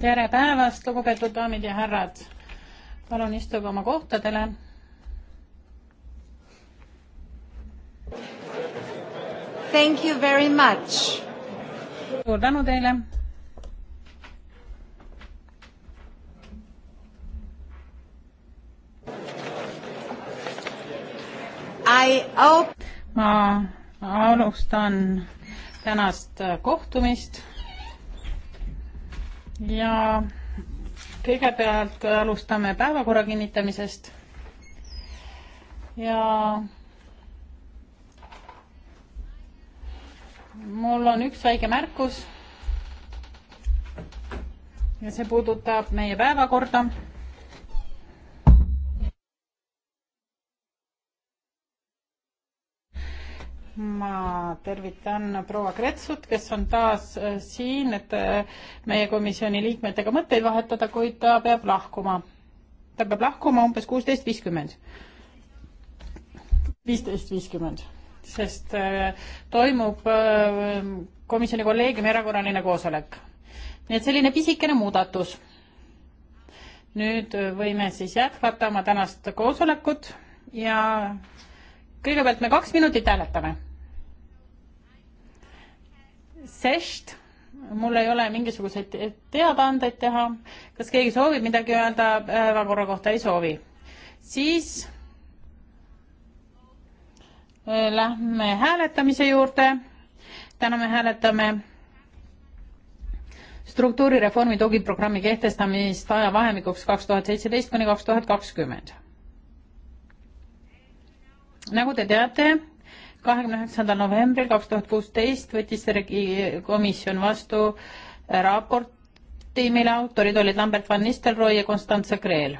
tere päevast, lugupeetud daamid ja härrad. palun istuge oma kohtadele. Thank you very much. suur tänu teile. I hope ma alustan tänast äh, kohtumist. ja kõigepealt alustame päevakorra kinnitamisest. ja mul on üks väike märkus. ja see puudutab meie päevakorda ma tervitan proua Kretsut, kes on taas äh, siin, et äh, meie komisjoni liikmetega mõtteid vahetada, kuid ta peab lahkuma. ta peab lahkuma umbes kuusteist viiskümmend. viisteist viiskümmend, sest äh, toimub komisjoni kolleegiumi erakorraline koosolek. nii et selline pisikene muudatus. nüüd võime siis jätkata oma tänast koosolekut ja kõigepealt me kaks minutit hääletame. sest mul ei ole mingisuguseid teadaandeid teha. kas keegi soovib midagi öelda äh, päevakorra kohta? ei soovi. siis äh, lähme hääletamise juurde. täna me hääletame struktuurireformi tugiprogrammi kehtestamist ajavahemikuks kaks tuhat seitseteist kuni kaks tuhat kakskümmend nagu te teate, kahekümne üheksandal novembril kaks tuhat kuusteist võttis komisjon vastu raporti, mille autorid olid Lambert van Nistelrooy ja Konstantse Kreel.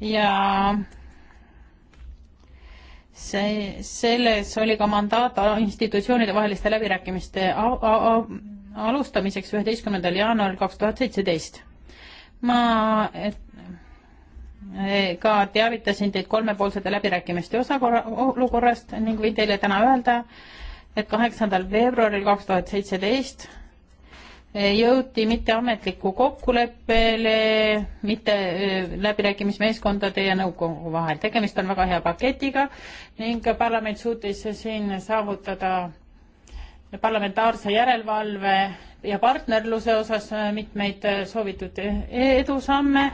ja see, selles oli ka mandaat institutsioonide vaheliste läbirääkimiste alustamiseks üheteistkümnendal jaanuaril kaks tuhat seitseteist. ma et, ka teavitasin teid kolmepoolsete läbirääkimiste osakorra, olukorrast ning võin teile täna öelda, et kaheksandal veebruaril kaks tuhat seitseteist jõuti mitteametliku kokkuleppele mitte läbirääkimismeeskondade ja nõukogu vahel. tegemist on väga hea paketiga ning parlament suutis siin saavutada parlamentaarse järelevalve ja partnerluse osas äh, mitmeid äh, soovitud äh, edusamme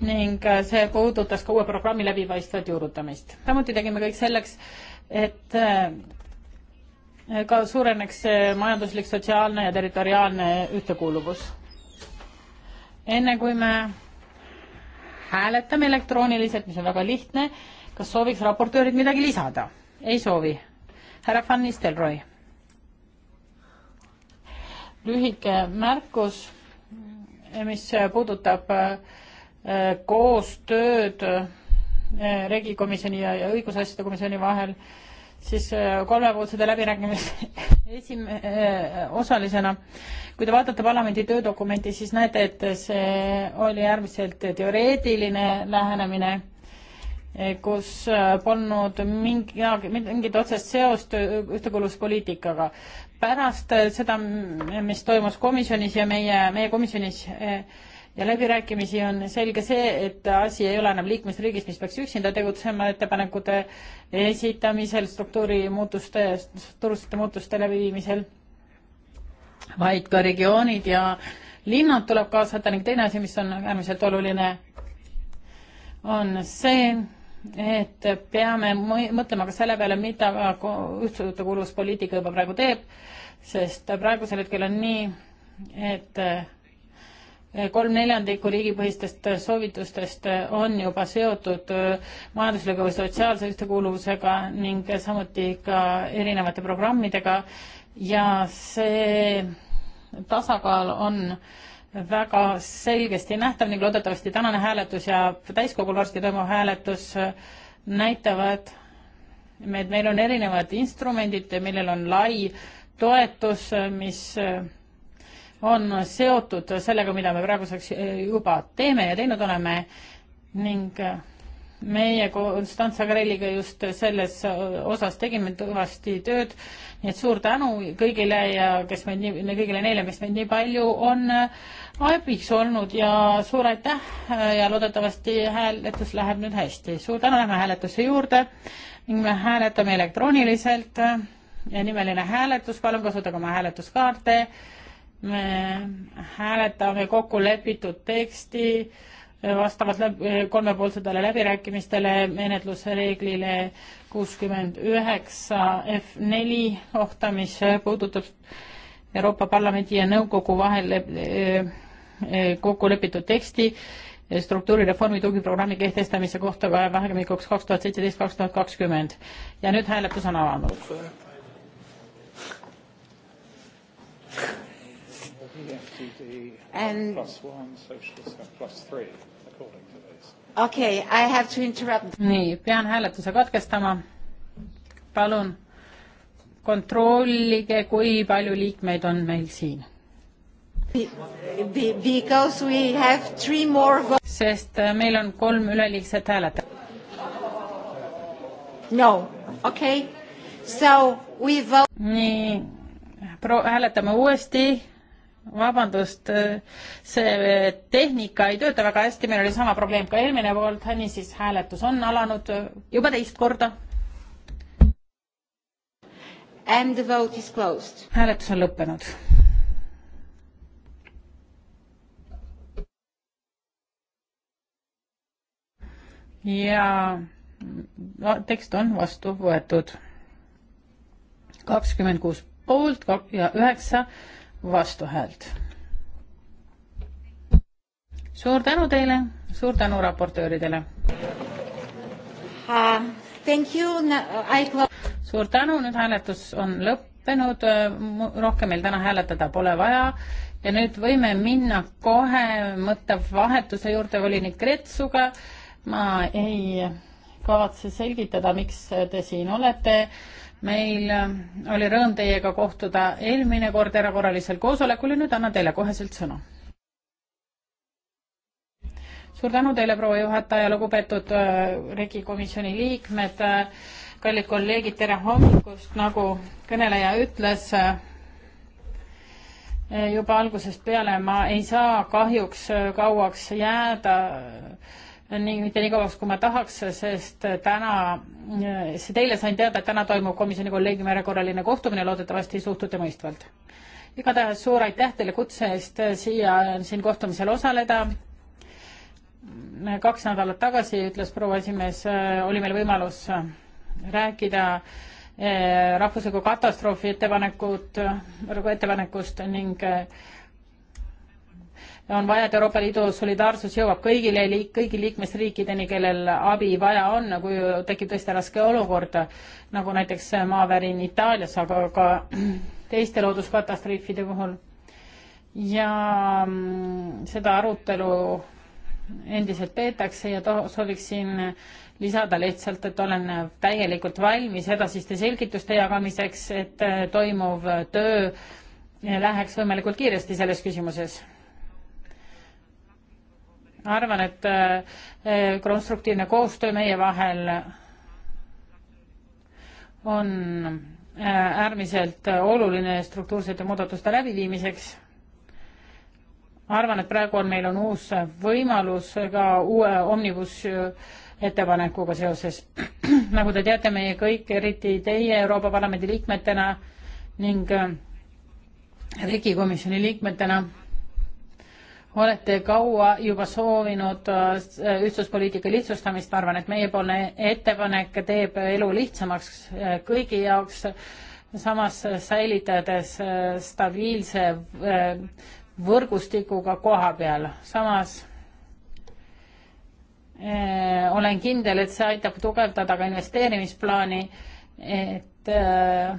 ning see puudutas ka uue programmi läbipaistvat juurutamist. samuti tegime kõik selleks, et ka suureneks majanduslik, sotsiaalne ja territoriaalne ühtekuuluvus. enne kui me hääletame elektrooniliselt, mis on väga lihtne, kas sooviks raportöörid midagi lisada? ei soovi. härra Van Nistelrooy lühike märkus, mis puudutab äh, koostööd äh, regikomisjoni ja, ja õigusasjade komisjoni vahel, siis äh, kolmepoolsete läbirääkimiste esime-, osalisena, kui te vaatate parlamendi töödokumenti, siis näete, et see oli äärmiselt teoreetiline lähenemine, kus polnud mingi, mingit otsest seost ühtekuuluvuspoliitikaga pärast seda, mis toimus komisjonis ja meie, meie komisjonis eh, ja läbirääkimisi on selge see, et asi ei ole enam liikmesriigis, mis peaks üksinda tegutsema ettepanekute esitamisel, struktuurimuutuste, struktuursete muutuste läbiviimisel, vaid ka regioonid ja linnad tuleb kaasata ning teine asi, mis on äärmiselt oluline, on see, et peame mõtlema ka selle peale, mida ühtsuskuuluvuspoliitika juba praegu teeb sest praegusel hetkel on nii, et eh, kolm neljandikku riigipõhistest soovitustest on juba seotud eh, majandusliku või sotsiaalse ühtekuuluvusega ning samuti ka erinevate programmidega ja see tasakaal on väga selgesti nähtav ning loodetavasti tänane hääletus ja täiskogul varsti toimuv hääletus eh, näitavad, et meil on erinevad instrumendid, millel on lai äh, toetus, mis äh, on seotud sellega, mida me praeguseks äh, juba teeme ja teinud oleme ning äh, meie Konstantse Agrelliga just selles osas tegime kõvasti tööd, nii et suur tänu kõigile ja kes meid nii, kõigile neile, kes meid nii palju on abiks olnud ja suur aitäh ja loodetavasti hääletus läheb nüüd hästi. suur tänu, lähme hääletuse juurde ning me hääletame elektrooniliselt nimeline hääletus, palun kasutage oma hääletuskaarte. me hääletame kokku lepitud teksti vastavalt läb, eh, kolmepoolsetele läbirääkimistele menetlusreeglile kuuskümmend üheksa F neli kohta, mis puudutab Euroopa Parlamendi ja Nõukogu vahel eh, eh, kokku lepitud teksti struktuurireformi tugiprogrammi kehtestamise kohta vahemikuks kaks tuhat seitseteist, kaks tuhat kakskümmend. ja nüüd hääletus on alanud. EFTD and um, plus one, socialists have plus three, according to this. Okei okay,, I have to interrupt. nii, pean hääletuse katkestama. palun kontrollige, kui palju liikmeid on meil siin. Because we have three more votes. sest äh, meil on kolm üleliigset hääletajat. no okei okay., so we vote. nii pro-, hääletame uuesti, vabandust, see tehnika ei tööta väga hästi, meil oli sama probleem ka eelmine poolt, niisiis hääletus on alanud juba teist korda. And the vote is closed. hääletus on lõppenud. ja no, tekst on vastu võetud. kakskümmend kuus poolt ja üheksa vastuhäält. suur tänu teile, suur tänu raportööridele uh,. Thank you no,, uh, I suur tänu, nüüd hääletus on lõppenud, uh, rohkem meil täna hääletada pole vaja ja nüüd võime minna kohe mõttevahetuse juurde volinik Retsuga. ma ei kavatse selgitada, miks te siin olete meil äh, oli rõõm teiega kohtuda eelmine kord erakorralisel koosolekul ja nüüd annan teile koheselt sõna. suur tänu teile, proua juhataja, lugupeetud äh, regikomisjoni liikmed, äh, kallid kolleegid, tere hommikust, nagu kõneleja ütles, juba algusest peale ma ei saa kahjuks kauaks jääda ning mitte nii kauaks, kui ma tahaks, sest täna, see teile sain teada, et täna toimub komisjoni kolleegiumi erakorraline kohtumine, loodetavasti suhtute mõistvalt. igatahes suur aitäh teile kutse eest siia, siin kohtumisel osaleda. kaks nädalat tagasi, ütles proua esimees, oli meil võimalus rääkida eh, rahvusliku katastroofi ettepanekut, ettepanekust ning eh, on vaja, et Euroopa Liidu solidaarsus jõuab kõigile, kõigi liikmesriikideni, kellel abi vaja on, kui nagu tekib tõesti raske olukord, nagu näiteks maavärin Itaalias, aga ka teiste looduskatastroofide puhul. ja mm, seda arutelu endiselt peetakse ja sooviksin lisada lihtsalt, et olen täielikult valmis edasiste selgituste jagamiseks, et eh, toimuv töö eh, läheks võimalikult kiiresti selles küsimuses arvan, et äh, äh, konstruktiivne koostöö meie vahel on äh, äärmiselt oluline struktuursete muudatuste läbiviimiseks. arvan, et praegu on, meil on uus võimalus ka uue omnibus ettepanekuga seoses. nagu te teate, meie kõik, eriti teie Euroopa Parlamendi liikmetena ning riigikomisjoni liikmetena olete kaua juba soovinud äh, ühtsuspoliitika lihtsustamist, ma arvan, et meiepoolne ettepanek teeb elu lihtsamaks äh, kõigi jaoks, samas säilitades äh, stabiilse võrgustikuga koha peal, samas olen kindel, et see aitab tugevdada ka investeerimisplaani, et äh,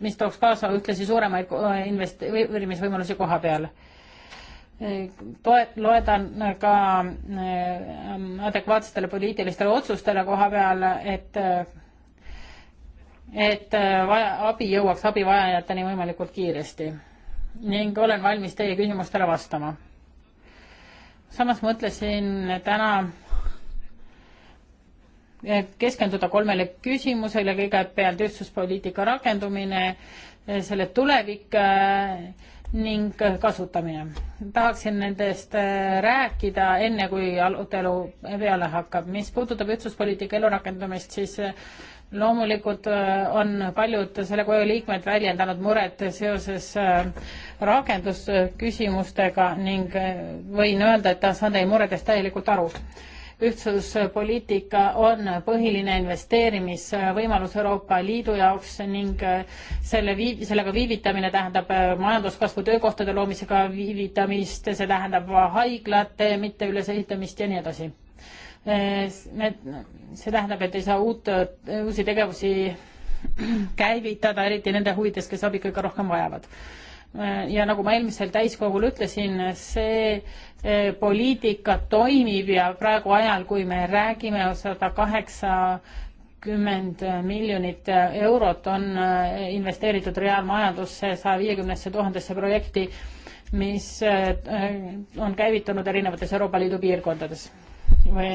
mis tooks kaasa ühtlasi suuremaid investeerimisvõimalusi koha peal. Toe-, loedan ka äh, adekvaatsetele poliitilistele otsustele koha peal, et et vaja, abi jõuaks abivajajateni võimalikult kiiresti ning olen valmis teie küsimustele vastama. samas mõtlesin täna keskenduda kolmele küsimusele, kõigepealt ühtsuspoliitika rakendumine, selle tulevik äh, ning kasutamine. tahaksin nendest äh, rääkida enne, kui arutelu peale hakkab. mis puudutab ühtsuspoliitika elurakendamist, siis äh, loomulikult on paljud selle koja liikmed väljendanud muret seoses rakendusküsimustega ning võin öelda, et saan teie muredest täielikult aru ühtsuspoliitika on põhiline investeerimisvõimalus Euroopa Liidu jaoks ning selle viib, sellega viivitamine tähendab majanduskasvu töökohtade loomisega viivitamist, see tähendab haiglate mitte ülesehitamist ja nii edasi. Need, see tähendab, et ei saa uut, uusi tegevusi käivitada, eriti nende huvides, kes abi kõige rohkem vajavad ja nagu ma eelmisel täiskogul ütlesin, see Eh, poliitika toimib ja praegu ajal, kui me räägime sada kaheksakümmend miljonit eurot on eh, investeeritud reaalmajandusse saja viiekümnesse tuhandesse projekti, mis eh, on käivitunud erinevates Euroopa Liidu piirkondades või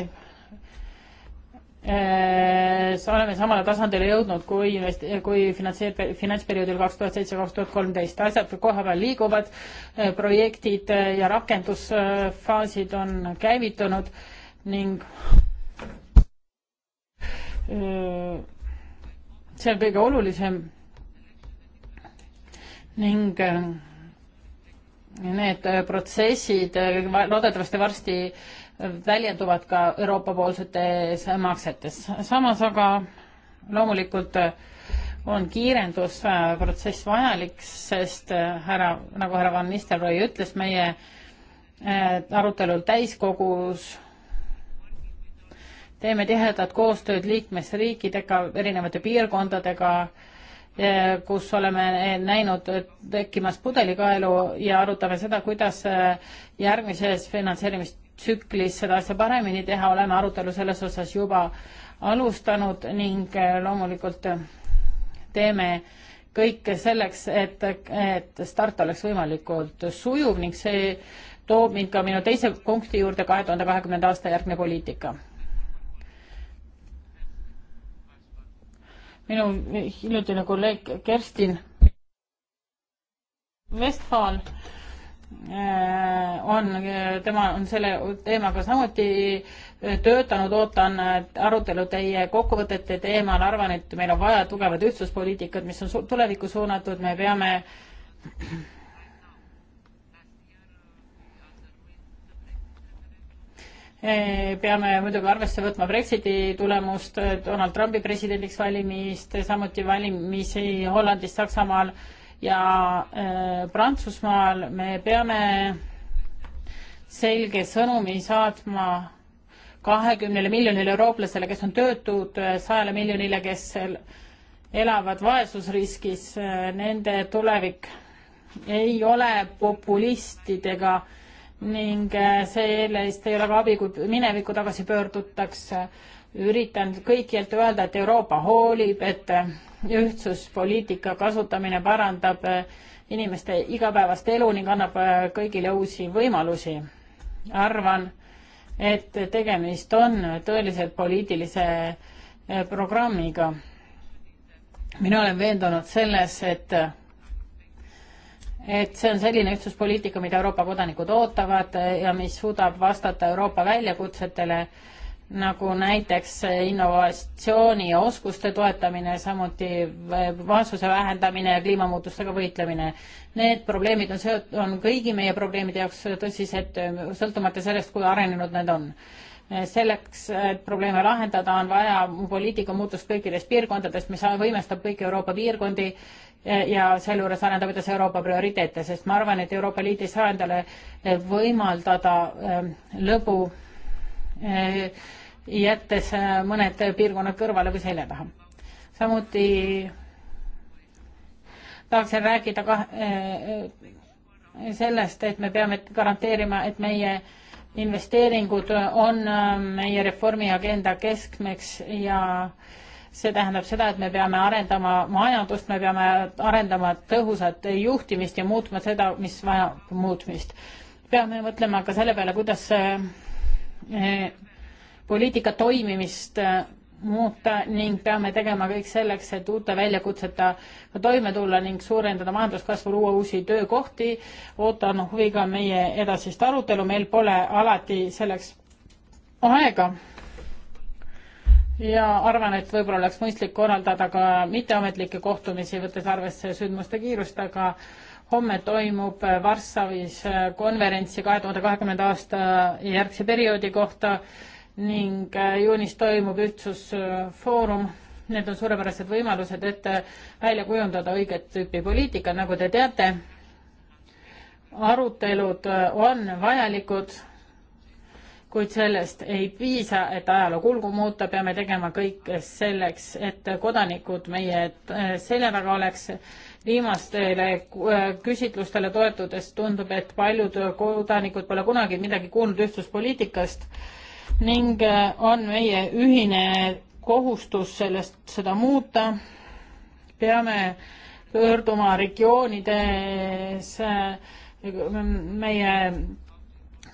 Äh, oleme samale tasandile jõudnud kui invest-, kui finantseer-, finantsperioodil kaks tuhat seitse, kaks tuhat kolmteist. asjad kohapeal liiguvad, äh, projektid äh, ja rakendusfaasid on käivitunud ning see on kõige olulisem ning need protsessid loodetavasti varsti väljenduvad ka Euroopa-poolsetes maksetes. samas aga loomulikult on kiirendusprotsess vajalik, sest härra, nagu härra Van Nistelrooy ütles, meie eh, arutelul täiskogus teeme tihedat koostööd liikmesriikidega, erinevate piirkondadega, eh, kus oleme näinud tekkimas pudelikaelu ja arutame seda, kuidas eh, järgmises finantseerimist tsüklis seda asja paremini teha, oleme arutelu selles osas juba alustanud ning eh, loomulikult eh, teeme kõike selleks, et, et start oleks võimalikult sujuv ning see toob mind ka minu teise punkti juurde, kahe tuhande kahekümnenda aasta järgne poliitika. minu hiljutine kolleeg Kerstin Westfall Äh, on, tema on selle teemaga samuti äh, töötanud, ootan äh, arutelu teie kokkuvõtete teemal, arvan, et meil on vaja tugevat ühtsuspoliitikat, mis on tulevikku suunatud, me peame peame muidugi arvesse võtma Brexiti tulemust, Donald Trumpi presidendiks valimist, samuti valimisi Hollandis, Saksamaal ja äh, Prantsusmaal me peame selge sõnumi saatma kahekümnele miljonile eurooplasele, kes on töötud, äh, sajale miljonile, kes elavad vaesusriskis, äh, nende tulevik ei ole populistidega ning selle eest ei ole ka abi, kui minevikku tagasi pöördutakse üritan kõikjalt öelda, et Euroopa hoolib, et ühtsuspoliitika kasutamine parandab äh, inimeste igapäevast elu ning annab äh, kõigile uusi võimalusi. arvan, et tegemist on tõeliselt poliitilise äh, programmiga. mina olen veendunud selles, et et see on selline ühtsuspoliitika, mida Euroopa kodanikud ootavad ja mis suudab vastata Euroopa väljakutsetele nagu näiteks innovatsiooni ja oskuste toetamine, samuti vaesuse vähendamine ja kliimamuutustega võitlemine. Need probleemid on seot-, on kõigi meie probleemide jaoks tõsised, sõltumata sellest, kui arenenud need on. selleks, et probleeme lahendada, on vaja poliitika muutust kõikides piirkondades, mis võimestab kõiki Euroopa piirkondi ja sealjuures arendab edasi Euroopa prioriteete, sest ma arvan, et Euroopa Liit ei saa endale võimaldada eh, lõbu eh, jättes äh, mõned piirkonnad kõrvale või selja taha. samuti tahaksin rääkida ka äh, äh, sellest, et me peame garanteerima, et meie investeeringud on meie reformi agenda keskmeks ja see tähendab seda, et me peame arendama majandust, me peame arendama tõhusat juhtimist ja muutma seda, mis vajab muutmist. peame mõtlema ka selle peale, kuidas poliitika toimimist äh, muuta ning peame tegema kõik selleks, et uute väljakutseta toime tulla ning suurendada majanduskasvu, luua uusi töökohti. ootan huviga meie edasist arutelu, meil pole alati selleks aega. ja arvan, et võib-olla oleks mõistlik korraldada ka mitteametlikke kohtumisi, võttes arvesse sündmuste kiirust, aga homme toimub äh, Varssavis äh, konverentsi kahe tuhande kahekümnenda aasta järgse perioodi kohta ning äh, juunis toimub ühtsusfoorum. Need on suurepärased võimalused, et äh, välja kujundada õiget tüüpi poliitika, nagu te teate. arutelud äh, on vajalikud, kuid sellest ei piisa, et ajaloo kulgu muuta, peame tegema kõik selleks, et kodanikud meie selja taga oleks. viimastele küsitlustele toetudes tundub, et paljud kodanikud pole kunagi midagi kuulnud ühtsuspoliitikast ning äh, on meie ühine kohustus sellest, seda muuta. peame pöörduma regioonides äh, meie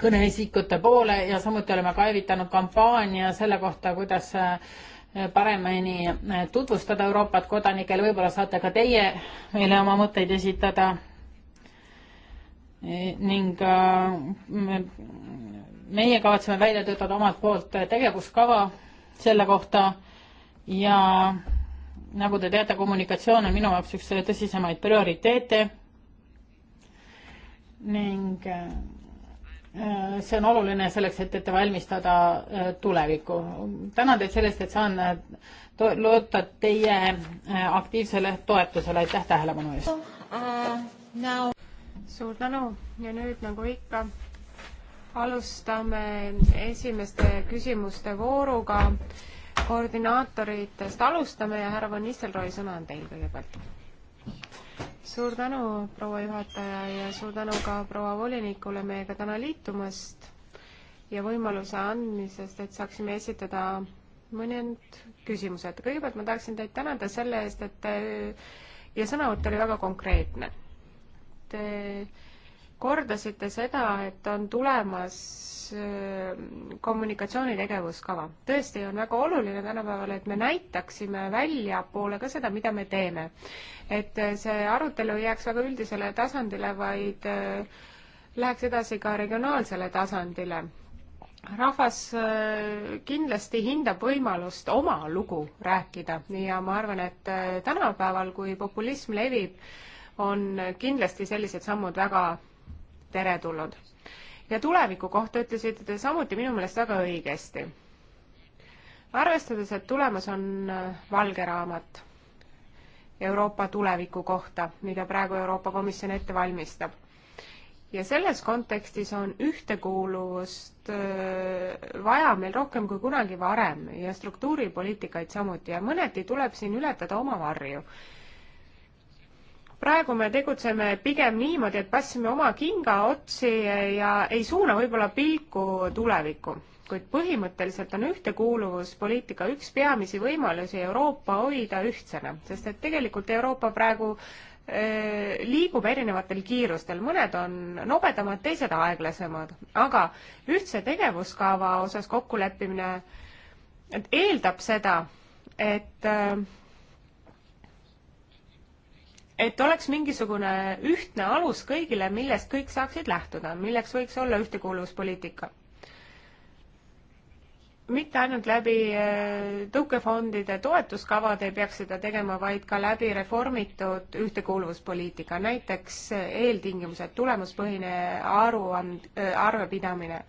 kõneisikute poole ja samuti oleme kaevitanud kampaania selle kohta, kuidas äh, paremini tutvustada Euroopat kodanikele, võib-olla saate ka teie meile oma mõtteid esitada. E, ning meie kavatseme välja töötada omalt poolt tegevuskava selle kohta ja nagu te teate, kommunikatsioon on minu jaoks üks tõsisemaid prioriteete ning äh, see on oluline selleks, et ette valmistada äh, tulevikku. tänan teid sellest, et saan äh, loota teie aktiivsele toetusele, aitäh tähelepanu eest! Uh, suur tänu ja nüüd nagu ikka alustame esimeste küsimuste vooruga. koordinaatoritest alustame ja härra Van Nistelrooy, sõna on teil kõigepealt. suur tänu, proua juhataja ja suur tänu ka proua volinikule meiega täna liitumast ja võimaluse andmisest, et saaksime esitada mõned küsimused. kõigepealt ma tahaksin teid tänada selle eest, et te ja sõnavõtt oli väga konkreetne. Te kordasite seda, et on tulemas äh, kommunikatsiooni tegevuskava. tõesti on väga oluline tänapäeval, et me näitaksime väljapoole ka seda, mida me teeme. et äh, see arutelu ei jääks väga üldisele tasandile, vaid äh, läheks edasi ka regionaalsele tasandile. rahvas kindlasti hindab võimalust oma lugu rääkida ja ma arvan, et tänapäeval, kui populism levib, on kindlasti sellised sammud väga teretulnud. ja tuleviku kohta ütlesite te samuti minu meelest väga õigesti. arvestades, et tulemas on äh, valge raamat Euroopa tuleviku kohta, mida praegu Euroopa Komisjon ette valmistab ja selles kontekstis on ühtekuuluvust äh, vaja meil rohkem kui kunagi varem ja struktuuripoliitikaid samuti ja mõneti tuleb siin ületada oma varju praegu me tegutseme pigem niimoodi, et passime oma kinga otsi ja ei suuna võib-olla pilku tulevikku. kuid põhimõtteliselt on ühtekuuluvuspoliitika üks peamisi võimalusi Euroopa hoida ühtsena, sest et tegelikult Euroopa praegu liigub erinevatel kiirustel, mõned on nobedamad, teised aeglasemad, aga ühtse tegevuskava osas kokkuleppimine eeldab seda, et äh, et oleks mingisugune ühtne alus kõigile, millest kõik saaksid lähtuda, milleks võiks olla ühtekuuluvuspoliitika. mitte ainult läbi äh, tõukefondide toetuskavade ei peaks seda tegema, vaid ka läbi reformitud ühtekuuluvuspoliitika, näiteks äh, eeltingimused, tulemuspõhine aruand, äh, arvepidamine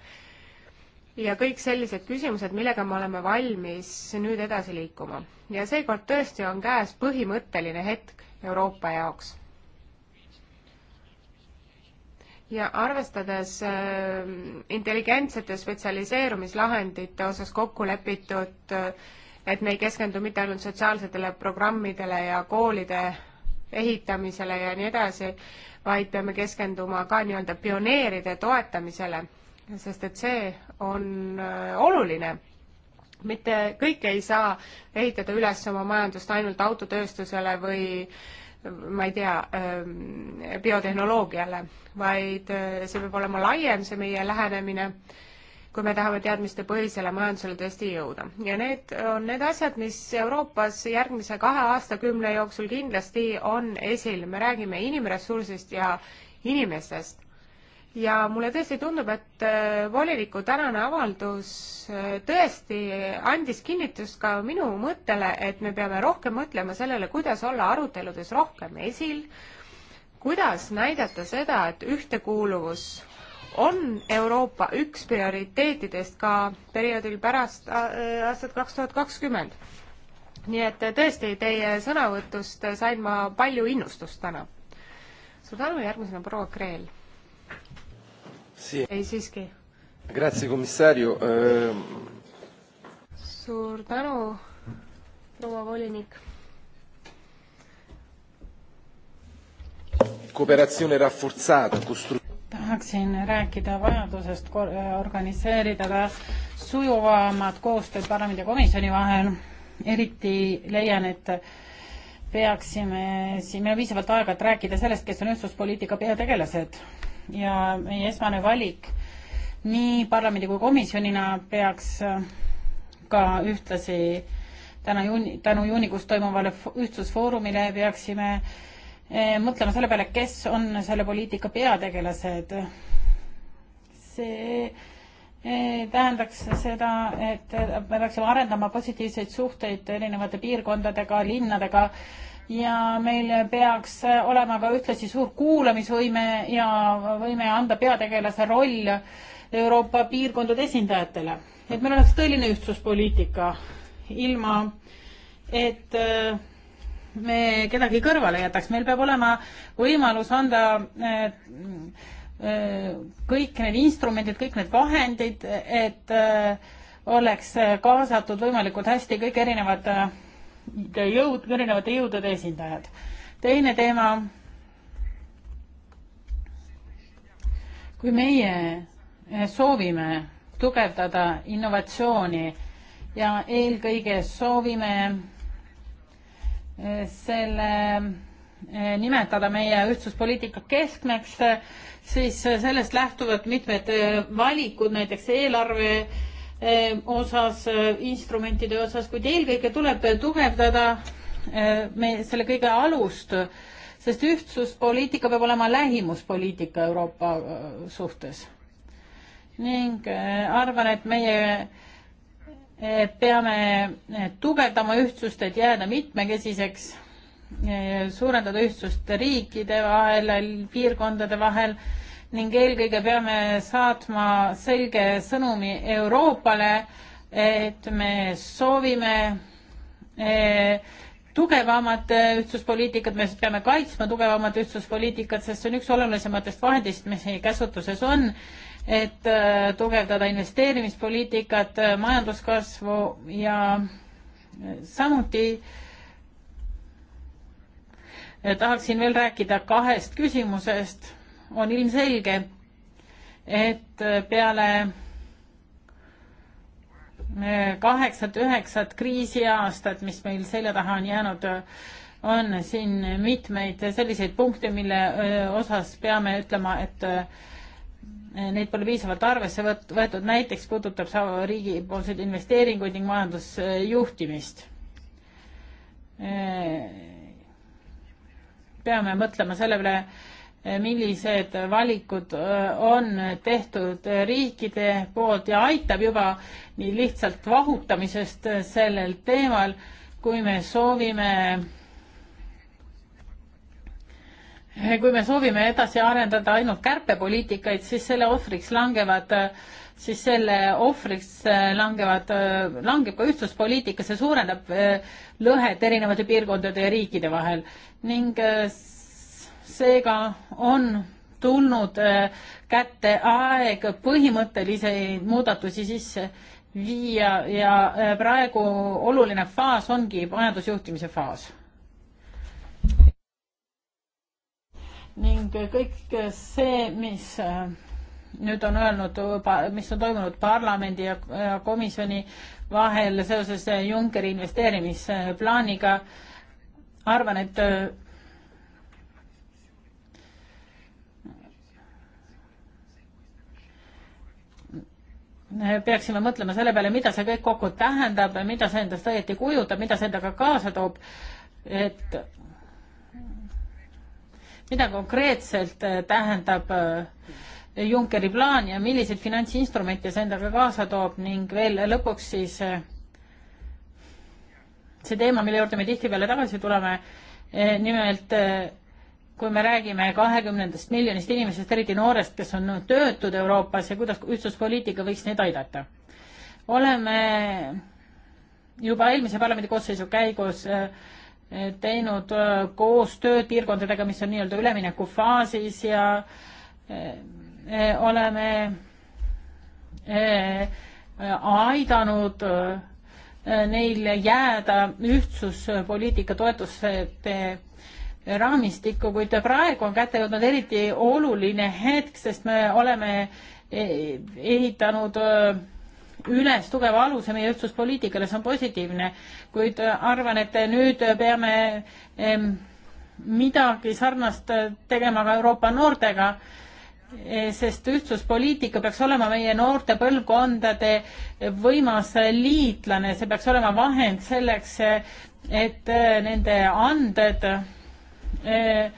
ja kõik sellised küsimused, millega me oleme valmis nüüd edasi liikuma. ja seekord tõesti on käes põhimõtteline hetk Euroopa jaoks. ja arvestades äh, intelligentsete spetsialiseerumislahendite osas kokku lepitud äh, et me ei keskendu mitte ainult sotsiaalsetele programmidele ja koolide ehitamisele ja nii edasi, vaid peame keskenduma ka nii-öelda pioneeride toetamisele sest et see on äh, oluline. mitte kõike ei saa ehitada üles oma majandust ainult autotööstusele või ma ei tea, ähm, biotehnoloogiale, vaid äh, see peab olema laiem, see meie lähenemine, kui me tahame teadmistepõhisele majandusele tõesti jõuda. ja need on need asjad, mis Euroopas järgmise kahe aastakümne jooksul kindlasti on esil, me räägime inimressursist ja inimestest ja mulle tõesti tundub, et äh, voliniku tänane avaldus äh, tõesti andis kinnitust ka minu mõttele, et me peame rohkem mõtlema sellele, kuidas olla aruteludes rohkem esil, kuidas näidata seda, et ühtekuuluvus on Euroopa üks prioriteetidest ka perioodil pärast äh, aastat kaks tuhat kakskümmend. nii et tõesti, teie sõnavõtust sain ma palju innustust täna. suur tänu, järgmisena proua Kreel Si. ei siiski. Grazie, komissario ähm.... suur tänu, proua volinik. Cooperatsioone rafforzata, constru-. tahaksin rääkida vajadusest organiseerida ka sujuvamat koostööd parlamendi ja komisjoni vahel. eriti leian, et peaksime, siin meil on piisavalt aega, et rääkida sellest, kes on ühtsuspoliitika peategelased ja meie esmane valik nii parlamendi kui komisjonina peaks äh, ka ühtlasi täna juuni, tänu juunikuus toimuvale ühtsusfoorumile peaksime äh, mõtlema selle peale, kes on selle poliitika peategelased. see äh, tähendaks seda, et me peaksime arendama positiivseid suhteid erinevate piirkondadega, linnadega ja meil peaks olema ka ühtlasi suur kuulamisvõime ja võime anda peategelase roll Euroopa piirkondade esindajatele. et meil oleks tõeline ühtsuspoliitika, ilma et äh, me kedagi kõrvale jätaks, meil peab olema võimalus anda äh, äh, kõik need instrumendid, kõik need vahendid, et oleks kaasatud võimalikult hästi kõik erinevad jõud, erinevate jõudude esindajad. teine teema. kui meie eh, soovime tugevdada innovatsiooni ja eelkõige soovime eh, selle eh, nimetada meie ühtsuspoliitika keskmeks, siis sellest lähtuvad mitmed valikud, näiteks eelarve Eh, osas, eh, instrumentide osas, kuid eelkõige tuleb tugevdada eh, me selle kõige alust, sest ühtsuspoliitika peab olema lähimuspoliitika Euroopa suhtes. ning arvan, et meie peame tugevdama ühtsust, et jääda mitmekesiseks, suurendada ühtsust riikide vahel, piirkondade vahel ning eelkõige peame saatma selge sõnumi Euroopale, et me soovime eh, tugevamat ühtsuspoliitikat, me peame kaitsma tugevamat ühtsuspoliitikat, sest see on üks olulisematest vahendist, mis meie käsutuses on, et eh, tugevdada investeerimispoliitikat, majanduskasvu ja eh, samuti tahaksin veel rääkida kahest küsimusest on ilmselge, et peale eh, kaheksat, üheksat kriisiaastat, mis meil selja taha on jäänud, on siin mitmeid selliseid punkte, mille eh, osas peame ütlema, et eh, neid pole piisavalt arvesse võt-, võetud, näiteks puudutab see riigipoolseid investeeringuid ning majandusjuhtimist. peame mõtlema selle üle, millised valikud äh, on tehtud riikide poolt ja aitab juba nii lihtsalt vahutamisest sellel teemal, kui me soovime, kui me soovime edasi arendada ainult kärpepoliitikaid, siis selle ohvriks langevad siis selle ohvriks langevad, langeb ka ühtsuspoliitika, see suurendab äh, lõhet erinevate piirkondade ja riikide vahel ning äh, seega on tulnud äh, kätte aeg põhimõttelisi muudatusi sisse viia ja äh, praegu oluline faas ongi majandusjuhtimise faas. ning kõik see, mis äh, nüüd on öelnud, mis on toimunud parlamendi ja komisjoni vahel seoses Junckeri investeerimisplaaniga, arvan, et peaksime mõtlema selle peale, mida see kõik kokku tähendab, mida see endast õieti kujutab, mida see endaga kaasa toob, et mida konkreetselt eh, tähendab eh, Junckeri plaan ja milliseid finantsinstrumente see endaga kaasa toob ning veel lõpuks siis eh, see teema, mille juurde me tihtipeale tagasi tuleme, nimelt kui me räägime kahekümnendast miljonist inimesest, eriti noorest, kes on töötud Euroopas ja kuidas ühtsuspoliitika võiks neid aidata. oleme juba eelmise parlamendi koosseisu käigus eh, teinud eh, koostööd piirkondadega, mis on nii-öelda üleminekufaasis ja eh, oleme aidanud neil jääda ühtsuspoliitika toetuste raamistikku, kuid praegu on kätte jõudnud eriti oluline hetk, sest me oleme e-, ehitanud üles tugeva aluse meie ühtsuspoliitikale, see on positiivne, kuid arvan, et nüüd peame midagi sarnast tegema ka Euroopa noortega, e, sest ühtsuspoliitika peaks olema meie noorte põlvkondade võimas liitlane, see peaks olema vahend selleks, et e, nende anded Eh,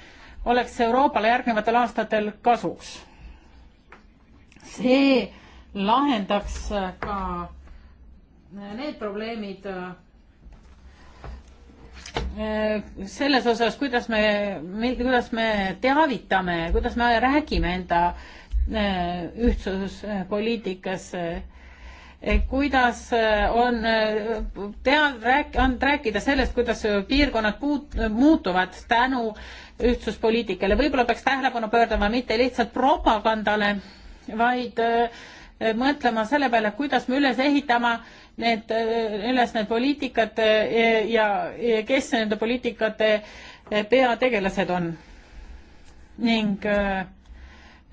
oleks Euroopale järgnevatel aastatel kasuks. see lahendaks ka need probleemid eh, selles osas, kuidas me, kuidas me teavitame, kuidas me räägime enda eh, ühtsuspoliitikas äh, Eh, kuidas eh, on eh, tead, rääk-, on rääkida sellest, kuidas piirkonnad puut-, muutuvad tänu ühtsuspoliitikale. võib-olla peaks tähelepanu pöördama mitte lihtsalt propagandale, vaid mõtlema selle peale, kuidas me üles ehitama need, üles need poliitikad ja, ja kes nende poliitikate peategelased on. ning äh,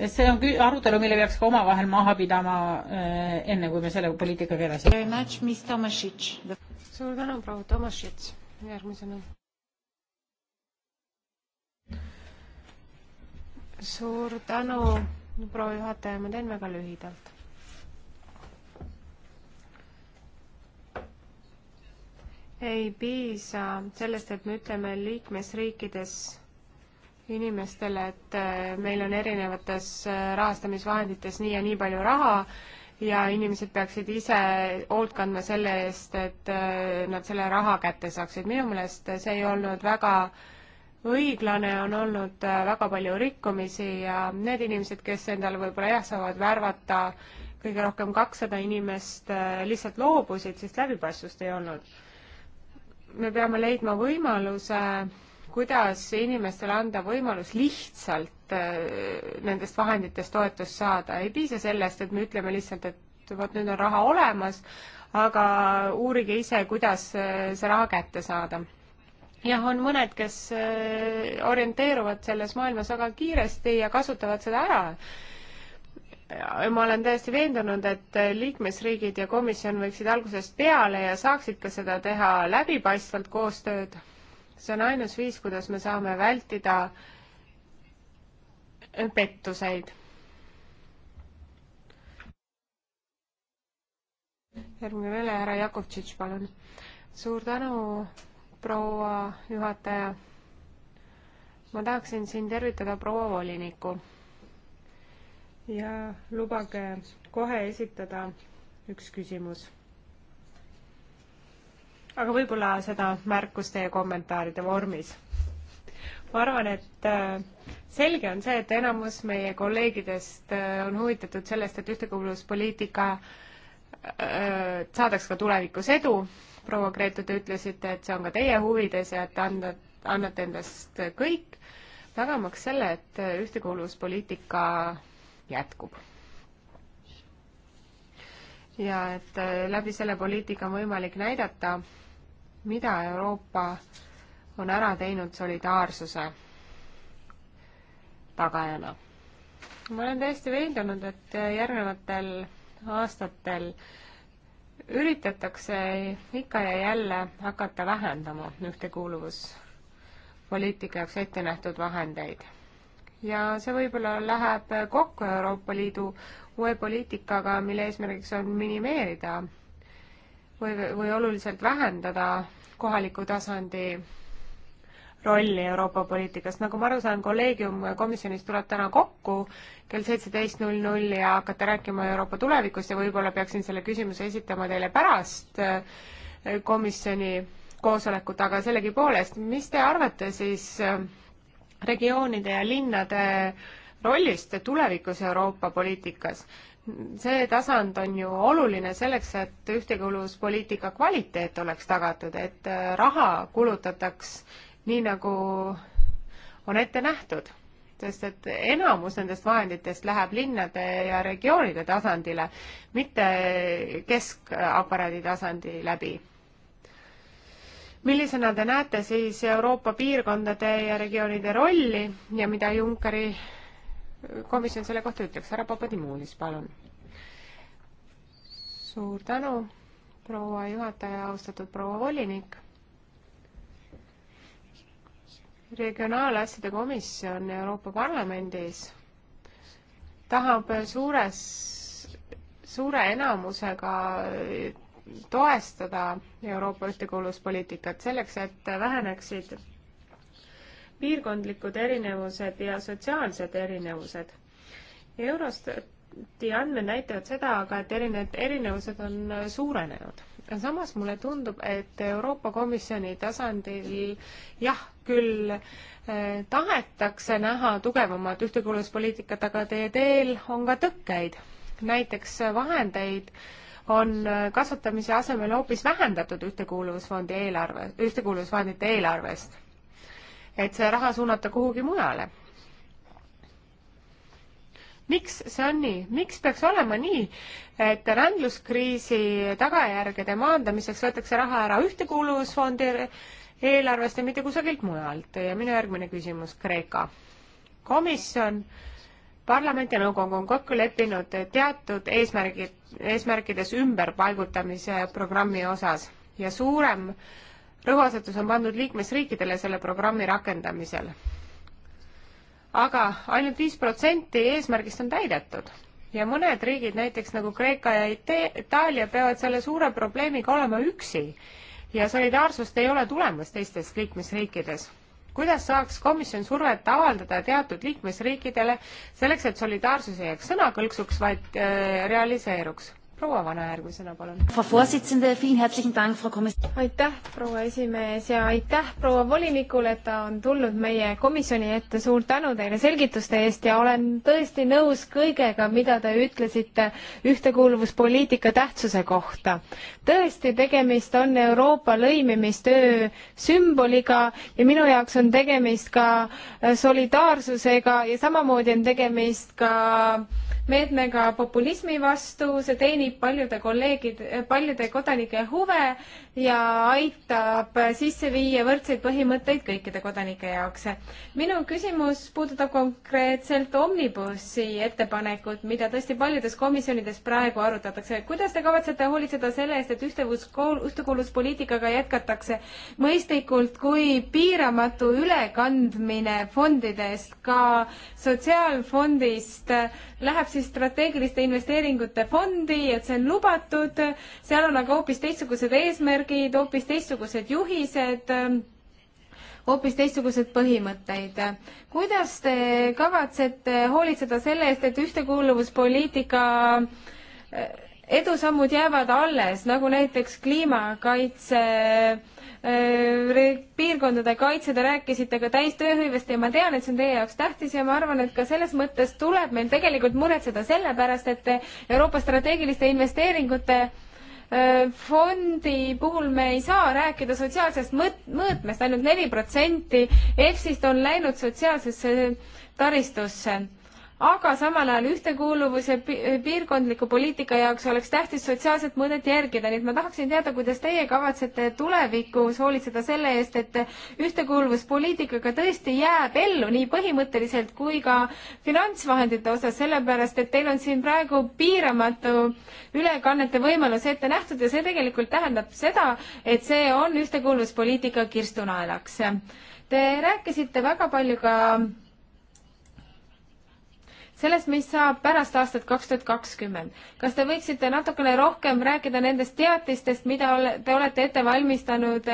see on arutelu, mille peaks ka omavahel maha pidama, äh, enne kui me selle poliitikaga edasi. suur tänu, proua Tomašits, järgmisena. suur tänu, proua juhataja, ma teen väga lühidalt ei piisa sellest, et me ütleme liikmesriikides inimestele, et äh, meil on erinevates äh, rahastamisvahendites nii ja nii palju raha ja inimesed peaksid ise hoolt kandma selle eest, et äh, nad selle raha kätte saaksid. minu meelest see ei olnud väga õiglane, on olnud väga palju rikkumisi ja need inimesed, kes endale võib-olla jah, saavad värvata kõige rohkem kakssada inimest, lihtsalt loobusid, sest läbipaistvust ei olnud. me peame leidma võimaluse äh, kuidas inimestele anda võimalus lihtsalt äh, nendest vahenditest toetust saada, ei piisa sellest, et me ütleme lihtsalt, et vot nüüd on raha olemas, aga uurige ise, kuidas äh, see raha kätte saada. jah, on mõned, kes äh, orienteeruvad selles maailmas väga kiiresti ja kasutavad seda ära ma olen täiesti veendunud, et liikmesriigid ja komisjon võiksid algusest peale ja saaksid ka seda teha läbipaistvalt koostööd see on ainus viis, kuidas me saame vältida pettuseid. järgmine vele, härra Jakovtšitš, palun. suur tänu, proua juhataja. ma tahaksin siin tervitada proua volinikku. ja lubage kohe esitada üks küsimus aga võib-olla seda märkust teie kommentaaride vormis. ma arvan, et äh, selge on see, et enamus meie kolleegidest äh, on huvitatud sellest, et ühtekuuluvuspoliitika äh, saadaks ka tulevikus edu. proua Gretu, te ütlesite, et see on ka teie huvides ja et anda, annate endast kõik, tagamaks selle, et ühtekuuluvuspoliitika jätkub ja et läbi selle poliitika on võimalik näidata, mida Euroopa on ära teinud solidaarsuse tagajana. ma olen täiesti veendunud, et järgnevatel aastatel üritatakse ikka ja jälle hakata vähendama ühtekuuluvuspoliitika jaoks ette nähtud vahendeid. ja see võib-olla läheb kokku Euroopa Liidu uue poliitikaga, mille eesmärgiks on minimeerida või, või oluliselt vähendada kohaliku tasandi rolli Euroopa poliitikas. nagu ma aru saan, kolleegium komisjonis tuleb täna kokku kell seitseteist null null ja hakkate rääkima Euroopa tulevikust ja võib-olla peaksin selle küsimuse esitama teile pärast eh, komisjoni koosolekut, aga sellegipoolest, mis te arvate siis eh, regioonide ja linnade rollist tulevikus Euroopa poliitikas? see tasand on ju oluline selleks, et ühtekuuluvuspoliitika kvaliteet oleks tagatud, et äh, raha kulutataks nii, nagu on ette nähtud. sest et enamus nendest vahenditest läheb linnade ja regioonide tasandile, mitte keskaparaadi tasandi läbi. millisena te näete siis Euroopa piirkondade ja regioonide rolli ja mida Junckeri komisjon selle kohta ütleks. härra Papadimulis, palun. suur tänu, proua juhataja, austatud proua volinik. regionaalasjade komisjon Euroopa Parlamendis tahab suures, suure enamusega toestada Euroopa ühtekuuluvuspoliitikat selleks, et väheneksid piirkondlikud erinevused ja sotsiaalsed erinevused. Eurostati andmed näitavad seda aga, et erinevad erinevused on suurenenud. samas mulle tundub, et Euroopa Komisjoni tasandil jah, küll eh, tahetakse näha tugevamat ühtekuuluvuspoliitikat, aga teie teel on ka tõkkeid. näiteks vahendeid on kasutamise asemel hoopis vähendatud ühtekuuluvusfondi eelarve, ühtekuuluvusfondide eelarvest et see raha suunata kuhugi mujale. miks see on nii, miks peaks olema nii, et rändluskriisi tagajärgede maandamiseks võetakse raha ära ühtekuuluvusfondi eelarvest ja mitte kusagilt mujalt ja minu järgmine küsimus, Kreeka. komisjon parlament ja nõukogu on kokku leppinud teatud eesmärgid, eesmärkides ümberpaigutamise programmi osas ja suurem äh, rõhuasetus on pandud liikmesriikidele selle programmi rakendamisel. aga ainult viis protsenti eesmärgist on täidetud ja mõned riigid, näiteks nagu Kreeka ja Ite-, Itaalia, peavad selle suure probleemiga olema üksi ja solidaarsust ei ole tulemas teistes liikmesriikides. kuidas saaks komisjon survet avaldada teatud liikmesriikidele selleks, et solidaarsus ei jääks sõnakõlksuks, vaid äh, realiseeruks? proua Vanajärgusena, palun. aitäh, proua esimees ja aitäh proua volinikule, et ta on tulnud meie komisjoni ette, suur tänu teile selgituste eest ja olen tõesti nõus kõigega, mida te ütlesite ühtekuuluvuspoliitika tähtsuse kohta. tõesti, tegemist on Euroopa lõimimistöö sümboliga ja minu jaoks on tegemist ka äh, solidaarsusega ja samamoodi on tegemist ka meetmega populismi vastu, see teenib teenib paljude kolleegide, paljude kodanike huve ja aitab sisse viia võrdseid põhimõtteid kõikide kodanike jaoks. minu küsimus puudutab konkreetselt Omnibussi ettepanekut, mida tõesti paljudes komisjonides praegu arutatakse. kuidas te kavatsete hoolitseda selle eest, et ühtekuul-, ühtekuuluvuspoliitikaga jätkatakse mõistlikult, kui piiramatu ülekandmine fondidest, ka sotsiaalfondist läheb siis strateegiliste investeeringute fondi ja et see on lubatud, seal on aga hoopis teistsugused eesmärgid, hoopis teistsugused juhised, ähm, hoopis teistsugused põhimõtteid. kuidas te kavatsete hoolitseda selle eest, et ühtekuuluvuspoliitika äh, edusammud jäävad alles, nagu näiteks kliimakaitse Äh, piirkondade kaitse, te rääkisite ka täistööhõivest ja ma tean, et see on teie jaoks tähtis ja ma arvan, et ka selles mõttes tuleb meil tegelikult muretseda selle pärast, et Euroopa strateegiliste investeeringute äh, fondi puhul me ei saa rääkida sotsiaalsest mõõtmest ainult, ainult neli protsenti EFSist on läinud sotsiaalsesse taristusse aga samal ajal ühtekuuluvuse piirkondliku poliitika jaoks oleks tähtis sotsiaalset mõõdet järgida, nii et ma tahaksin teada, kuidas teie kavatsete tulevikus hoolitseda selle eest, et ühtekuuluvuspoliitikaga tõesti jääb ellu nii põhimõtteliselt kui ka finantsvahendite osas, sellepärast et teil on siin praegu piiramatu ülekannete võimalus ette nähtud ja see tegelikult tähendab seda, et see on ühtekuuluvuspoliitika kirstunaelaks. Te rääkisite väga palju ka sellest, mis saab pärast aastat kaks tuhat kakskümmend. kas te võiksite natukene rohkem rääkida nendest teatistest, mida ole, te olete ette valmistanud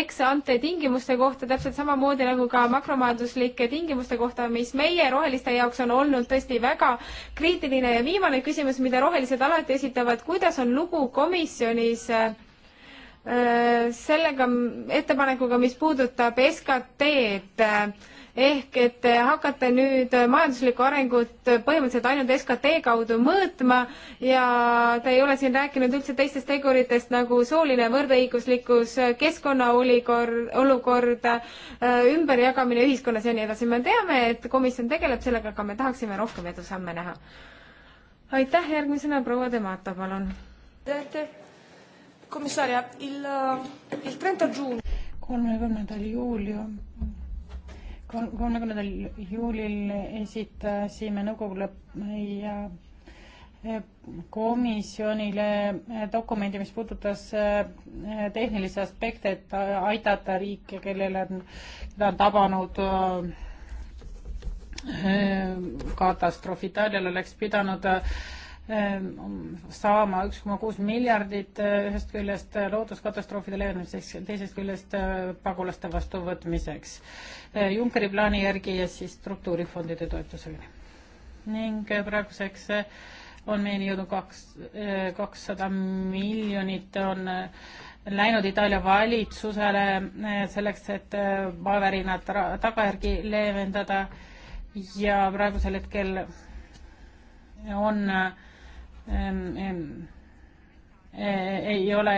ex-ante tingimuste kohta, täpselt samamoodi nagu ka makromajanduslike tingimuste kohta, mis meie roheliste jaoks on olnud tõesti väga kriitiline ja viimane küsimus, mida rohelised alati esitavad, kuidas on lugu komisjonis äh, sellega ettepanekuga, mis puudutab SKT-d ehk et te hakkate nüüd majanduslikku arengut põhimõtteliselt ainult SKT kaudu mõõtma ja te ei ole siin rääkinud üldse teistest teguritest nagu sooline võrdõiguslikkus, keskkonna olukord, olukord, äh, ümberjagamine ühiskonnas ja nii edasi. me teame, et komisjon tegeleb sellega, aga me tahaksime rohkem edusamme näha. aitäh, järgmisena proua Demata, palun. Commissaria, il, äh, il 30 giugno. kolmekümnendal juulil kolmekümnendal juulil esitasime nõukogule ja e, komisjonile dokumendi, mis puudutas e, tehnilisi aspekte, et aidata riike, kellele on, keda on tabanud e, katastroof. Itaalial oleks pidanud Ehm, um, saama üks koma kuus miljardit äh, ühest küljest äh, looduskatastroofide leevendamiseks, teisest küljest äh, pagulaste vastuvõtmiseks. Junckeri plaani järgi ja siis struktuurifondide toetusega. ning praeguseks on meieni jõudnud kaks, kakssada miljonit on läinud Itaalia valitsusele selleks, et maavärinad tagajärgi leevendada ja praegusel hetkel on äh, E, ei ole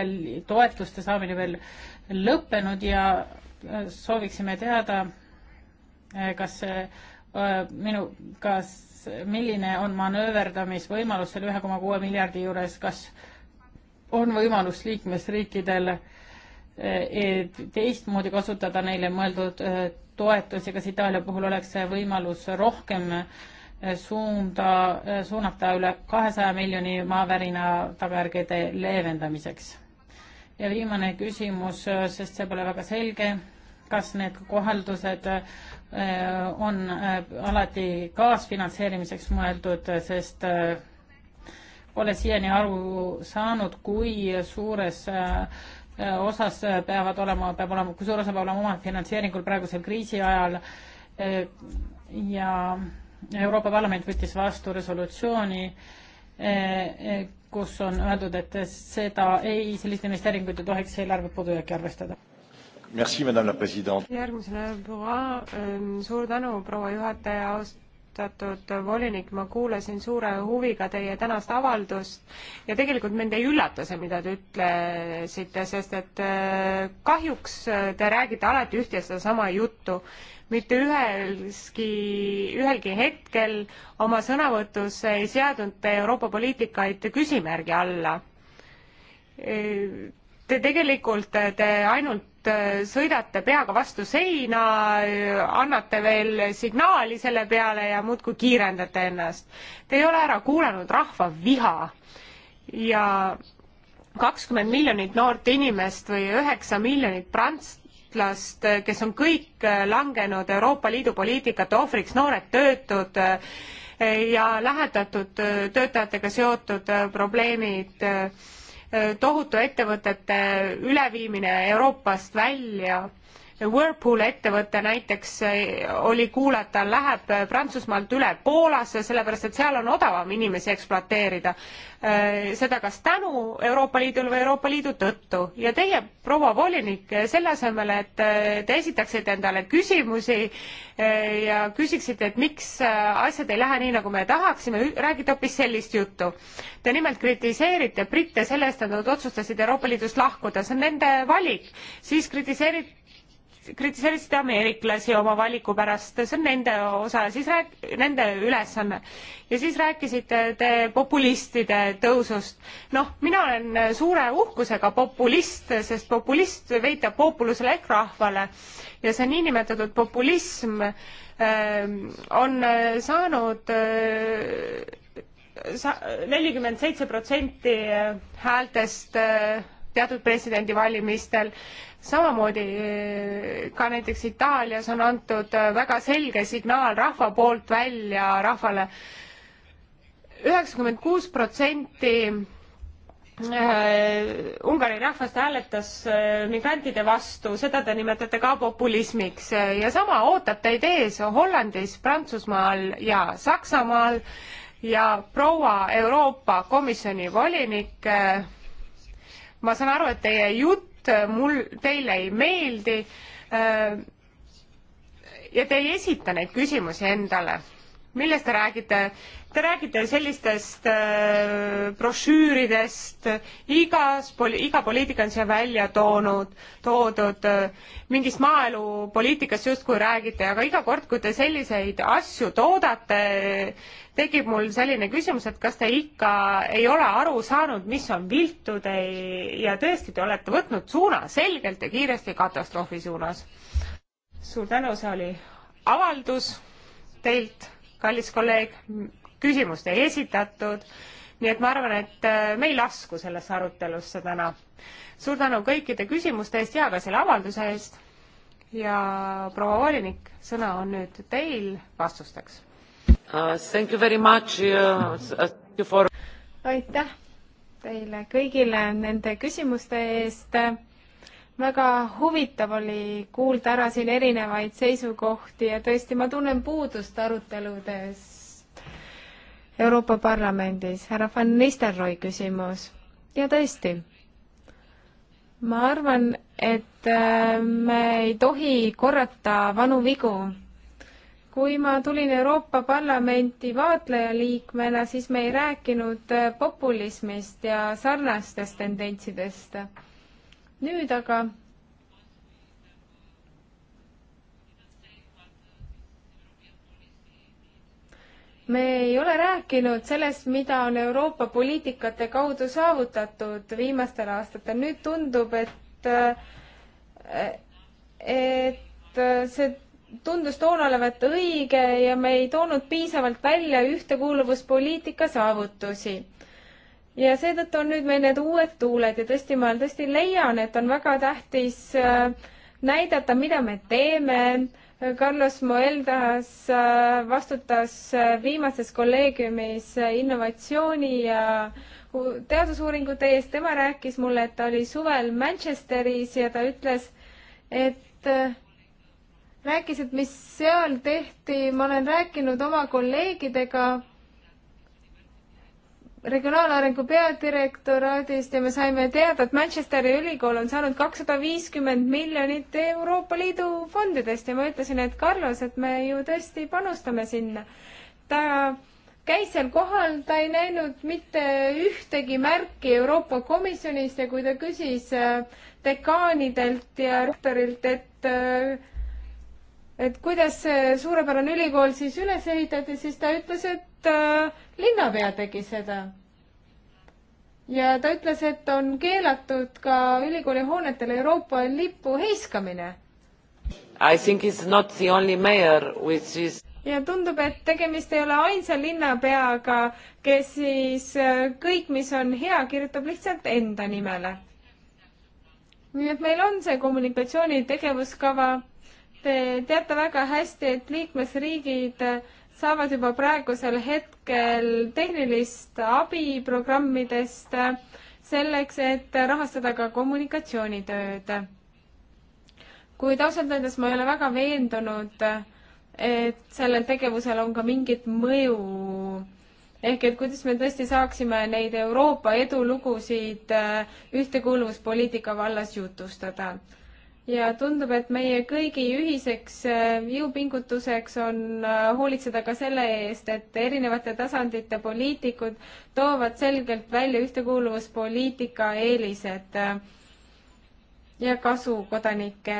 toetuste saamine veel lõppenud ja äh, sooviksime teada, äh, kas äh, minu, kas, milline on manööverdamisvõimalus selle ühe koma kuue miljardi juures, kas on võimalus liikmesriikidel teistmoodi kasutada neile mõeldud toetusi, kas Itaalia puhul oleks see võimalus rohkem äh, suunda, suunata üle kahesaja miljoni maavärina tagajärgede leevendamiseks. ja viimane küsimus, sest see pole väga selge, kas need kohaldused eh, on eh, alati kaasfinantseerimiseks mõeldud, sest eh, pole siiani aru saanud, kui suures osas peavad olema, peab olema, kui suur osa peab olema omafinantseeringul praegusel kriisi ajal ja Euroopa Parlament võttis vastu resolutsiooni, eh, eh, kus on öeldud, et seda ei, selliseid investeeringuid ei tohiks eelarve puudujääki arvestada. järgmisele, ähm, suur tänu, proua juhataja, austatud volinik, ma kuulasin suure huviga teie tänast avaldust ja tegelikult mind ei üllata see, mida te ütlesite, sest et äh, kahjuks te räägite alati üht ja sedasama juttu mitte ühelgi, ühelgi hetkel oma sõnavõtus ei seadnud te Euroopa poliitikaid küsimärgi alla. Te tegelikult, te ainult sõidate peaga vastu seina, annate veel signaali selle peale ja muudkui kiirendate ennast. Te ei ole ära kuulanud rahva viha ja kakskümmend miljonit noort inimest või üheksa miljonit prants-, liitlast, kes on kõik langenud Euroopa Liidu poliitikate ohvriks, noored töötud eh, ja lähetatud eh, töötajatega seotud eh, probleemid, tohutu ettevõtete üleviimine Euroopast välja Whirlpool ettevõte näiteks eh, oli kuulata, läheb eh, Prantsusmaalt üle Poolasse, sellepärast et seal on odavam inimesi ekspluateerida. Eh, seda kas tänu Euroopa Liidule või Euroopa Liidu tõttu ja teie, proua volinik, selle asemel, et te esitaksite endale küsimusi ja küsiksite, et miks asjad ei lähe nii, nagu me tahaksime, räägite hoopis sellist juttu. Te nimelt kritiseerite britte selle eest, et nad otsustasid Euroopa Liidust lahkuda, see on nende valik. siis kritiseerite kritiseerisid ameeriklasi oma valiku pärast, see on nende osa, siis rääk-, nende ülesanne. ja siis rääkisite te populistide tõusust. noh, mina olen suure uhkusega populist, sest populist veitab populusele ehk rahvale ja see niinimetatud populism ähm, äh, on saanud äh, nelikümmend seitse protsenti äh, häältest äh, teatud presidendivalimistel. samamoodi eh, ka näiteks Itaalias on antud eh, väga selge signaal rahva poolt välja rahvale. üheksakümmend kuus protsenti eh, Ungari rahvast hääletas migrantide vastu, seda te nimetate ka populismiks ja sama ootab teid ees Hollandis, Prantsusmaal ja Saksamaal ja proua Euroopa Komisjoni volinik äh, ma saan aru, et teie jutt mul, teile ei meeldi. Äh, ja te ei esita neid küsimusi endale millest te räägite? Te räägite sellistest äh, brošüüridest, igas poli,, iga poliitika on siia välja toonud, toodud äh,, mingist maaelupoliitikast justkui räägite, aga iga kord, kui te selliseid asju toodate, tekib mul selline küsimus, et kas te ikka ei ole aru saanud, mis on viltu te ja tõesti, te olete võtnud suuna selgelt ja kiiresti katastroofi suunas. suur tänu, see oli avaldus teilt kallis kolleeg, küsimust ei esitatud, nii et ma arvan, et äh, me ei lasku sellesse arutelusse täna. suur tänu kõikide küsimuste eest ja ka selle avalduse eest ja proua volinik, sõna on nüüd teil vastusteks uh,. Thank you very much uh, uh, for aitäh teile kõigile nende küsimuste eest väga huvitav oli kuulda ära siin erinevaid seisukohti ja tõesti, ma tunnen puudust aruteludest Euroopa Parlamendis. härra Van Nistelrooy küsimus. ja tõesti, ma arvan, et äh, me ei tohi korrata vanu vigu. kui ma tulin Euroopa Parlamenti vaatleja liikmena, siis me ei rääkinud äh, populismist ja sarnastest tendentsidest nüüd aga me ei ole rääkinud sellest, mida on Euroopa poliitikate kaudu saavutatud viimastel aastatel. nüüd tundub, et, et see tundus toona olevat õige ja me ei toonud piisavalt välja ühtekuuluvuspoliitika saavutusi ja seetõttu on nüüd meil need uued tuuled ja tõesti, ma tõesti leian, et on väga tähtis äh, näidata, mida me teeme. Carlos Moeldas äh, vastutas äh, viimases kolleegiumis innovatsiooni ja teadusuuringute eest, tema rääkis mulle, et ta oli suvel Manchesteris ja ta ütles, et rääkis, et mis seal tehti, ma olen rääkinud oma kolleegidega regionaalarengu peadirektoraadist ja me saime teada, et Manchesteri ülikool on saanud kakssada viiskümmend miljonit Euroopa Liidu fondidest ja ma ütlesin, et Carlos, et me ju tõesti panustame sinna. ta käis seal kohal, ta ei näinud mitte ühtegi märki Euroopa Komisjonist ja kui ta küsis äh, dekaanidelt ja rektorilt, et äh, et kuidas see suurepärane ülikool siis üles ehitati, siis ta ütles, et Äh, linnapea tegi seda. ja ta ütles, et on keelatud ka ülikooli hoonetel Euroopa lipu heiskamine. I think it's not the only mayor which is ja tundub, et tegemist ei ole ainsa linnapeaga, kes siis äh, kõik, mis on hea, kirjutab lihtsalt enda nimele. nii et meil on see kommunikatsiooni tegevuskava. Te teate väga hästi, et liikmesriigid äh, saavad juba praegusel hetkel tehnilist abi programmidest selleks, et rahastada ka kommunikatsioonitööd. kuid ausalt öeldes ma ei ole väga veendunud, et sellel tegevusel on ka mingit mõju. ehk et kuidas me tõesti saaksime neid Euroopa edulugusid ühtekuuluvuspoliitika vallas jutustada ja tundub, et meie kõigi ühiseks äh, jõupingutuseks on äh, hoolitseda ka selle eest, et erinevate tasandite poliitikud toovad selgelt välja ühtekuuluvuspoliitika eelised äh, ja kasu kodanike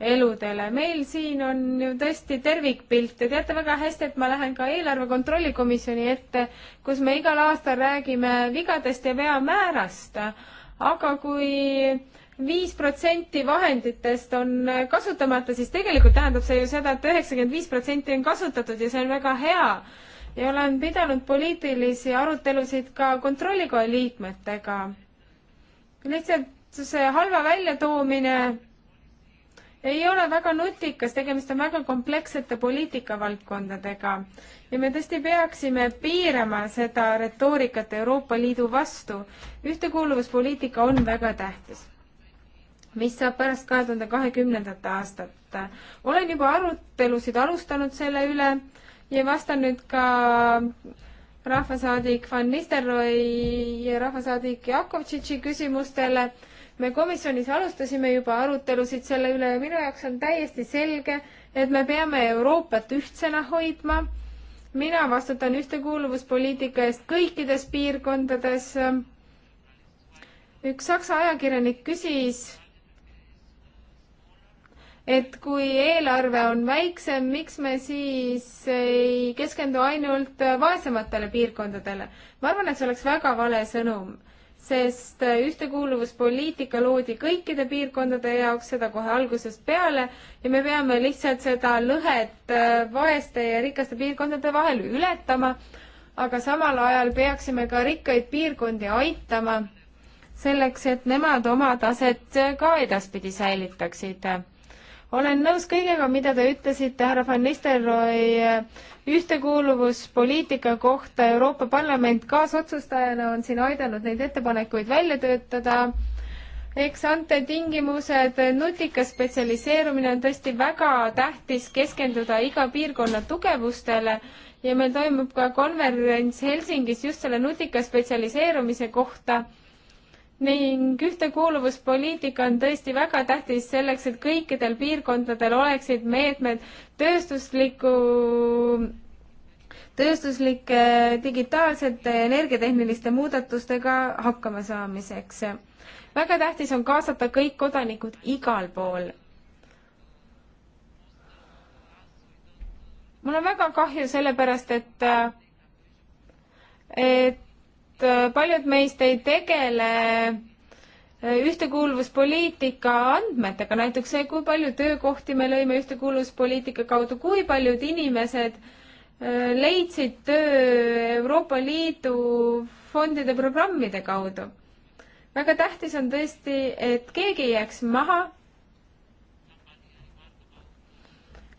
eludele. meil siin on ju tõesti tervikpilt ja teate väga hästi, et ma lähen ka eelarve kontrolli komisjoni ette, kus me igal aastal räägime vigadest ja veamäärast, aga kui äh, viis protsenti vahenditest on kasutamata, siis tegelikult tähendab see ju seda et, et üheksakümmend viis protsenti on kasutatud ja see on väga hea. ja olen pidanud poliitilisi arutelusid ka kontrollikoja liikmetega. lihtsalt see halva väljatoomine ei ole väga nutikas, tegemist on väga komplekssete poliitikavaldkondadega ja me tõesti peaksime piirama seda retoorikat Euroopa Liidu vastu. ühtekuuluvuspoliitika on väga tähtis mis saab pärast kahe tuhande kahekümnendat aastat. olen juba arutelusid alustanud selle üle ja vastan nüüd ka rahvasaadik Van Nistelrooy ja rahvasaadik Jakovtšitši küsimustele. me komisjonis alustasime juba arutelusid selle üle ja minu jaoks on täiesti selge, et me peame Euroopat ühtsena hoidma. mina vastutan ühtekuuluvuspoliitika eest kõikides piirkondades. üks Saksa ajakirjanik küsis et kui eelarve on väiksem, miks me siis ei keskendu ainult vaesematele piirkondadele? ma arvan, et see oleks väga vale sõnum, sest ühtekuuluvuspoliitika loodi kõikide piirkondade jaoks, seda kohe algusest peale, ja me peame lihtsalt seda lõhet äh, vaeste ja rikaste piirkondade vahel ületama, aga samal ajal peaksime ka rikkaid piirkondi aitama, selleks et nemad oma taset ka edaspidi säilitaksid olen nõus kõigega, mida te ütlesite, härra Van Nistelrooy, ühtekuuluvuspoliitika kohta Euroopa Parlament kaasotsustajana on siin aidanud neid ettepanekuid välja töötada. eks ante tingimused, nutikas spetsialiseerumine on tõesti väga tähtis, keskenduda iga piirkonna tugevustele ja meil toimub ka konverents Helsingis just selle nutika spetsialiseerumise kohta ning ühtekuuluvuspoliitika on tõesti väga tähtis selleks, et kõikidel piirkondadel oleksid meetmed tööstusliku, tööstuslike digitaalsete energiatehniliste muudatustega hakkama saamiseks. väga tähtis on kaasata kõik kodanikud igal pool. mul on väga kahju sellepärast, et et Äh, paljud meist ei tegele äh, ühtekuuluvuspoliitika andmetega, näiteks see, kui palju töökohti me lõime ühtekuuluvuspoliitika kaudu, kui paljud inimesed äh, leidsid töö Euroopa Liidu fondide programmide kaudu. väga tähtis on tõesti, et keegi ei jääks maha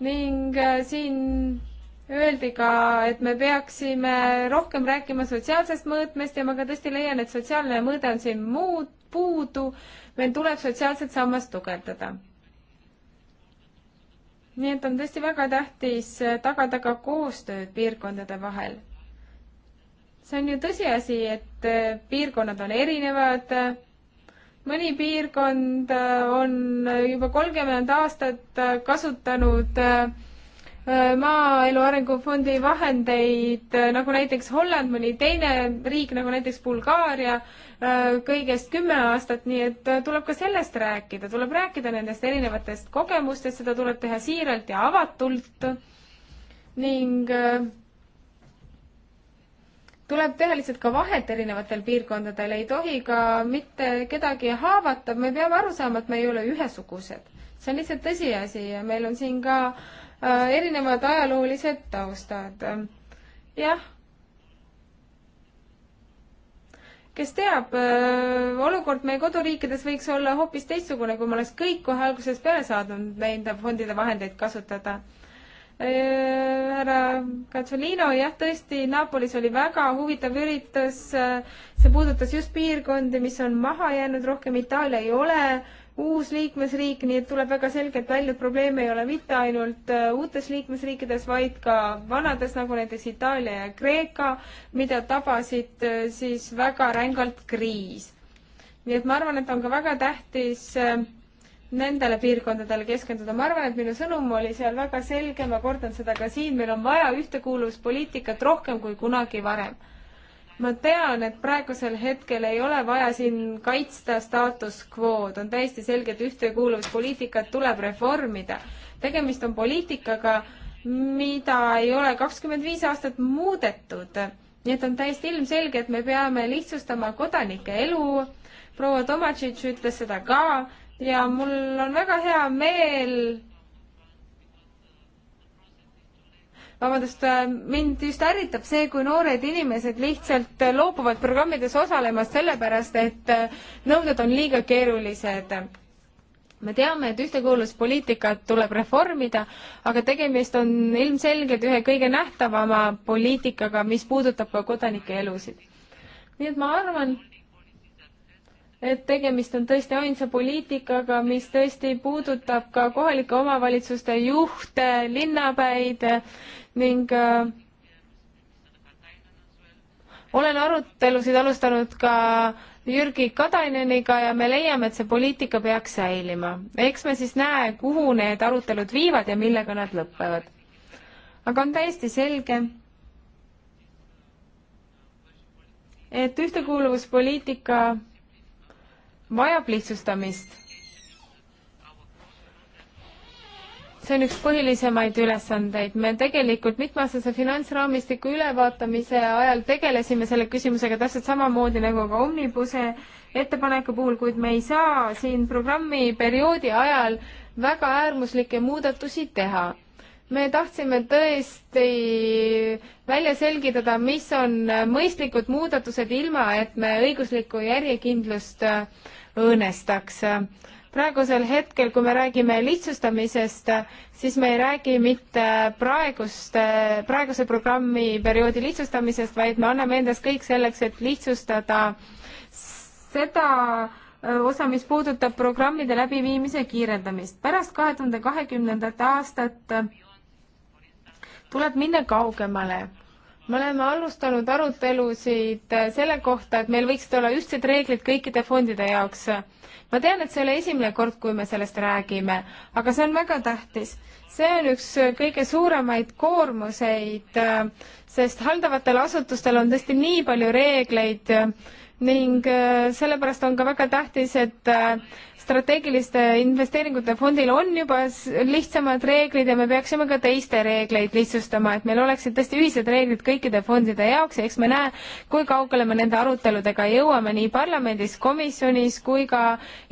ning siin öeldi ka, et me peaksime rohkem rääkima sotsiaalsest mõõtmest ja ma ka tõesti leian, et sotsiaalne mõõde on siin muud, puudu, meil tuleb sotsiaalset sammast tugevdada. nii et on tõesti väga tähtis tagada ka koostöö piirkondade vahel. see on ju tõsiasi, et piirkonnad on erinevad, mõni piirkond on juba kolmkümmend aastat kasutanud äh, maaelu arengufondi vahendeid, äh, nagu näiteks Holland, mõni teine riik, nagu näiteks Bulgaaria, äh, kõigest kümme aastat, nii et äh, tuleb ka sellest rääkida, tuleb rääkida nendest erinevatest kogemustest, seda tuleb teha siiralt ja avatult ning tuleb teha lihtsalt ka vahet erinevatel piirkondadel, ei tohi ka mitte kedagi haavata, me peame aru saama, et me ei ole ühesugused. see on lihtsalt tõsiasi ja meil on siin ka äh, Äh, erinevad ajaloolised taustad. jah. kes teab, äh, olukord meie koduriikides võiks olla hoopis teistsugune, kui me oleks kõik kohe algusest peale saanud nende fondide vahendeid kasutada äh, härra Katsolino, jah, tõesti, Napolis oli väga huvitav üritus, see puudutas just piirkondi, mis on maha jäänud, rohkem Itaalia ei ole uus liikmesriik, nii et tuleb väga selgelt välja, et probleem ei ole mitte ainult äh, uutes liikmesriikides, vaid ka vanades, nagu näiteks Itaalia ja Kreeka, mida tabasid äh, siis väga rängalt kriis. nii et ma arvan, et on ka väga tähtis äh, nendele piirkondadele keskenduda. ma arvan, et minu sõnum oli seal väga selge, ma kordan seda ka siin, meil on vaja ühtekuuluvuspoliitikat rohkem kui kunagi varem ma tean, et praegusel hetkel ei ole vaja siin kaitsta staatus quo'd, on täiesti selge, et ühtekuuluvuspoliitikat tuleb reformida. tegemist on poliitikaga, mida ei ole kakskümmend viis aastat muudetud. nii et on täiesti ilmselge, et me peame lihtsustama kodanike elu. proua Tomatšitš ütles seda ka ja mul on väga hea meel vabandust, äh, mind just ärritab see, kui noored inimesed lihtsalt äh, loobuvad programmides osalemast sellepärast, et äh, nõuded on liiga keerulised. me teame, et ühtekuuluvuspoliitikat tuleb reformida, aga tegemist on ilmselgelt ühe kõige nähtavama poliitikaga, mis puudutab ka kodanike elusid. nii et ma arvan, et tegemist on tõesti ainsa poliitikaga, mis tõesti puudutab ka kohalike omavalitsuste juhte, linnapäid ning äh, olen arutelusid alustanud ka Jürgi Kataineniga ja me leiame, et see poliitika peaks säilima. eks me siis näe, kuhu need arutelud viivad ja millega nad lõpevad. aga on täiesti selge, et ühtekuuluvuspoliitika vajab lihtsustamist. see on üks põhilisemaid ülesandeid. me tegelikult mitmeaastase finantsraamistiku ülevaatamise ajal tegelesime selle küsimusega täpselt samamoodi nagu ka Omnibuse ettepaneku puhul, kuid me ei saa siin programmi perioodi ajal väga äärmuslikke muudatusi teha me tahtsime tõesti välja selgitada, mis on mõistlikud muudatused, ilma et me õiguslikku järjekindlust õõnestaks. praegusel hetkel, kui me räägime lihtsustamisest, siis me ei räägi mitte praegust, praeguse programmi perioodi lihtsustamisest, vaid me anname endast kõik selleks, et lihtsustada seda osa, mis puudutab programmide läbiviimise kiirendamist. pärast kahe tuhande kahekümnendat aastat tuleb minna kaugemale. me oleme alustanud arutelusid äh, selle kohta, et meil võiksid olla ühtsed reeglid kõikide fondide jaoks. ma tean, et see ei ole esimene kord, kui me sellest räägime, aga see on väga tähtis. see on üks kõige suuremaid koormuseid, äh, sest haldavatel asutustel on tõesti nii palju reegleid äh, ning sellepärast on ka väga tähtis, et strateegiliste investeeringute fondil on juba lihtsamad reeglid ja me peaksime ka teiste reegleid lihtsustama, et meil oleksid tõesti ühised reeglid kõikide fondide jaoks ja eks me näe, kui kaugele me nende aruteludega jõuame nii parlamendis, komisjonis kui ka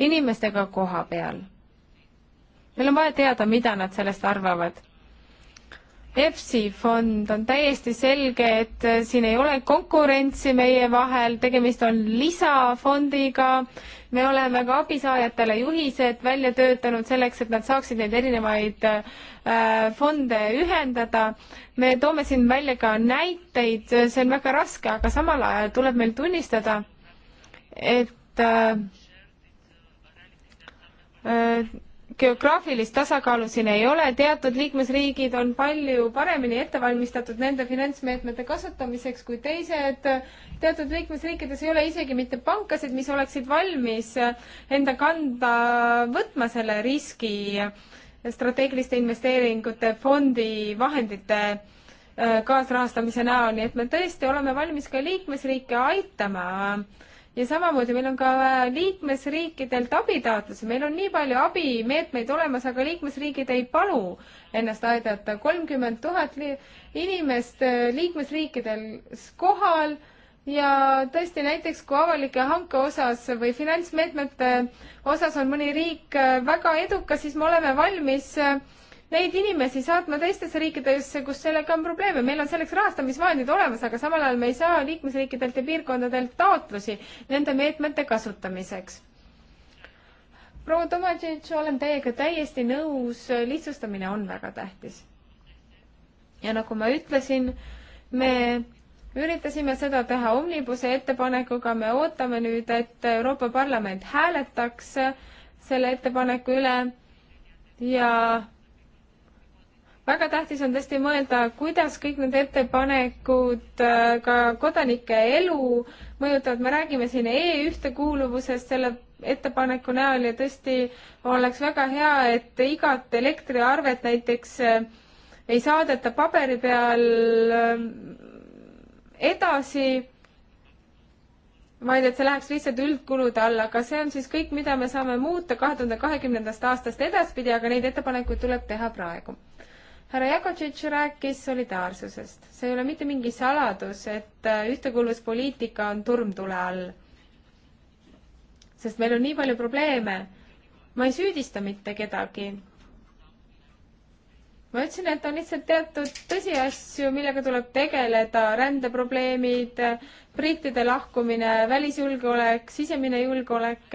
inimestega koha peal. meil on vaja teada, mida nad sellest arvavad EFSI fond on täiesti selge, et äh, siin ei ole konkurentsi meie vahel, tegemist on lisafondiga. me oleme ka abisaajatele juhised välja töötanud selleks, et nad saaksid neid erinevaid äh, fonde ühendada. me toome siin välja ka näiteid, äh, see on väga raske, aga samal ajal tuleb meil tunnistada, et äh, geograafilist tasakaalu siin ei ole, teatud liikmesriigid on palju paremini ette valmistatud nende finantsmeetmete kasutamiseks kui teised. teatud liikmesriikides ei ole isegi mitte pankasid, mis oleksid valmis enda kanda võtma selle riski strateegiliste investeeringute fondi vahendite äh, kaasrahastamise näol, nii et me tõesti oleme valmis ka liikmesriike aitama ja samamoodi meil on ka äh, liikmesriikidelt abitaotlusi, meil on nii palju abimeetmeid olemas, aga liikmesriigid ei palu ennast aidata. kolmkümmend tuhat inimest äh, liikmesriikidel kohal ja tõesti näiteks kui avalike hanke osas või finantsmeetmete osas on mõni riik äh, väga edukas, siis me oleme valmis äh, neid inimesi saatma teistesse riikidesse, kus sellega on probleeme. meil on selleks rahastamisvahendid olemas, aga samal ajal me ei saa liikmesriikidelt ja piirkondadelt taotlusi nende meetmete kasutamiseks. proua Tomatšitš, olen teiega täiesti nõus, lihtsustamine on väga tähtis. ja nagu ma ütlesin, me üritasime seda teha omnibuse ettepanekuga, me ootame nüüd, et Euroopa Parlament hääletaks selle ettepaneku üle ja väga tähtis on tõesti mõelda, kuidas kõik need ettepanekud äh, ka kodanike elu mõjutavad, me räägime siin e-ühtekuuluvusest selle ettepaneku näol ja tõesti oleks väga hea, et igat elektriarvet näiteks äh, ei saadeta paberi peal äh, edasi, vaid et see läheks lihtsalt üldkulude alla, aga see on siis kõik, mida me saame muuta kahe tuhande kahekümnendast aastast edaspidi, aga neid ettepanekuid tuleb teha praegu härra Jakovtšitš rääkis solidaarsusest. see ei ole mitte mingi saladus, et äh, ühtekuuluvuspoliitika on turm tule all. sest meil on nii palju probleeme. ma ei süüdista mitte kedagi. ma ütlesin, et on lihtsalt teatud tõsiasju, millega tuleb tegeleda, rändeprobleemid, brittide lahkumine, välisjulgeolek, sisemine julgeolek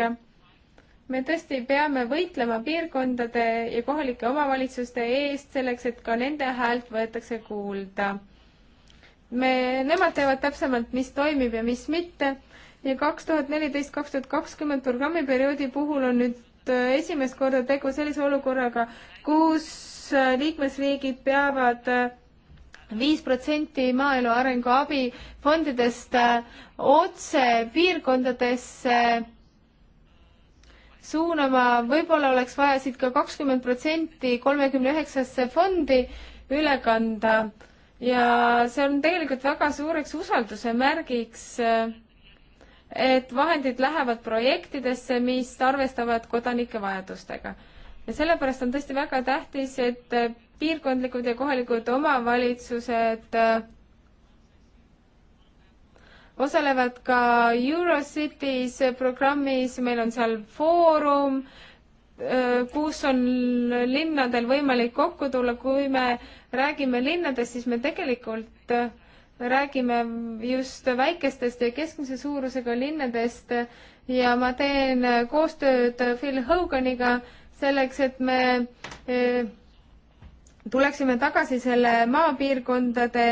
me tõesti peame võitlema piirkondade ja kohalike omavalitsuste eest selleks, et ka nende häält võetakse kuulda. me, nemad teavad täpsemalt, mis toimib ja mis mitte ja kaks tuhat neliteist, kaks tuhat kakskümmend programmiperioodi puhul on nüüd äh, esimest korda tegu sellise olukorraga, kus äh, liikmesriigid peavad äh, viis protsenti maaelu arengu abifondidest otse piirkondadesse suunama, võib-olla oleks vaja siit ka kakskümmend protsenti kolmekümne üheksasse fondi üle kanda ja see on tegelikult väga suureks usalduse märgiks, et vahendid lähevad projektidesse, mis arvestavad kodanike vajadustega. ja sellepärast on tõesti väga tähtis, et piirkondlikud ja kohalikud omavalitsused äh, osalevad ka Eurocities programmis, meil on seal foorum, kus on linnadel võimalik kokku tulla, kui me räägime linnadest, siis me tegelikult räägime just väikestest ja keskmise suurusega linnadest ja ma teen koostööd Phil Hoganiga selleks, et me tuleksime tagasi selle maapiirkondade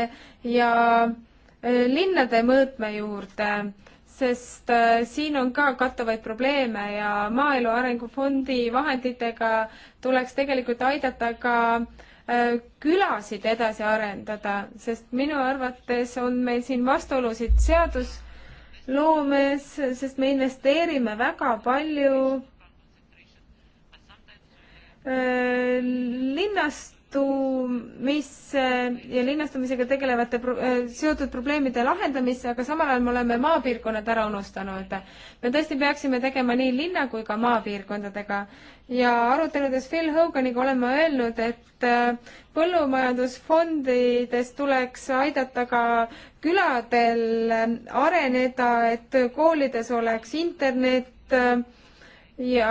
ja Äh, linnade mõõtme juurde, sest äh, siin on ka kattavaid probleeme ja Maaelu Arengufondi vahenditega tuleks tegelikult aidata ka äh, külasid edasi arendada, sest minu arvates on meil siin vastuolusid seadusloomes, sest me investeerime väga palju linnast linnastumise äh, ja linnastumisega tegelevate pro äh, seotud probleemide lahendamisse, aga samal ajal me oleme maapiirkonnad ära unustanud. me tõesti peaksime tegema nii linna kui ka maapiirkondadega ja aruteludes Phil Hoganiga oleme öelnud, et äh, põllumajandusfondides tuleks aidata ka küladel areneda, et koolides oleks internet ja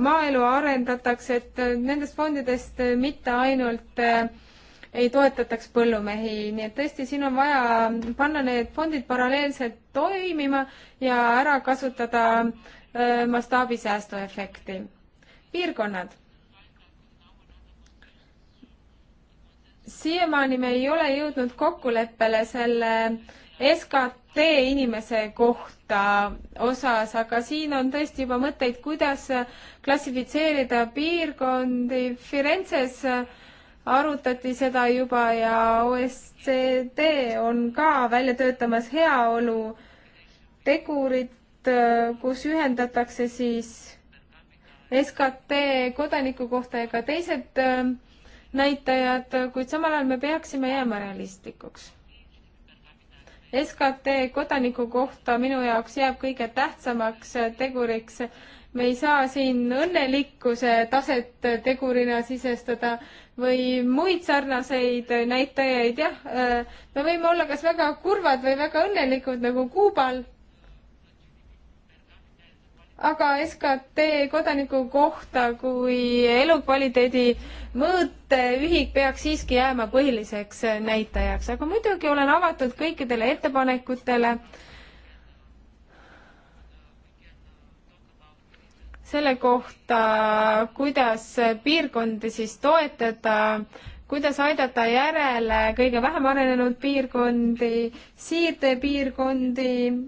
maaelu arendatakse, et nendest fondidest mitte ainult äh, ei toetataks põllumehi, nii et tõesti, siin on vaja panna need fondid paralleelselt toimima ja ära kasutada äh, mastaabisäästu efekti. piirkonnad. siiamaani me ei ole jõudnud kokkuleppele selle SKT tee inimese kohta osas, aga siin on tõesti juba mõtteid, kuidas klassifitseerida piirkondi. Firenzes arutati seda juba ja OSCD on ka välja töötamas heaolu tegurit, kus ühendatakse siis SKT kodaniku kohta ja ka teised näitajad, kuid samal ajal me peaksime jääma realistlikuks SKT kodaniku kohta minu jaoks jääb kõige tähtsamaks teguriks. me ei saa siin õnnelikkuse taset tegurina sisestada või muid sarnaseid näitajaid, jah. Äh, me võime olla kas väga kurvad või väga õnnelikud nagu Kuubal aga SKT kodaniku kohta kui elukvaliteedi mõõteühik peaks siiski jääma põhiliseks näitajaks, aga muidugi olen avatud kõikidele ettepanekutele. selle kohta, kuidas piirkondi siis toetada kuidas aidata järele kõige vähem arenenud piirkondi, siirdepiirkondi,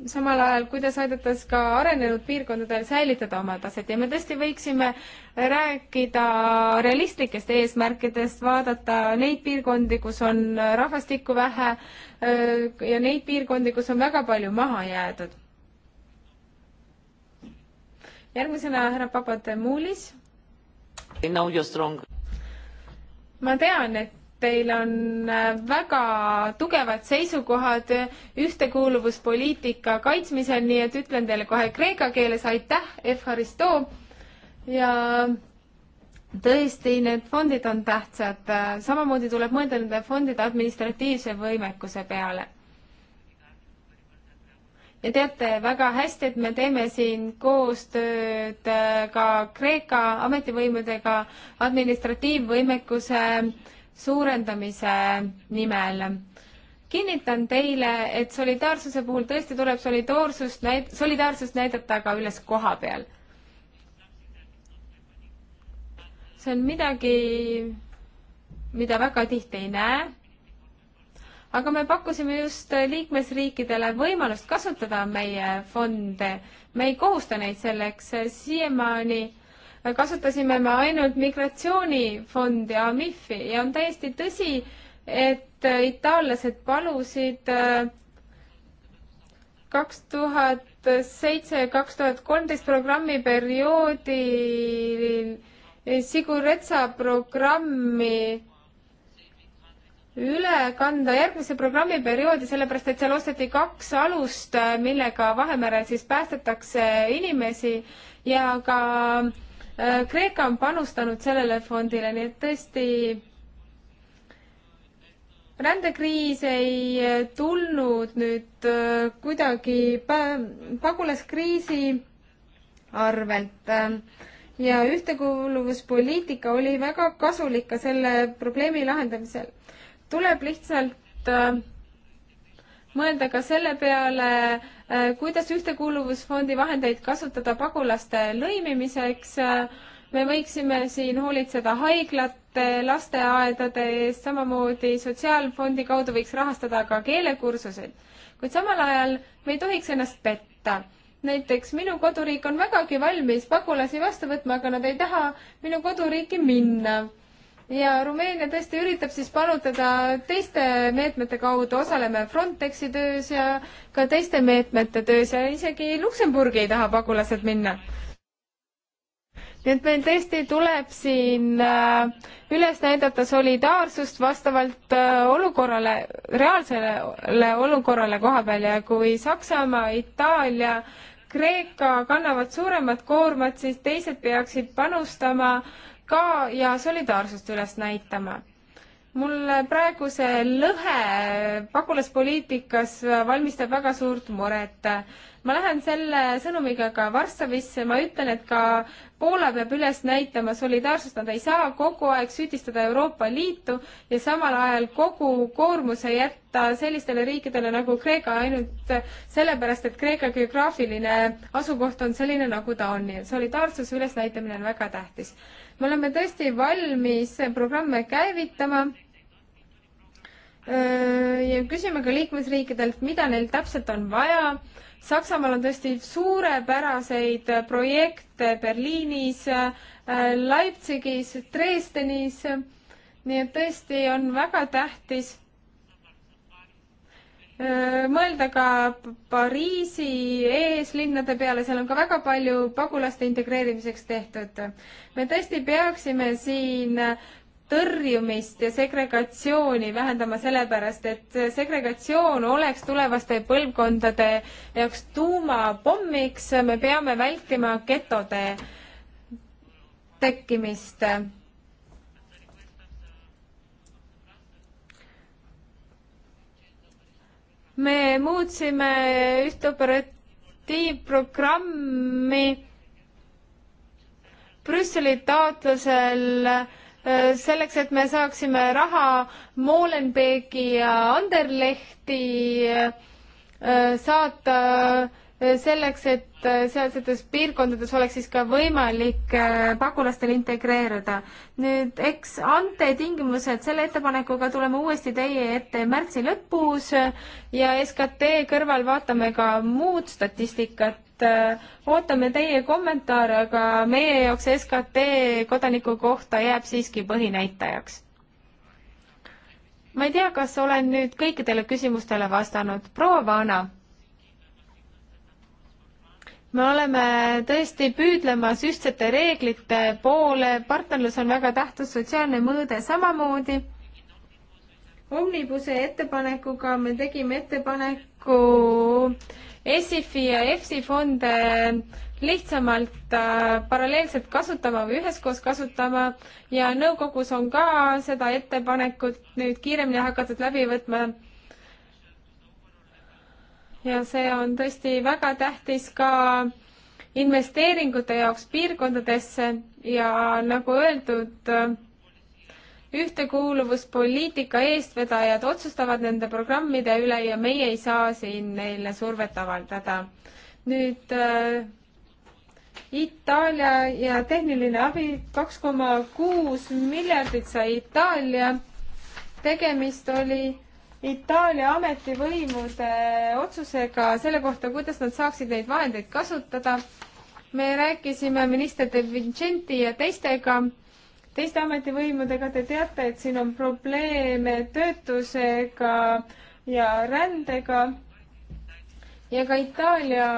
samal ajal kuidas aidata ka arenenud piirkondadel säilitada oma taset ja me tõesti võiksime rääkida realistlikest eesmärkidest, vaadata neid piirkondi, kus on rahvastikku vähe äh, ja neid piirkondi, kus on väga palju maha jäetud. järgmisena härra Papatemulis. I know you are strong ma tean, et teil on äh, väga tugevad seisukohad ühtekuuluvuspoliitika kaitsmisel, nii et ütlen teile kohe kreeka keeles aitäh, Efharisto. ja tõesti, need fondid on tähtsad, äh, samamoodi tuleb mõelda nende fondide administratiivse võimekuse peale ja teate väga hästi, et me teeme siin koostööd äh, ka Kreeka ametivõimudega administratiivvõimekuse suurendamise nimel. kinnitan teile, et solidaarsuse puhul tõesti tuleb solidaarsust näid-, solidaarsust näidata ka üles koha peal. see on midagi, mida väga tihti ei näe aga me pakkusime just liikmesriikidele võimalust kasutada meie fonde. me ei kohusta neid selleks, siiamaani kasutasime me ainult migratsioonifondi AMIF-i ja on täiesti tõsi, et itaallased palusid äh, kaks tuhat seitse, kaks tuhat kolmteist programmi perioodil Siguretsa programmi üle kanda järgmise programmiperioodi, sellepärast et seal osteti kaks alust, äh, millega Vahemerel siis päästetakse inimesi ja ka äh, Kreeka on panustanud sellele fondile, nii et tõesti rändekriis ei äh, tulnud nüüd kuidagi pagulaskriisi arvelt ähm, ja ühtekuuluvuspoliitika oli väga kasulik ka selle probleemi lahendamisel tuleb lihtsalt äh, mõelda ka selle peale, äh, kuidas Ühtekuuluvusfondi vahendeid kasutada pagulaste lõimimiseks. me võiksime siin hoolitseda haiglate, lasteaedade eest, samamoodi Sotsiaalfondi kaudu võiks rahastada ka keelekursuseid. kuid samal ajal me ei tohiks ennast petta näiteks minu koduriik on vägagi valmis pagulasi vastu võtma, aga nad ei taha minu koduriiki minna ja Rumeenia tõesti üritab siis panutada teiste meetmete kaudu, osaleme Frontexi töös ja ka teiste meetmete töös ja isegi Luksemburgi ei taha pagulased minna. nii et meil tõesti tuleb siin äh, üles näidata solidaarsust vastavalt äh, olukorrale, reaalsele olukorrale koha peal ja kui Saksamaa, Itaalia Kreeka kannavad suuremat koormat, siis teised peaksid panustama äh, ka ja solidaarsust üles näitama mulle praegu see lõhe pagulaspoliitikas valmistab väga suurt muret. ma lähen selle sõnumiga ka Varssavisse, ma ütlen, et ka Poola peab üles näitama solidaarsust, nad ei saa kogu aeg süüdistada Euroopa Liitu ja samal ajal kogu koormuse jätta sellistele riikidele nagu Kreeka ainult sellepärast, et Kreeka geograafiline asukoht on selline, nagu ta on, nii et solidaarsuse ülesnäitamine on väga tähtis me oleme tõesti valmis programme käivitama äh, ja küsime ka liikmesriikidelt, mida neil täpselt on vaja. Saksamaal on tõesti suurepäraseid projekte Berliinis, äh, Leipzigis, Dresdenis. nii et tõesti on väga tähtis mõelda ka Pariisi eeslinnade peale, seal on ka väga palju pagulaste integreerimiseks tehtud. me tõesti peaksime siin tõrjumist ja segregatsiooni vähendama sellepärast, et segregatsioon oleks tulevaste põlvkondade jaoks tuumapommiks, me peame vältima getode tekkimist me muutsime ühte operatiivprogrammi Brüsseli taotlusel äh, selleks, et me saaksime raha Molenbeeki ja Anderlehti äh, saata selleks, et äh, sealsetes piirkondades oleks siis ka võimalik äh, pagulastel integreeruda. nüüd eks ante tingimused, selle ettepanekuga tuleme uuesti teie ette märtsi lõpus ja SKT kõrval vaatame ka muud statistikat. ootame teie kommentaare, aga meie jaoks SKT kodaniku kohta jääb siiski põhinäitajaks ma ei tea, kas olen nüüd kõikidele küsimustele vastanud. proua Vana me oleme tõesti püüdlemas ühtsete reeglite poole, partnerlus on väga tähtis, sotsiaalne mõõde samamoodi. Omnibuse ettepanekuga me tegime ettepaneku ESIF-i ja EFSI fonde lihtsamalt äh, paralleelselt kasutama või üheskoos kasutama ja nõukogus on ka seda ettepanekut nüüd kiiremini hakatud läbi võtma ja see on tõesti väga tähtis ka investeeringute jaoks piirkondadesse ja nagu öeldud, ühtekuuluvuspoliitika eestvedajad otsustavad nende programmide üle ja meie ei saa siin neile survet avaldada. nüüd äh, Itaalia ja tehniline abi, kaks koma kuus miljardit sai Itaalia. tegemist oli Itaalia ametivõimude otsusega selle kohta, kuidas nad saaksid neid vahendeid kasutada. me rääkisime minister De Vincenti ja teistega, teiste ametivõimudega, te teate, et siin on probleeme töötusega ja rändega ja ka Itaalia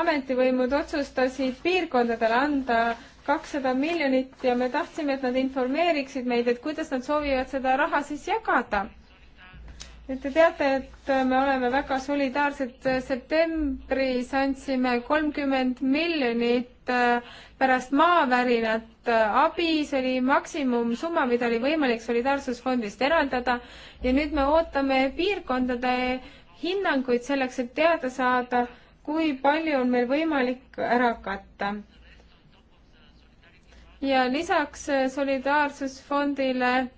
ametivõimud otsustasid piirkondadele anda kakssada miljonit ja me tahtsime, et nad informeeriksid meid, et kuidas nad soovivad seda raha siis jagada. et te teate, et me oleme väga solidaarsed, septembris andsime kolmkümmend miljonit äh, pärast maavärinat äh, abi, see oli maksimumsumma, mida oli võimalik Solidaarsusfondist eraldada ja nüüd me ootame piirkondade hinnanguid selleks, et teada saada, kui palju on meil võimalik ära katta ja lisaks äh, Solidaarsusfondile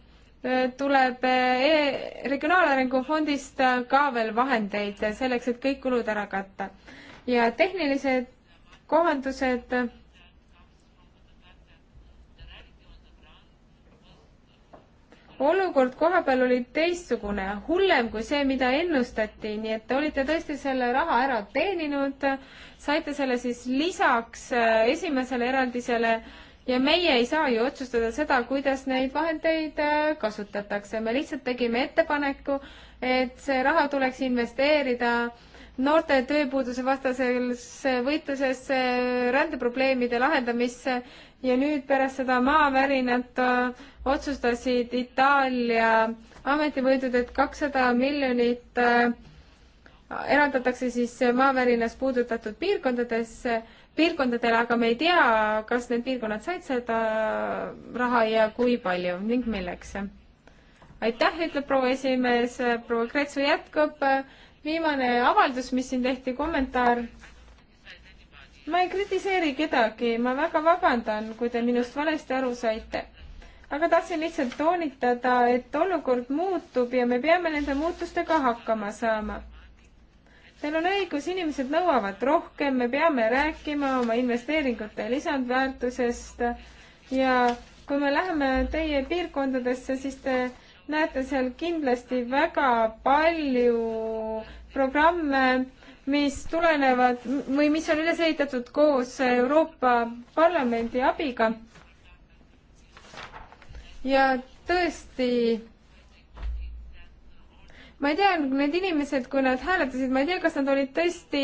äh, tuleb äh, e Regionaalarengu fondist ka veel vahendeid selleks, et kõik kulud ära katta. ja tehnilised kohandused olukord kohapeal oli teistsugune, hullem kui see, mida ennustati, nii et te olite tõesti selle raha ära teeninud, saite selle siis lisaks esimesele eraldisele ja meie ei saa ju otsustada seda, kuidas neid vahendeid äh, kasutatakse, me lihtsalt tegime ettepaneku, et see raha tuleks investeerida noorte tööpuuduse vastasesse võitlusesse, rändeprobleemide lahendamisse ja nüüd pärast seda maavärinat äh, otsustasid Itaalia ametivõidud, et kakssada miljonit äh, eraldatakse siis maavärinas puudutatud piirkondadesse piirkondadele, aga me ei tea, kas need piirkonnad said seda raha ja kui palju ning milleks. aitäh, ütleb proua esimees, proua Kretsu jätkab. viimane avaldus, mis siin tehti, kommentaar. ma ei kritiseeri kedagi, ma väga vabandan, kui te minust valesti aru saite aga tahtsin lihtsalt toonitada, et olukord muutub ja me peame nende muutustega hakkama saama Teil on õigus, inimesed nõuavad rohkem, me peame rääkima oma investeeringute lisandväärtusest ja kui me läheme teie piirkondadesse, siis te näete seal kindlasti väga palju programme, mis tulenevad või mis on üles ehitatud koos Euroopa Parlamendi abiga. ja tõesti ma ei tea, need inimesed, kui nad hääletasid, ma ei tea, kas nad olid tõesti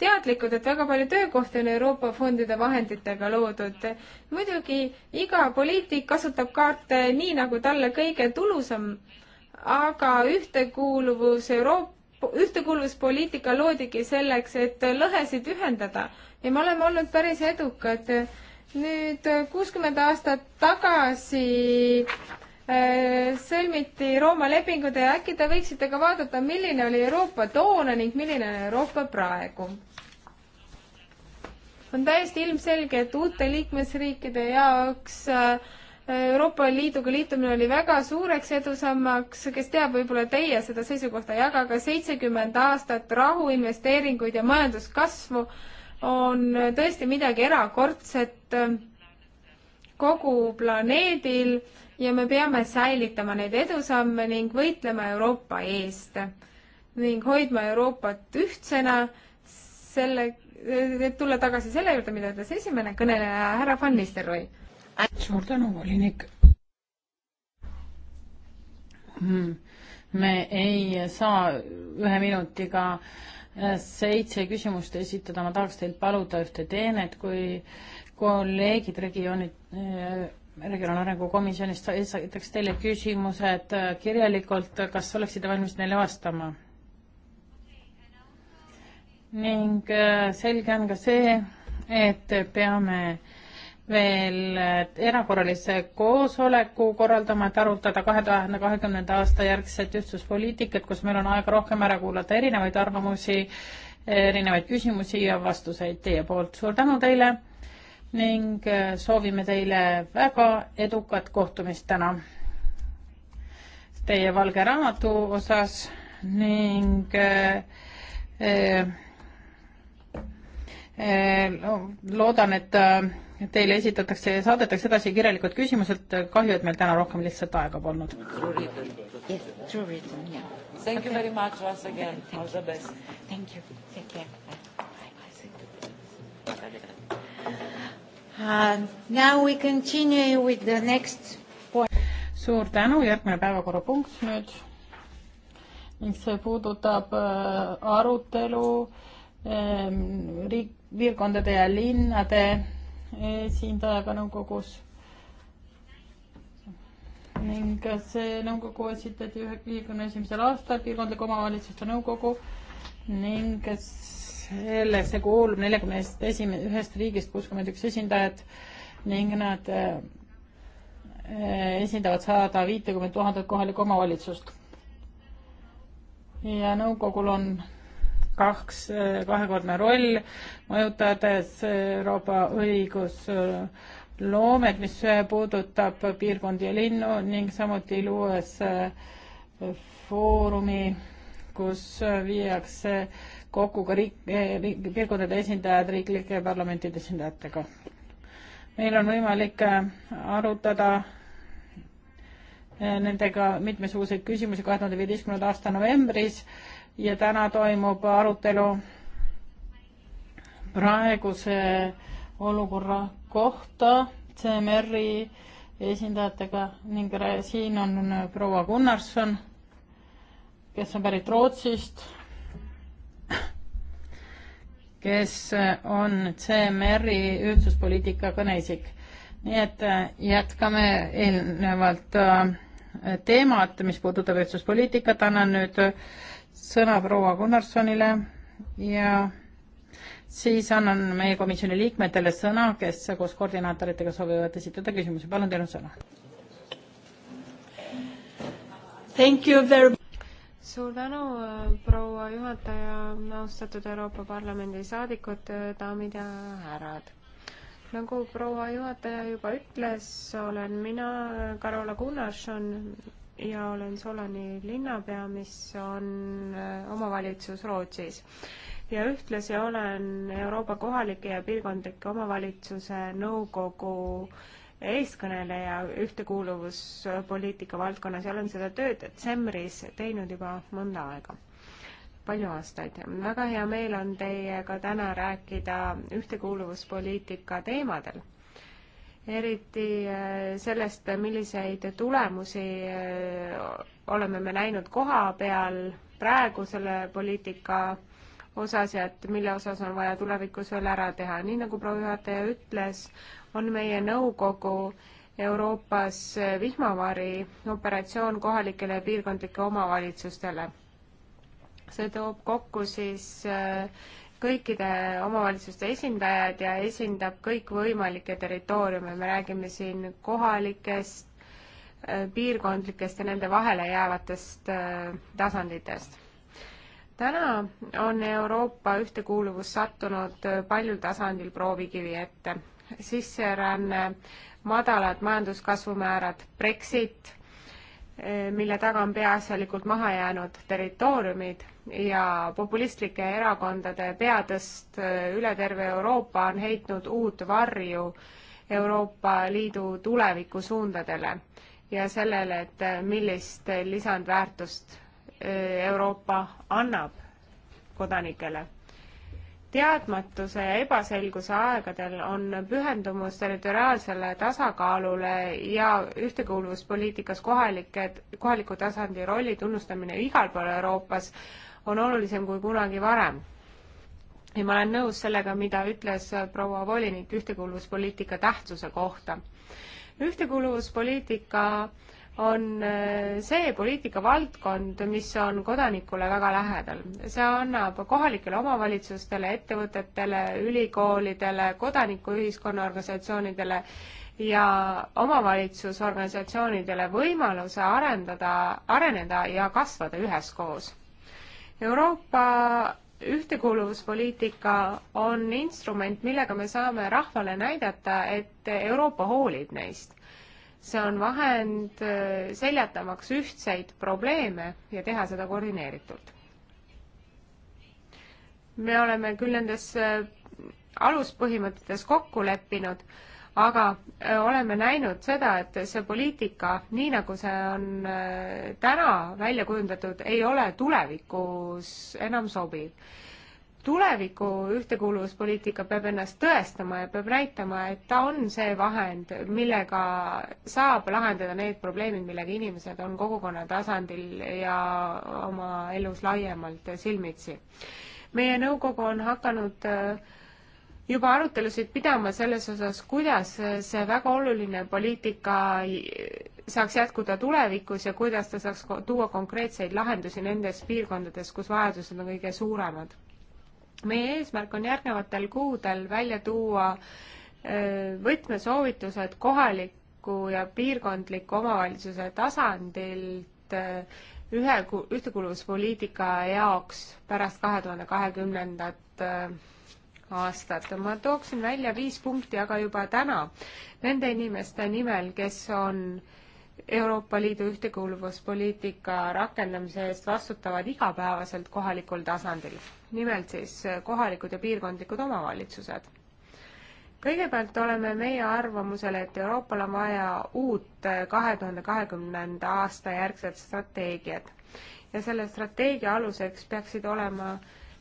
teadlikud, et väga palju töökohti on Euroopa fondide vahenditega loodud. muidugi iga poliitik kasutab kaarte nii, nagu talle kõige tulusam, aga ühtekuuluvus Euroopa ühtekuuluvuspoliitika loodigi selleks, et lõhesid ühendada ja me oleme olnud päris edukad. nüüd kuuskümmend aastat tagasi Äh, sõlmiti Rooma lepingud ja äkki te võiksite ka vaadata, milline oli Euroopa toona ning milline on Euroopa praegu? on täiesti ilmselge, et uute liikmesriikide jaoks äh, Euroopa Liiduga liitumine oli väga suureks edusammaks, kes teab, võib-olla teie seda seisukohta ei jaga, aga seitsekümmend aastat rahu, investeeringuid ja majanduskasvu on tõesti midagi erakordset kogu planeedil ja me peame säilitama neid edusamme ning võitlema Euroopa eest ning hoidma Euroopat ühtsena selle, et tulla tagasi selle juurde, mida ütles esimene kõneleja, härra Van Nistelrooy. suur tänu, volinik mm.. me ei saa ühe minutiga äh, seitse küsimust esitada, ma tahaks teilt paluda ühte teenet, kui kolleegid regioonid äh, regionaalarengu komisjonist esitaks teile küsimused äh, kirjalikult, äh, kas oleksite valmis neile vastama? ning äh, selge on ka see, et peame veel erakorralise koosoleku korraldama, et arutada kahe tuhande kahekümnenda aasta järgset ühtsuspoliitikat, kus meil on aega rohkem ära kuulata erinevaid arvamusi, erinevaid küsimusi ja vastuseid teie poolt. suur tänu teile ning äh, soovime teile väga edukat kohtumist täna teie valge raamatu osas ning eh, eh, loodan, et teile esitatakse ja saadetakse edasi kirjalikud küsimused, kahju, et meil täna rohkem lihtsalt aega polnud. Thank you very much once again, all the best. Thank you, take care. Uh, now we continue with the next point. suur tänu, järgmine päevakorrapunkt nüüd, mis puudutab äh, arutelu äh, riik, piirkondade ja linnade esindajaga nõukogus. ning see nõukogu esitati ühe, viiekümne esimesel aastal, piirkondliku omavalitsuste nõukogu ning kes sellesse kuulub neljakümnest esimene, ühest riigist kuuskümmend üks esindajat ning nad eh, esindavad sada viitekümmet tuhandet kohalikku omavalitsust. ja nõukogul on kaks, eh, kahekordne roll, mõjutades Euroopa õigusloomet, mis puudutab piirkondi ja linnu ning samuti luues eh, foorumi, kus viiakse kokku ka riik, eh, riik, piirkondade esindajad, riiklike parlamentide esindajatega. meil on võimalik äh, arutada äh, nendega mitmesuguseid küsimusi kahe tuhande viieteistkümnenda aasta novembris ja täna toimub arutelu praeguse olukorra kohta CMR-i esindajatega ning siin on äh, proua Gunnarsson, kes on pärit Rootsist kes on CMR-i ühtsuspoliitika kõneisik. nii et äh, jätkame eelnevalt äh, teemat, mis puudutab ühtsuspoliitikat, annan nüüd sõna proua Gunnarssonile ja siis annan meie komisjoni liikmetele sõna, kes koos koordinaatoritega soovivad esitada küsimusi. palun, teil on sõna suur tänu, äh, proua juhataja, austatud Euroopa Parlamendi saadikud, äh, daamid ja härrad nagu proua juhataja juba ütles, olen mina Karola äh, Gunnarson ja olen Solani linnapea, mis on omavalitsus Rootsis. ja ühtlasi olen Euroopa kohalike ja piirkondlike omavalitsuse nõukogu äh, eestkõneleja ühtekuuluvuspoliitika valdkonnas ja olen seda tööd detsembris teinud juba mõnda aega, palju aastaid. väga hea meel on teiega täna rääkida ühtekuuluvuspoliitika teemadel, eriti äh, sellest, milliseid tulemusi äh, oleme me näinud koha peal praegu selle poliitika osas ja et mille osas on vaja tulevikus veel ära teha. nii nagu proua juhataja ütles, on meie nõukogu Euroopas vihmavari operatsioon kohalikele ja piirkondlike omavalitsustele. see toob kokku siis äh, kõikide omavalitsuste esindajad ja esindab kõikvõimalikke territooriume, me räägime siin kohalikest, äh, piirkondlikest ja nende vahele jäävatest äh, tasanditest täna on Euroopa ühtekuuluvus sattunud paljul tasandil proovikivi ette. sisseränne, madalad majanduskasvumäärad, Brexit, mille taga on peaasjalikult maha jäänud territooriumid ja populistlike erakondade peatõst üle terve Euroopa on heitnud uut varju Euroopa Liidu tulevikusuundadele ja sellele, et millist lisandväärtust Eh, Euroopa annab kodanikele. teadmatuse ja ebaselguse aegadel on pühendumus territoriaalsele tasakaalule ja ühtekuuluvuspoliitikas kohalike, kohaliku tasandi rolli tunnustamine igal pool Euroopas on olulisem kui kunagi varem. ja ma olen nõus sellega, mida ütles proua volinik ühtekuuluvuspoliitika tähtsuse kohta. ühtekuuluvuspoliitika äh, on äh, see poliitikavaldkond, mis on kodanikule väga lähedal. see annab kohalikele omavalitsustele, ettevõtetele, ülikoolidele, kodanikuühiskonna organisatsioonidele ja omavalitsusorganisatsioonidele võimaluse arendada, areneda ja kasvada üheskoos. Euroopa ühtekuuluvuspoliitika on instrument, millega me saame rahvale näidata, et Euroopa hoolib neist see on vahend äh, seljatamaks ühtseid probleeme ja teha seda koordineeritult. me oleme küll nendes äh, aluspõhimõtetes kokku leppinud, aga äh, oleme näinud seda, et see poliitika, nii nagu see on täna välja kujundatud, ei ole tulevikus enam sobiv tuleviku ühtekuuluvuspoliitika peab ennast tõestama ja peab näitama, et ta on see vahend, millega saab lahendada need probleemid, millega inimesed on kogukonna tasandil ja oma elus laiemalt silmitsi. meie nõukogu on hakanud äh, juba arutelusid pidama selles osas, kuidas see väga oluline poliitika saaks jätkuda tulevikus ja kuidas ta saaks tuua konkreetseid lahendusi nendes piirkondades, kus vajadused on kõige suuremad meie eesmärk on järgnevatel kuudel välja tuua võtmesoovitused kohaliku ja piirkondliku omavalitsuse tasandilt ühe, ühtekuuluvuspoliitika jaoks pärast kahe tuhande kahekümnendat aastat. ma tooksin välja viis punkti aga juba täna nende inimeste nimel, kes on Euroopa Liidu ühtekuuluvuspoliitika rakendamise eest vastutavad igapäevaselt kohalikul tasandil nimelt siis äh, kohalikud ja piirkondlikud omavalitsused. kõigepealt oleme meie arvamusel, et Euroopal on vaja uut äh, kahe tuhande kahekümnenda aasta järgset strateegiat ja selle strateegia aluseks peaksid olema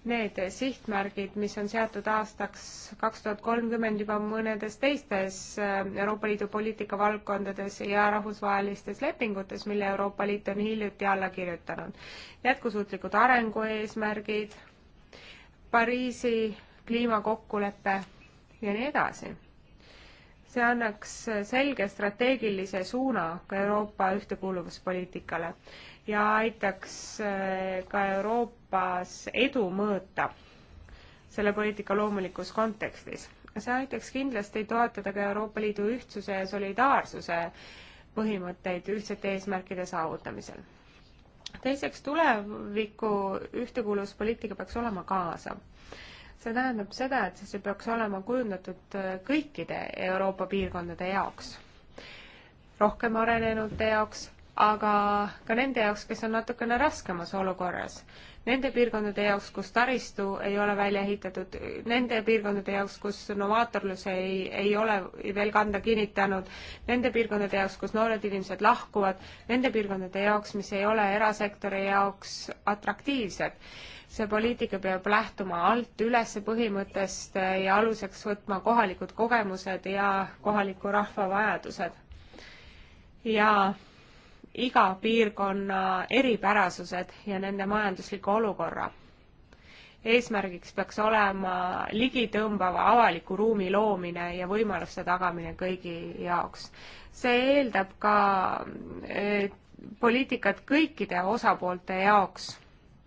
need sihtmärgid, mis on seatud aastaks kaks tuhat kolmkümmend juba mõnedes teistes äh, Euroopa Liidu poliitika valdkondades ja rahvusvahelistes lepingutes, mille Euroopa Liit on hiljuti alla kirjutanud. jätkusuutlikud arengueesmärgid, Pariisi kliimakokkulepe ja nii edasi. see annaks selge strateegilise suuna ka Euroopa ühtekuuluvuspoliitikale ja aitaks äh, ka Euroopas edu mõõta selle poliitika loomulikus kontekstis. see aitaks kindlasti toetada ka Euroopa Liidu ühtsuse ja solidaarsuse põhimõtteid ühtsete eesmärkide saavutamisel teiseks, tuleviku ühtekuuluvuspoliitika peaks olema kaasav. see tähendab seda, et see peaks olema kujundatud kõikide Euroopa piirkondade jaoks, rohkem arenenute jaoks, aga ka nende jaoks, kes on natukene raskemas olukorras nende piirkondade jaoks, kus taristu ei ole välja ehitatud, nende piirkondade jaoks, kus novaatorlus ei, ei ole veel kanda kinnitanud, nende piirkondade jaoks, kus noored inimesed lahkuvad, nende piirkondade jaoks, mis ei ole erasektori jaoks atraktiivsed see poliitika peab lähtuma alt üles põhimõttest ja aluseks võtma kohalikud kogemused ja kohaliku rahva vajadused. ja iga piirkonna eripärasused ja nende majandusliku olukorra. eesmärgiks peaks olema ligitõmbava avaliku ruumi loomine ja võimaluste tagamine kõigi jaoks. see eeldab ka poliitikat kõikide osapoolte jaoks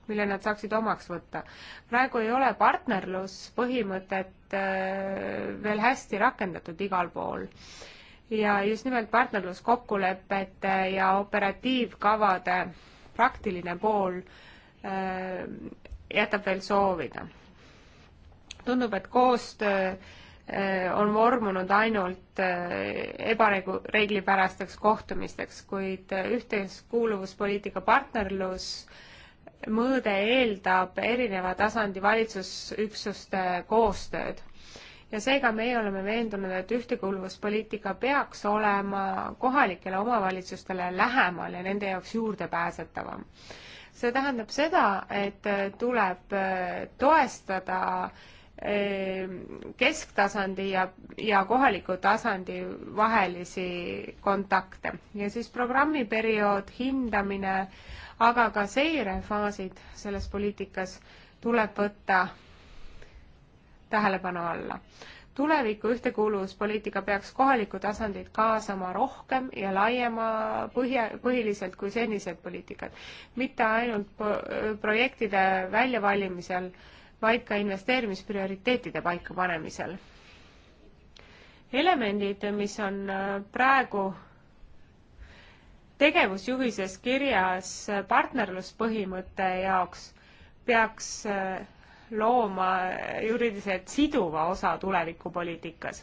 mille nad saaksid omaks võtta. praegu ei ole partnerluspõhimõtet äh, veel hästi rakendatud igal pool ja just nimelt partnerluskokkulepete ja operatiivkavade praktiline pool äh, jätab veel soovida. tundub, et koostöö äh, on vormunud ainult äh, ebareeglipärasteks kohtumisteks, kuid ühtekuuluvuspoliitika partnerlus mõõde eeldab erineva tasandi valitsusüksuste koostööd ja seega meie oleme veendunud, et ühtekuuluvuspoliitika peaks olema kohalikele omavalitsustele lähemal ja nende jaoks juurdepääsetavam. see tähendab seda, et tuleb äh, toestada äh, kesktasandi ja, ja kohaliku tasandi vahelisi kontakte ja siis programmiperiood, hindamine, aga ka seirefaasid selles poliitikas tuleb võtta tähelepanu alla. tuleviku ühtekuuluvuspoliitika peaks kohalikku tasandit kaasama rohkem ja laiema põhja, põhiliselt kui senised poliitikad, mitte ainult projektide väljavalimisel, vaid ka investeerimisprioriteetide paikapanemisel elemendid, mis on äh, praegu tegevusjuhises kirjas partnerluspõhimõtte jaoks, peaks äh, looma juriidiliselt siduva osa tulevikupoliitikas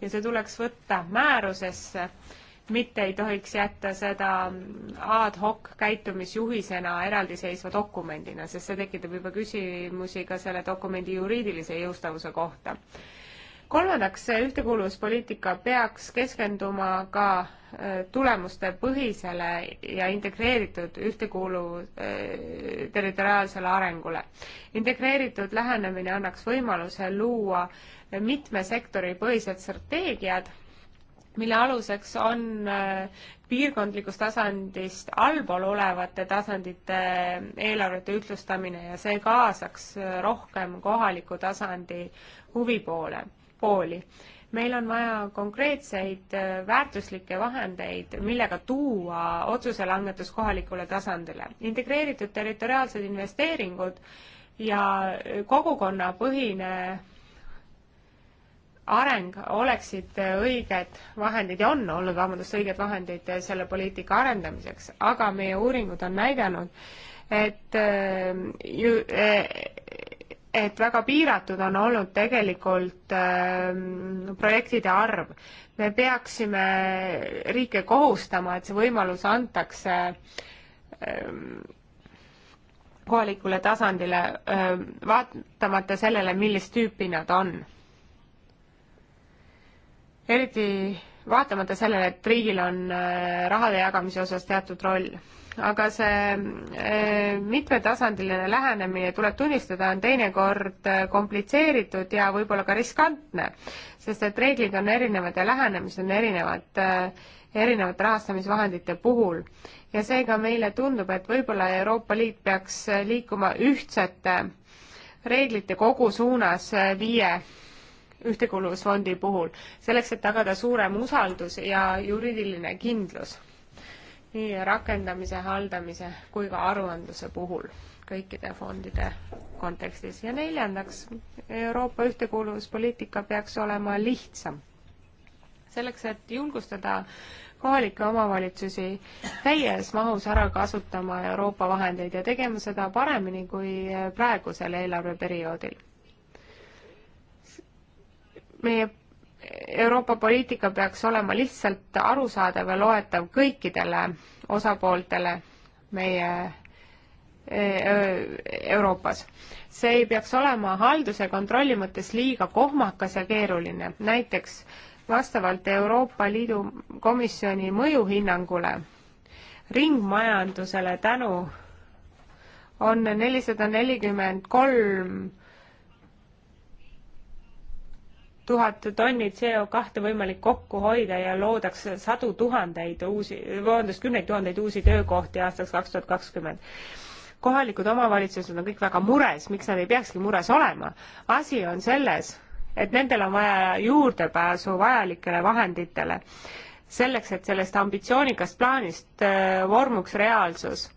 ja see tuleks võtta määrusesse, mitte ei tohiks jätta seda ad hoc käitumisjuhisena eraldiseisva dokumendina, sest see tekitab juba küsimusi ka selle dokumendi juriidilise jõustavuse kohta kolmandaks, ühtekuuluvuspoliitika peaks keskenduma ka äh, tulemuste põhisele ja integreeritud ühtekuuluv äh, territoriaalsele arengule. integreeritud lähenemine annaks võimaluse luua mitme sektori põhised strateegiad, mille aluseks on äh, piirkondlikust tasandist allpool olevate tasandite eelarvete ühtlustamine ja see kaasaks rohkem kohaliku tasandi huvipoole pooli. meil on vaja konkreetseid äh, väärtuslikke vahendeid, millega tuua otsuse langetus kohalikule tasandile. integreeritud territoriaalsed investeeringud ja äh, kogukonnapõhine areng oleksid äh, õiged vahendid ja on olnud, vabandust, õiged vahendid selle poliitika arendamiseks, aga meie uuringud on näidanud, et ju et väga piiratud on olnud tegelikult äh, projektide arv. me peaksime riike kohustama, et see võimalus antakse äh, kohalikule tasandile äh,, vaatamata sellele, millist tüüpi nad on. eriti vaatamata sellele, et riigil on äh, rahade jagamise osas teatud roll aga see eh, mitmetasandiline lähenemine, tuleb tunnistada, on teinekord eh, komplitseeritud ja võib-olla ka riskantne, sest et reeglid on erinevad ja lähenemised on erinevad eh, erinevate rahastamisvahendite puhul. ja seega meile tundub, et võib-olla Euroopa Liit peaks liikuma ühtsete reeglite kogu suunas viie ühtekuuluvusfondi puhul, selleks et tagada suurem usaldus ja juriidiline kindlus nii rakendamise, haldamise kui ka aruandluse puhul kõikide fondide kontekstis. ja neljandaks, Euroopa ühtekuuluvuspoliitika peaks olema lihtsam. selleks, et julgustada kohalikke omavalitsusi täies mahus ära kasutama Euroopa vahendeid ja tegema seda paremini kui praegusel eelarveperioodil. meie Euroopa poliitika peaks olema lihtsalt arusaadav ja loetav kõikidele osapooltele meie e, e, Euroopas. see ei peaks olema halduse kontrolli mõttes liiga kohmakas ja keeruline. näiteks vastavalt Euroopa Liidu komisjoni mõjuhinnangule ringmajandusele tänu on nelisada nelikümmend kolm tuhat tonni CO kahte võimalik kokku hoida ja loodaks sadu tuhandeid uusi, vabandust, kümneid tuhandeid uusi töökohti aastaks kaks tuhat kakskümmend. kohalikud omavalitsused on kõik väga mures, miks nad ei peakski mures olema. asi on selles, et nendel on vaja juurdepääsu vajalikele vahenditele selleks, et sellest ambitsioonikast plaanist äh, vormuks reaalsus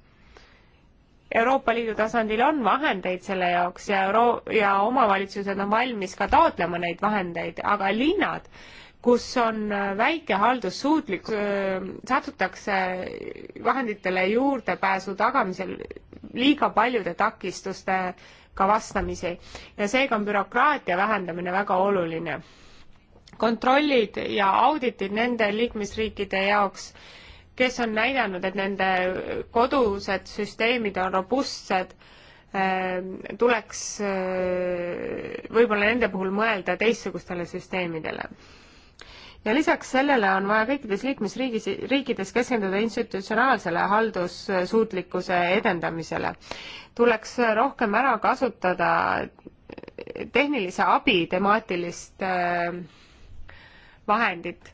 Euroopa Liidu tasandil on vahendeid selle jaoks ja euro- ja omavalitsused on valmis ka taotlema neid vahendeid, aga linnad, kus on väike haldussuutlik, satutakse vahenditele juurdepääsu tagamisel liiga paljude takistustega vastamisi ja seega on bürokraatia vähendamine väga oluline. kontrollid ja auditid nende liikmesriikide jaoks äh, kes on näidanud, et nende kodused süsteemid on robustsed, ehm, tuleks ehm, võib-olla nende puhul mõelda teistsugustele süsteemidele. ja lisaks sellele on vaja kõikides liikmesriigis, riikides keskenduda institutsionaalsele haldussuutlikkuse edendamisele. tuleks rohkem ära kasutada tehnilise abi temaatilist ehm, vahendit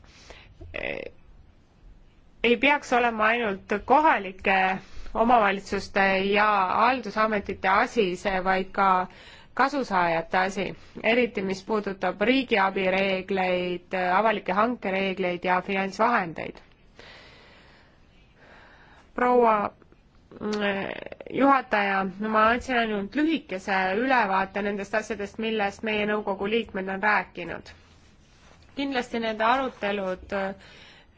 ei peaks olema ainult kohalike omavalitsuste ja haldusametite asi see, vaid ka kasusaajate asi, eriti mis puudutab riigiabi reegleid, avalike hanke reegleid ja finantsvahendeid. proua mm, juhataja, ma andsin ainult lühikese ülevaate nendest asjadest, millest meie nõukogu liikmed on rääkinud. kindlasti need arutelud äh,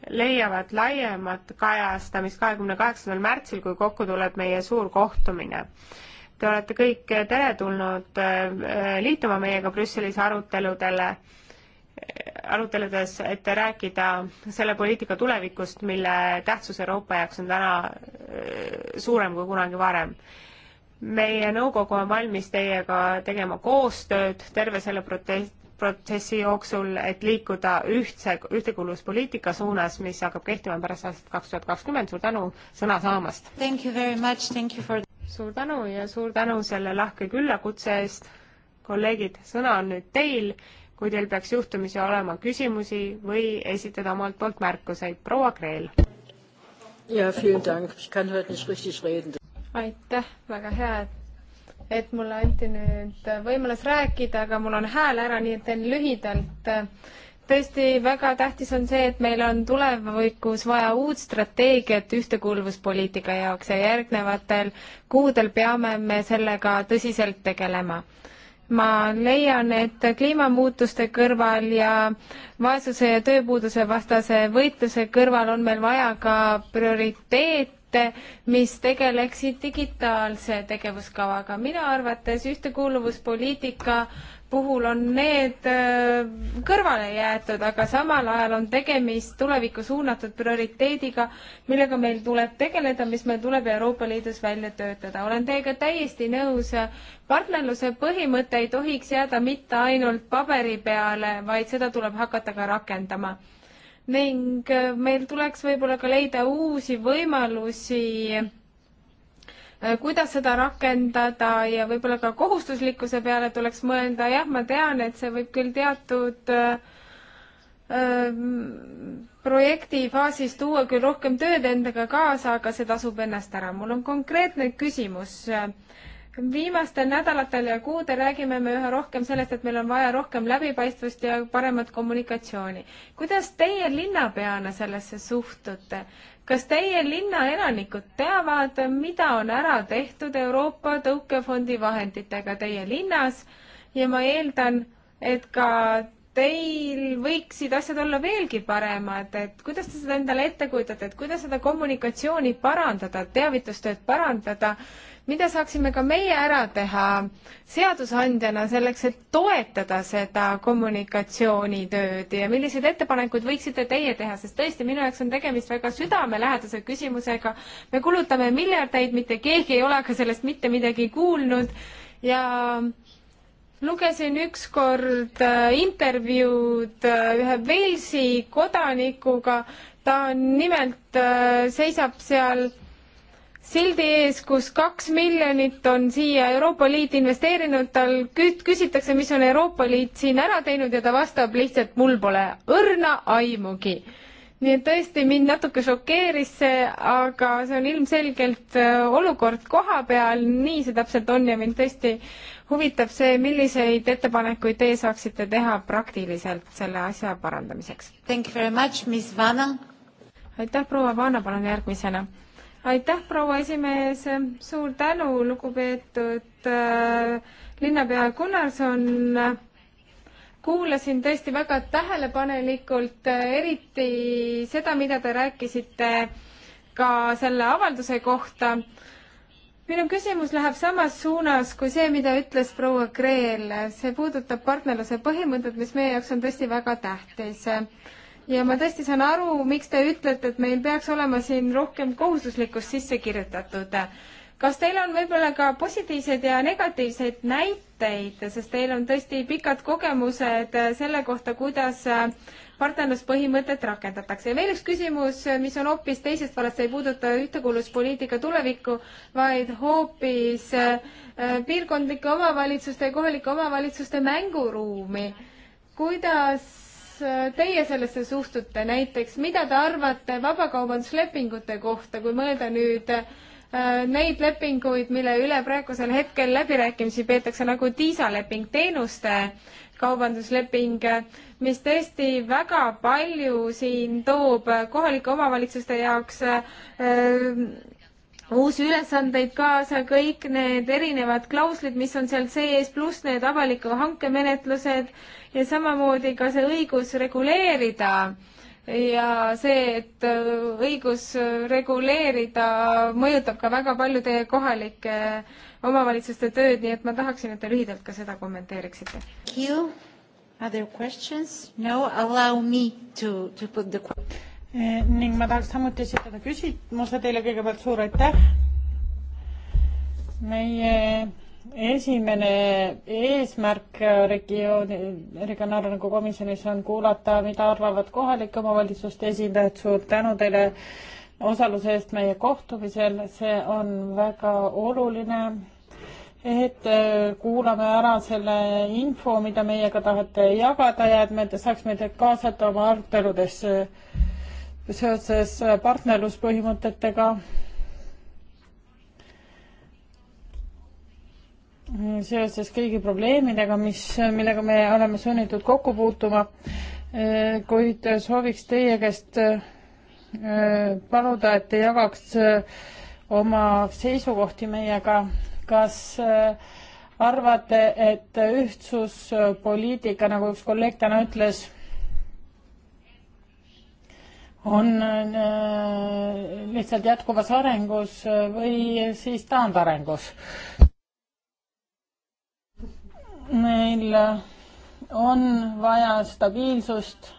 leiavad laiemat kajastamist kahekümne kaheksandal märtsil, kui kokku tuleb meie suur kohtumine. Te olete kõik teretulnud äh, liituma meiega Brüsselis aruteludele, äh, aruteludes, et rääkida selle poliitika tulevikust, mille tähtsus Euroopa jaoks on täna äh, suurem kui kunagi varem meie nõukogu on valmis teiega tegema koostööd terve selle protsess, protsessi jooksul, et liikuda ühtse, ühtekuuluvuspoliitika suunas, mis hakkab kehtima pärast aastat kaks tuhat kakskümmend. suur tänu sõna saamast! For... suur tänu ja suur tänu selle lahke küllakutse eest. kolleegid, sõna on nüüd teil, kui teil peaks juhtumisi olema küsimusi või esitada omalt poolt märkuseid. proua Kreel. jaa, aitäh, väga hea, et et mulle anti nüüd võimalus rääkida, aga mul on hääl ära, nii et teen lühidalt. tõesti, väga tähtis on see, et meil on tulevikus vaja uut strateegiat ühtekuuluvuspoliitika jaoks ja järgnevatel kuudel peame me sellega tõsiselt tegelema ma leian, et kliimamuutuste kõrval ja vaesuse ja tööpuuduse vastase võitluse kõrval on meil vaja ka prioriteet projekte, mis tegeleksid digitaalse tegevuskavaga. minu arvates ühtekuuluvuspoliitika puhul on need äh, kõrvale jäetud, aga samal ajal on tegemist tulevikku suunatud prioriteediga, millega meil tuleb tegeleda, mis meil tuleb Euroopa Liidus välja töötada. olen teiega täiesti nõus, partnerluse põhimõte ei tohiks jääda mitte ainult paberi peale, vaid seda tuleb hakata ka rakendama ning äh, meil tuleks võib-olla ka leida uusi võimalusi, äh, kuidas seda rakendada ja võib-olla ka kohustuslikkuse peale tuleks mõelda, jah, ma tean, et see võib küll teatud äh, ähm, projekti faasis tuua küll rohkem tööd endaga kaasa, aga see tasub ennast ära. mul on konkreetne küsimus äh, viimastel nädalatel ja kuudel räägime me üha rohkem sellest, et meil on vaja rohkem läbipaistvust ja paremat kommunikatsiooni. kuidas teie linnapeana sellesse suhtute? kas teie linna elanikud teavad, mida on ära tehtud Euroopa tõukefondi vahenditega teie linnas ja ma eeldan, et ka teil võiksid asjad olla veelgi paremad, et kuidas te seda endale ette kujutate, et kuidas seda kommunikatsiooni parandada, teavitustööd parandada mida saaksime ka meie ära teha seadusandjana selleks, et toetada seda kommunikatsioonitööd ja milliseid ettepanekuid võiksite teie teha, sest tõesti, minu jaoks on tegemist väga südamelähedase küsimusega. me kulutame miljardeid, mitte keegi ei ole ka sellest mitte midagi kuulnud ja lugesin ükskord äh, intervjuud äh, ühe Walesi kodanikuga, ta nimelt äh, seisab seal sildi ees, kus kaks miljonit on siia Euroopa Liit investeerinud, tal küsitakse, mis on Euroopa Liit siin ära teinud ja ta vastab lihtsalt, mul pole õrna aimugi. nii et tõesti mind natuke šokeeris see, aga see on ilmselgelt äh, olukord koha peal, nii see täpselt on ja mind tõesti huvitab see, milliseid ettepanekuid teie saaksite teha praktiliselt selle asja parandamiseks. aitäh, proua Vana, palun järgmisena aitäh, proua esimees, suur tänu, lugupeetud äh, linnapea Gunnarson. kuulasin tõesti väga tähelepanelikult, äh, eriti seda, mida te rääkisite ka selle avalduse kohta minu küsimus läheb samas suunas kui see, mida ütles proua Kreel. see puudutab partnerluse põhimõtet, mis meie jaoks on tõesti väga tähtis ja ma tõesti saan aru, miks te ütlete, et meil peaks olema siin rohkem kohustuslikkust sisse kirjutatud. kas teil on võib-olla ka positiivseid ja negatiivseid näiteid, sest teil on tõesti pikad kogemused selle kohta, kuidas partnerluspõhimõtet rakendatakse. ja veel üks küsimus, mis on hoopis teisest vallast, see ei puuduta ühtekuuluvuspoliitika tulevikku, vaid hoopis äh, piirkondlike omavalitsuste ja kohalike omavalitsuste mänguruumi. kuidas teie sellesse suhtute, näiteks mida te arvate vabakaubanduslepingute kohta, kui mõelda nüüd äh, neid lepinguid, mille üle praegusel hetkel läbirääkimisi peetakse, nagu TISA leping, teenuste kaubandusleping, mis tõesti väga palju siin toob kohalike omavalitsuste jaoks äh, uusi ülesandeid kaasa, kõik need erinevad klauslid, mis on seal sees, pluss need avaliku hanke menetlused ja samamoodi ka see õigus reguleerida ja see, et äh, õigus äh, reguleerida mõjutab ka väga palju teie kohalike omavalitsuste tööd, nii et ma tahaksin, et te lühidalt ka seda kommenteeriksite. Other questions? No, allow me to, to put the eh, ning ma tahaks samuti esitada küsimuse teile kõigepealt suur aitäh meie esimene eesmärk regiooni, regionaalarengu komisjonis on kuulata, mida arvavad kohalike omavalitsuste esindajad. suur tänu teile osaluse eest meie kohtumisel, see on väga oluline, et äh, kuulame ära selle info, mida meiega tahate jagada ja et me saaksime teid kaasata oma aruteludesse seoses partnerluspõhimõtetega seoses kõigi probleemidega, mis, millega me oleme sunnitud kokku puutuma, kuid sooviks teie käest eh, paluda, et te jagaks eh, oma seisukohti meiega, kas eh, arvate, et ühtsuspoliitika, nagu üks kolleeg täna ütles, on lihtsalt jätkuvas arengus või siis taandarengus? meil on vaja stabiilsust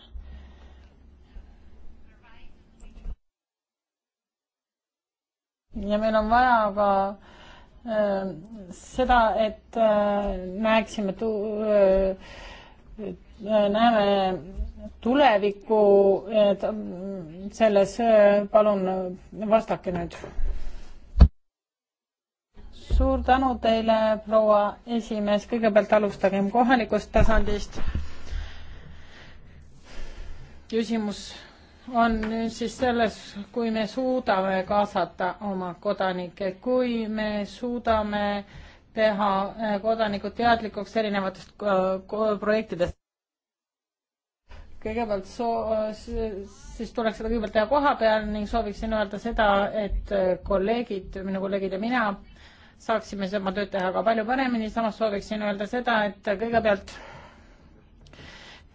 ja meil on vaja ka äh, seda, et äh, näeksime tu- äh,, näeme tulevikku, et mm, selles, äh, palun vastake nüüd suur tänu teile, proua esimees, kõigepealt alustagem kohalikust tasandist. küsimus on nüüd siis selles, kui me suudame kaasata oma kodanikke, kui me suudame teha eh, kodanikud teadlikuks erinevatest eh, projektidest. kõigepealt soo-, eh, siis tuleks seda kõigepealt teha koha peal ning sooviksin öelda seda, et kolleegid, minu kolleegid ja mina saaksime oma tööd teha ka palju paremini, samas sooviksin öelda seda, et kõigepealt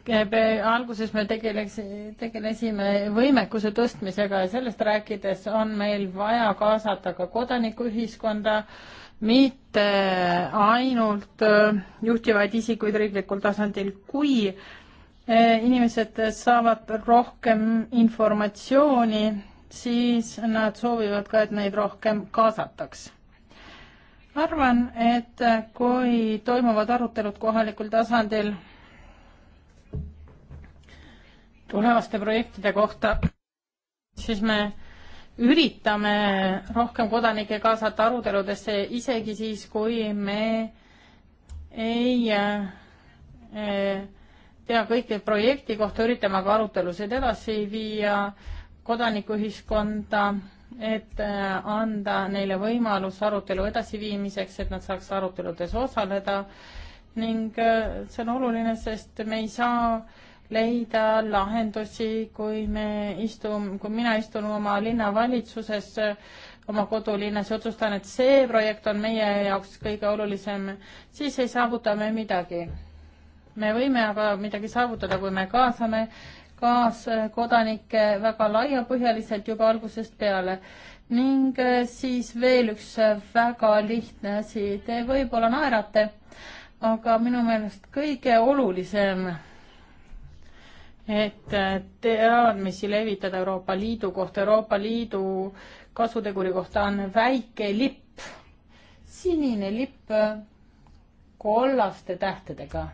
eh, alguses me tegeleks, tegelesime võimekuse tõstmisega ja sellest rääkides on meil vaja kaasata ka kodanikuühiskonda, mitte ainult eh, juhtivaid isikuid riiklikul tasandil, kui eh, inimesed saavad rohkem informatsiooni, siis nad soovivad ka, et neid rohkem kaasataks arvan, et kui toimuvad arutelud kohalikul tasandil tulevaste projektide kohta, siis me üritame rohkem kodanikke kaasata aruteludesse, isegi siis, kui me ei eh, tea kõike projekti kohta, üritame aga arutelusid edasi viia kodanikuühiskonda et äh, anda neile võimalus arutelu edasiviimiseks, et nad saaks aruteludes osaleda ning äh, see on oluline, sest me ei saa leida lahendusi, kui me istun, kui mina istun oma linnavalitsuses, äh, oma kodulinnas ja otsustan, et see projekt on meie jaoks kõige olulisem, siis ei saavuta me midagi. me võime aga midagi saavutada, kui me kaasame kaaskodanikke väga laiapõhjaliselt juba algusest peale. ning eh, siis veel üks eh, väga lihtne asi, te võib-olla naerate, aga minu meelest kõige olulisem, et eh, teadmisi levitada Euroopa Liidu kohta, Euroopa Liidu kasuteguri kohta on väike lipp, sinine lipp kollaste tähtedega.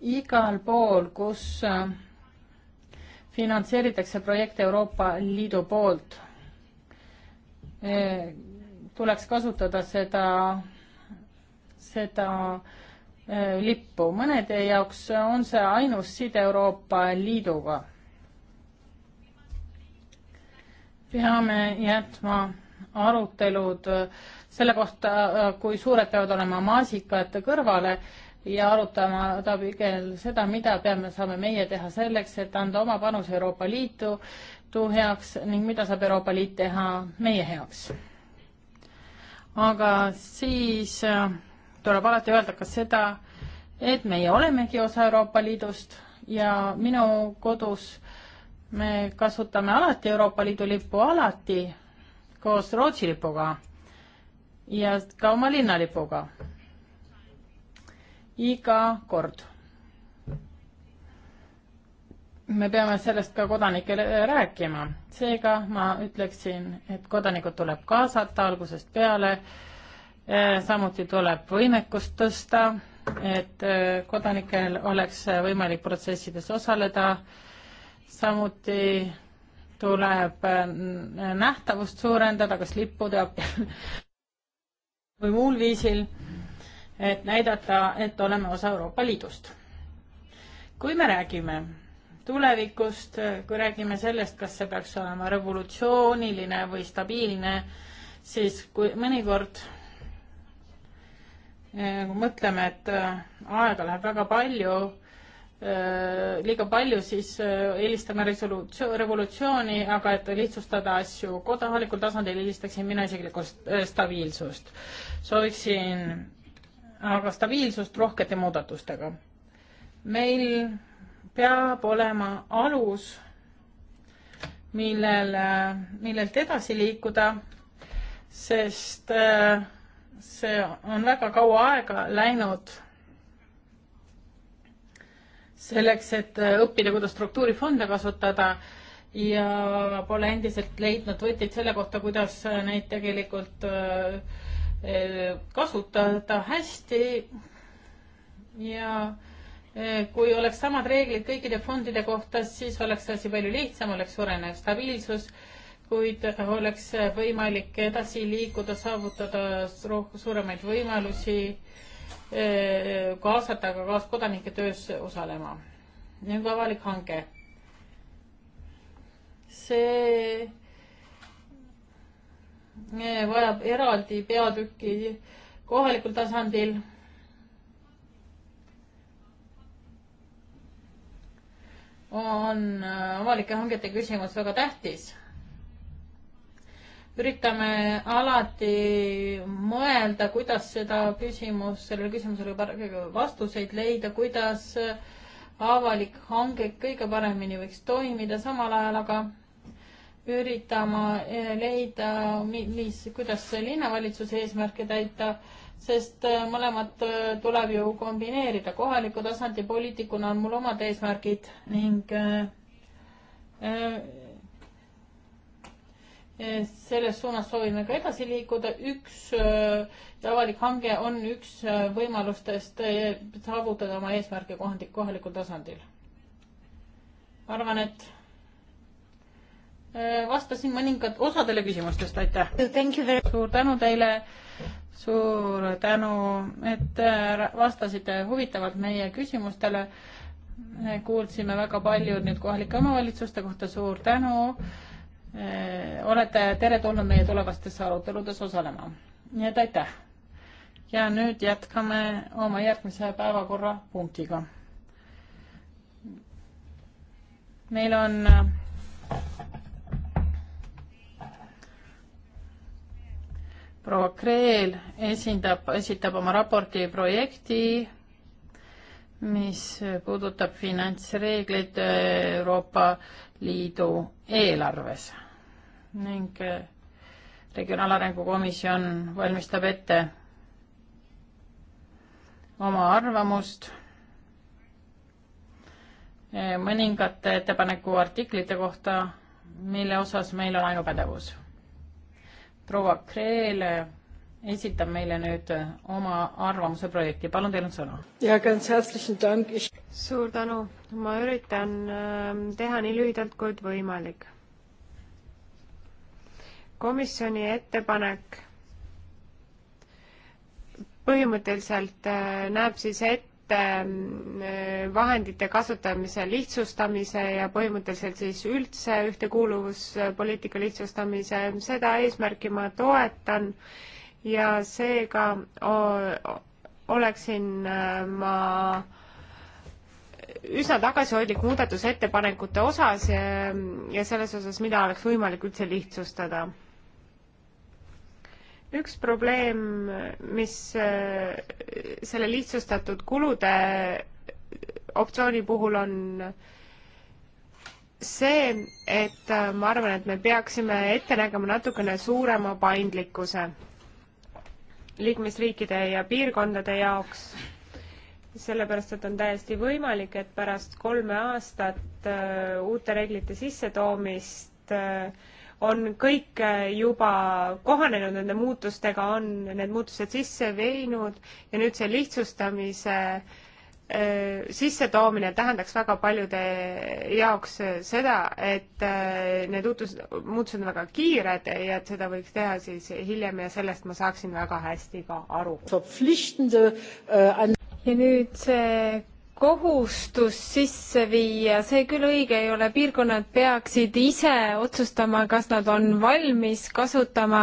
igal pool, kus äh, finantseeritakse projekte Euroopa Liidu poolt. E, tuleks kasutada seda, seda e, lippu, mõnede jaoks on see ainus side Euroopa Liiduga. peame jätma arutelud selle kohta, kui suured peavad olema maasikad kõrvale ja arutama ta pigem seda, mida peame, saame meie teha selleks, et anda oma panus Euroopa Liitu heaks ning mida saab Euroopa Liit teha meie heaks. aga siis äh, tuleb alati öelda ka seda, et meie olemegi osa Euroopa Liidust ja minu kodus me kasutame alati Euroopa Liidu lippu, alati koos Rootsi lipuga ja ka oma linnalipuga iga kord. me peame sellest ka kodanikele rääkima, seega ma ütleksin, et kodanikud tuleb kaasata algusest peale, eh, samuti tuleb võimekust tõsta, et eh, kodanikel oleks võimalik protsessides osaleda, samuti tuleb eh, nähtavust suurendada, kas lippude abil või muul viisil et näidata, et oleme osa Euroopa Liidust. kui me räägime tulevikust, kui räägime sellest, kas see peaks olema revolutsiooniline või stabiilne, siis kui mõnikord eh, kui mõtleme, et eh, aega läheb väga palju, eh, liiga palju, siis eelistame resolutsioon, revolutsiooni, aga et lihtsustada asju kodanikul tasandil, eelistaksin mina isiklikult stabiilsust. sooviksin aga stabiilsust rohkete muudatustega. meil peab olema alus, millel, millelt edasi liikuda, sest äh, see on väga kaua aega läinud selleks, et äh, õppida, kuidas struktuurifonde kasutada ja pole endiselt leidnud võtit selle kohta, kuidas äh, neid tegelikult äh, kasutada hästi ja eh, kui oleks samad reeglid kõikide fondide kohta, siis oleks asi palju lihtsam, oleks suurenev stabiilsus, kuid oleks võimalik edasi liikuda, saavutada suuremaid võimalusi, eh, kaasata ka kaaskodanike töös osalema. nüüd avalik hange. see vajab eraldi peatükki kohalikul tasandil. on äh, avalike hangete küsimus väga tähtis. üritame alati mõelda, kuidas seda küsimust, sellele küsimusele vastuseid leida, kuidas äh, avalik hange kõige paremini võiks toimida, samal ajal aga üritama eh, leida, mis, kuidas linnavalitsuse eesmärke täita, sest eh, mõlemat eh, tuleb ju kombineerida. kohaliku tasandi poliitikuna on mul omad eesmärgid ning selles suunas soovime ka edasi liikuda. üks avalik hange on üks võimalustest saavutada oma eesmärke kohalikul tasandil. arvan, et Äh, vastasin mõningad osadele küsimustest, aitäh. suur tänu teile, suur tänu, et äh, vastasite huvitavalt meie küsimustele. kuulsime väga palju nüüd kohalike omavalitsuste kohta, suur tänu. Äh, olete teretulnud meie tulevastes aruteludes osalema, nii et aitäh. ja nüüd jätkame oma järgmise päevakorrapunktiga. meil on proua Kreel esindab, esitab oma raporti projekti, mis puudutab finantsreegleid Euroopa Liidu eelarves ning eh, Regionaalarengu Komisjon valmistab ette oma arvamust eh, mõningate ettepaneku artiklite kohta, mille osas meil on ainupädevus proua Kreel esitab meile nüüd oma arvamuse projekti, palun, teil on sõna. suur tänu, ma üritan ähm, teha nii lühidalt kui võimalik. komisjoni ettepanek põhimõtteliselt äh, näeb siis ette uute ähm, äh, vahendite kasutamise lihtsustamise ja põhimõtteliselt siis üldse ühtekuuluvuspoliitika lihtsustamise, seda eesmärki ma toetan ja seega oleksin äh, ma üsna tagasihoidlik muudatusettepanekute osas ja, äh, ja selles osas, mida oleks võimalik üldse lihtsustada üks probleem, mis äh, selle lihtsustatud kulude optsiooni puhul on see, et äh, ma arvan, et me peaksime ette nägema natukene suurema paindlikkuse liikmesriikide ja piirkondade jaoks, sellepärast et on täiesti võimalik, et pärast kolme aastat äh, uute reeglite sissetoomist äh, on kõik äh, juba kohanenud nende muutustega, on need muutused sisse veinud ja nüüd see lihtsustamise äh, sissetoomine tähendaks väga paljude jaoks äh, seda, et need uutused, muutused on väga kiired ja et seda võiks teha siis hiljem ja sellest ma saaksin väga hästi ka aru. ja nüüd see kohustus sisse viia, see küll õige ei ole, piirkonnad peaksid ise otsustama, kas nad on valmis kasutama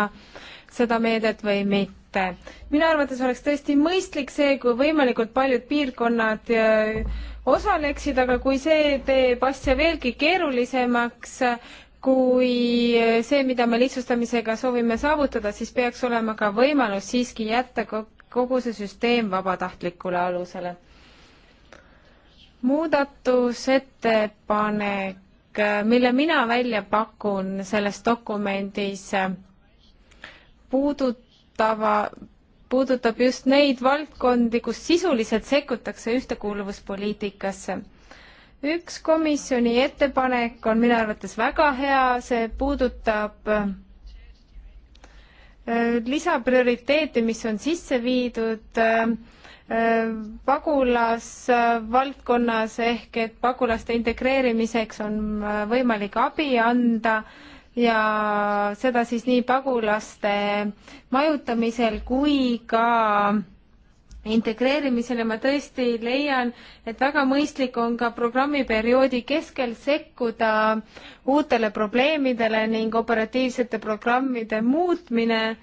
seda meedet või mitte. minu arvates oleks tõesti mõistlik see, kui võimalikult paljud piirkonnad äh, osaleksid, aga kui see teeb asja veelgi keerulisemaks, kui äh, see, mida me lihtsustamisega soovime saavutada, siis peaks olema ka võimalus siiski jätta kogu see süsteem vabatahtlikule alusele muudatusettepanek, mille mina välja pakun selles dokumendis, puudutava, puudutab just neid valdkondi, kus sisuliselt sekkutakse ühtekuuluvuspoliitikasse. üks komisjoni ettepanek on minu arvates väga hea, see puudutab äh, lisaprioriteeti, mis on sisse viidud äh, Äh, pagulasvaldkonnas ehk et pagulaste integreerimiseks on äh, võimalik abi anda ja seda siis nii pagulaste majutamisel kui ka integreerimisel ja ma tõesti leian, et väga mõistlik on ka programmiperioodi keskel sekkuda uutele probleemidele ning operatiivsete programmide muutmine äh,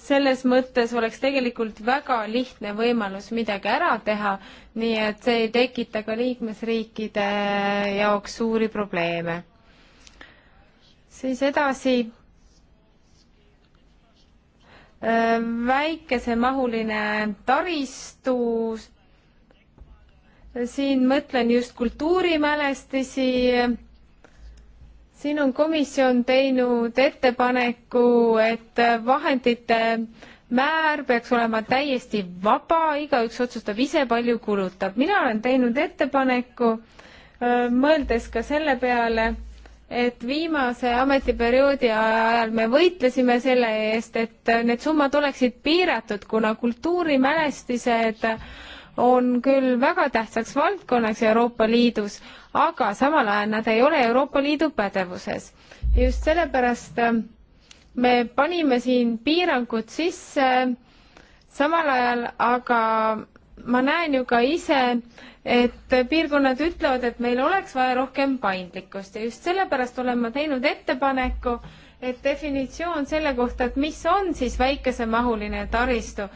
selles mõttes oleks tegelikult väga lihtne võimalus midagi ära teha, nii et see ei tekita ka liikmesriikide jaoks suuri probleeme. siis edasi, väikesemahuline taristu, siin mõtlen just kultuurimälestisi, siin on komisjon teinud ettepaneku, et vahendite määr peaks olema täiesti vaba, igaüks otsustab ise, palju kulutab. mina olen teinud ettepaneku, mõeldes ka selle peale, et viimase ametiperioodi ajal me võitlesime selle eest, et need summad oleksid piiratud, kuna kultuurimälestised äh, on küll väga tähtsaks valdkonnaks Euroopa Liidus, aga samal ajal nad ei ole Euroopa Liidu pädevuses. just sellepärast ähm, me panime siin piirangud sisse, samal ajal aga ma näen ju ka ise, et piirkonnad ütlevad, et meil oleks vaja rohkem paindlikkust ja just sellepärast olen ma teinud ettepaneku, et definitsioon selle kohta, et mis on siis väikesemahuline taristu,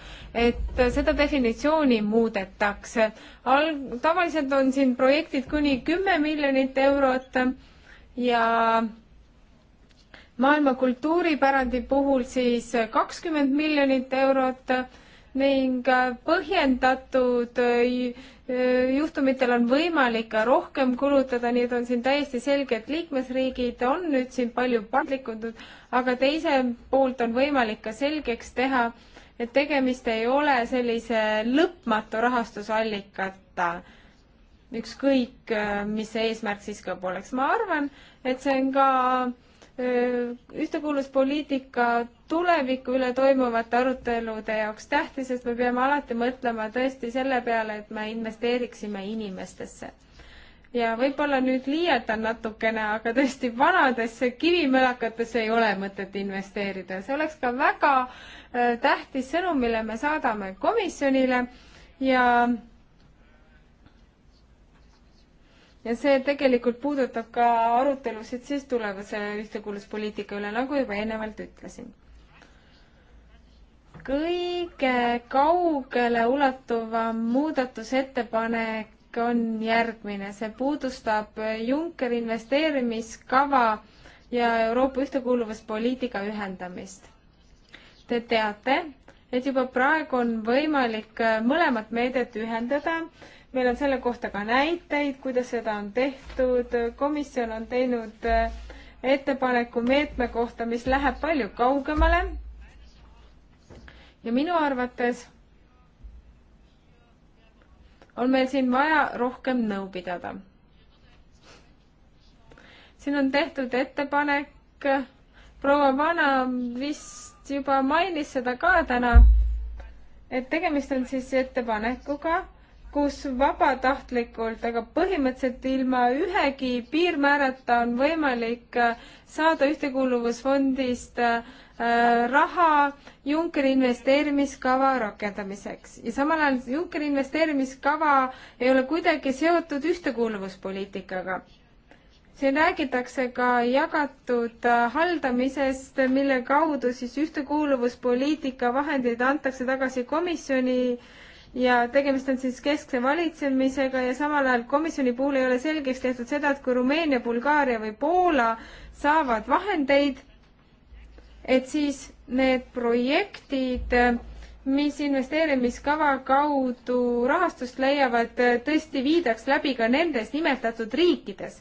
et seda definitsiooni muudetakse. Al-, tavaliselt on siin projektid kuni kümme miljonit eurot ja maailma kultuuripärandi puhul siis kakskümmend miljonit eurot ning põhjendatud äh, äh, juhtumitel on võimalik ka rohkem kulutada, nii et on siin täiesti selge, et liikmesriigid on nüüd siin palju paindlikud, aga teiselt poolt on võimalik ka selgeks teha, et tegemist ei ole sellise lõpmatu rahastusallikata, ükskõik äh, mis see eesmärk siis ka poleks. ma arvan, et see on ka ühtekuuluvuspoliitikat tuleviku üle toimuvate arutelude jaoks tähtis, sest me peame alati mõtlema tõesti selle peale, et me investeeriksime inimestesse. ja võib-olla nüüd liialdan natukene, aga tõesti vanadesse kivimõlakatesse ei ole mõtet investeerida, see oleks ka väga äh, tähtis sõnum, mille me saadame komisjonile ja ja see tegelikult puudutab ka arutelusid siis tulevase ühtekuuluvuspoliitika üle, nagu juba eelnevalt ütlesin kõige kaugele ulatuvam muudatusettepanek on järgmine, see puudustab Junckeri investeerimiskava ja Euroopa ühtekuuluvuspoliitika ühendamist. Te teate, et juba praegu on võimalik mõlemat meedet ühendada. meil on selle kohta ka näiteid, kuidas seda on tehtud, komisjon on teinud ettepaneku meetme kohta, mis läheb palju kaugemale ja minu arvates on meil siin vaja rohkem nõu pidada. siin on tehtud ettepanek, proua Vana vist juba mainis seda ka täna, et tegemist on siis ettepanekuga, kus vabatahtlikult, aga põhimõtteliselt ilma ühegi piirmäärata on võimalik saada Ühtekuuluvusfondist äh, Äh, raha Junckeri investeerimiskava rakendamiseks ja samal ajal Junckeri investeerimiskava ei ole kuidagi seotud ühtekuuluvuspoliitikaga. siin räägitakse ka jagatud äh, haldamisest, mille kaudu siis ühtekuuluvuspoliitika vahendeid antakse tagasi komisjoni ja tegemist on siis keskse valitsemisega ja samal ajal komisjoni puhul ei ole selgeks tehtud seda, et kui Rumeenia, Bulgaaria või Poola saavad vahendeid, et siis need projektid, mis investeerimiskava kaudu rahastust leiavad, tõesti viidaks läbi ka nendes nimetatud riikides,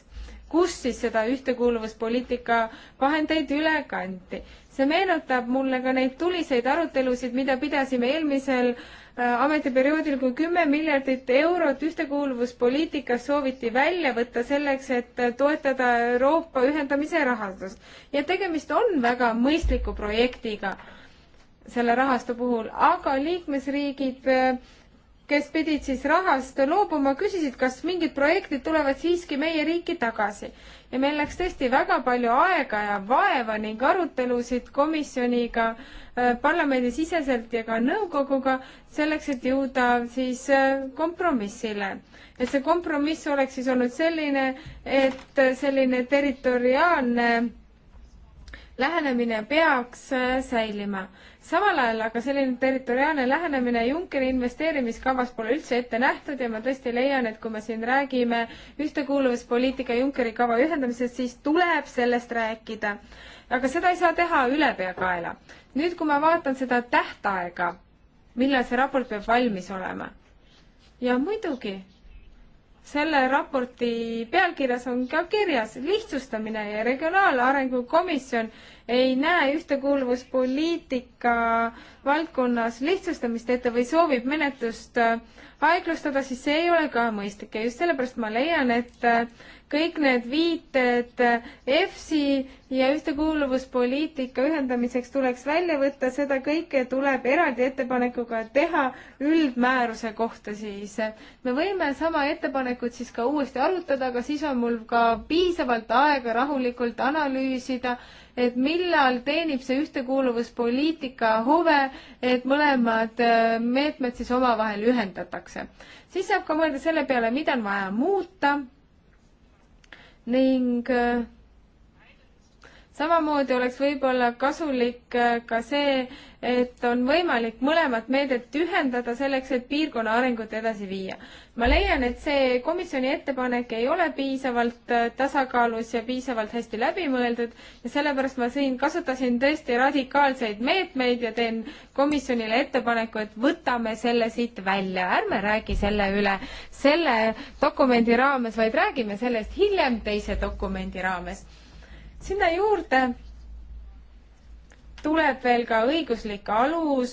kus siis seda ühtekuuluvuspoliitika vahendeid üle kanti see meenutab mulle ka neid tuliseid arutelusid, mida pidasime eelmisel Äh, ametiperioodil, kui kümme miljardit eurot ühtekuuluvuspoliitikas sooviti välja võtta selleks, et äh, toetada Euroopa ühendamise rahastust. ja tegemist on väga mõistliku projektiga selle rahastu puhul, aga liikmesriigid äh, kes pidid siis rahast loobuma, küsisid, kas mingid projektid tulevad siiski meie riiki tagasi. ja meil läks tõesti väga palju aega ja vaeva ning arutelusid komisjoniga, äh, parlamendisiseselt ja ka nõukoguga, selleks, et jõuda siis äh, kompromissile. et see kompromiss oleks siis olnud selline, et äh, selline territoriaalne lähenemine peaks säilima samal ajal aga selline territoriaalne lähenemine Junckeri investeerimiskavas pole üldse ette nähtud ja ma tõesti leian, et kui me siin räägime ühtekuuluvuspoliitika Junckeri kava ühendamisest, siis tuleb sellest rääkida. aga seda ei saa teha ülepeakaela. nüüd, kui ma vaatan seda tähtaega, millal see raport peab valmis olema ja muidugi selle raporti pealkirjas on ka kirjas lihtsustamine ja Regionaalarengu Komisjon ei näe ühtekuuluvuspoliitika valdkonnas lihtsustamist ette või soovib menetlust aeglustada, siis see ei ole ka mõistlik ja just sellepärast ma leian, et kõik need viited EFSI ja ühtekuuluvuspoliitika ühendamiseks tuleks välja võtta, seda kõike tuleb eraldi ettepanekuga teha üldmääruse kohta siis. me võime sama ettepanekut siis ka uuesti arutada, aga siis on mul ka piisavalt aega rahulikult analüüsida, et millal teenib see ühtekuuluvuspoliitika huve, et mõlemad äh, meetmed siis omavahel ühendatakse. siis saab ka mõelda selle peale, mida on vaja muuta ning äh, samamoodi oleks võib-olla kasulik äh, ka see, et on võimalik mõlemat meedet ühendada selleks, et piirkonna arengut edasi viia. ma leian, et see komisjoni ettepanek ei ole piisavalt äh, tasakaalus ja piisavalt hästi läbi mõeldud ja sellepärast ma siin kasutasin tõesti radikaalseid meetmeid ja teen komisjonile ettepaneku, et võtame selle siit välja, ärme räägi selle üle selle dokumendi raames, vaid räägime sellest hiljem teise dokumendi raames sinna juurde tuleb veel ka õiguslik alus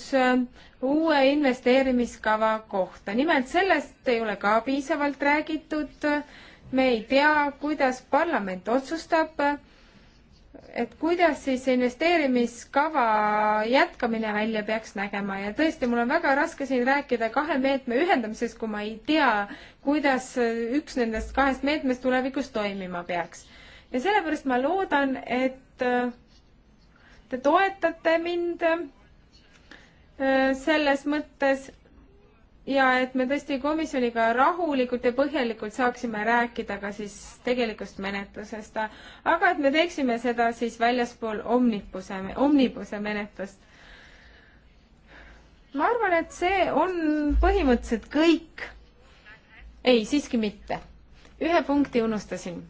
uue investeerimiskava kohta. nimelt sellest ei ole ka piisavalt räägitud. me ei tea, kuidas parlament otsustab, et kuidas siis investeerimiskava jätkamine välja peaks nägema ja tõesti, mul on väga raske siin rääkida kahe meetme ühendamisest, kui ma ei tea, kuidas üks nendest kahest meetmest tulevikus toimima peaks ja sellepärast ma loodan, et äh, te toetate mind äh, selles mõttes ja et me tõesti komisjoniga rahulikult ja põhjalikult saaksime rääkida ka siis tegelikust menetlusest, aga et me teeksime seda siis väljaspool omnibuse, omnibuse menetlust. ma arvan, et see on põhimõtteliselt kõik. ei, siiski mitte. ühe punkti unustasin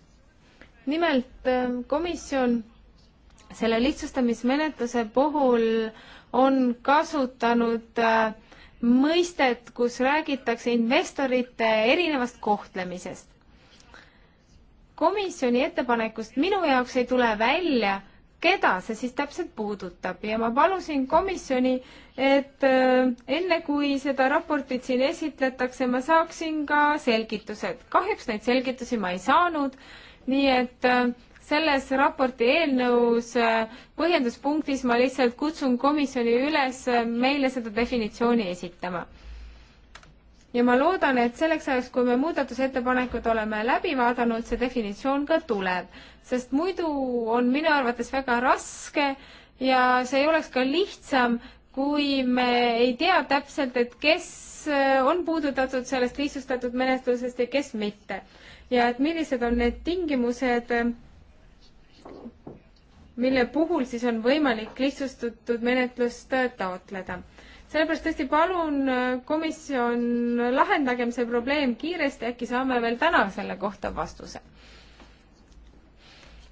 nimelt ähm, komisjon selle lihtsustamismenetluse puhul on kasutanud äh, mõistet, kus räägitakse investorite erinevast kohtlemisest. komisjoni ettepanekust minu jaoks ei tule välja, keda see siis täpselt puudutab ja ma palusin komisjoni, et äh, enne kui seda raportit siin esitletakse, ma saaksin ka selgitused. kahjuks neid selgitusi ma ei saanud nii et äh, selles raporti eelnõus äh, põhjenduspunktis ma lihtsalt kutsun komisjoni üles äh, meile seda definitsiooni esitama. ja ma loodan, et selleks ajaks, kui me muudatusettepanekud oleme läbi vaadanud, see definitsioon ka tuleb, sest muidu on minu arvates väga raske ja see ei oleks ka lihtsam, kui me ei tea täpselt, et kes on puudutatud sellest lihtsustatud menetlusest ja kes mitte ja et millised on need tingimused, mille puhul siis on võimalik lihtsustatud menetlust taotleda. sellepärast tõesti palun, komisjon, lahendagem see probleem kiiresti, äkki saame veel täna selle kohta vastuse.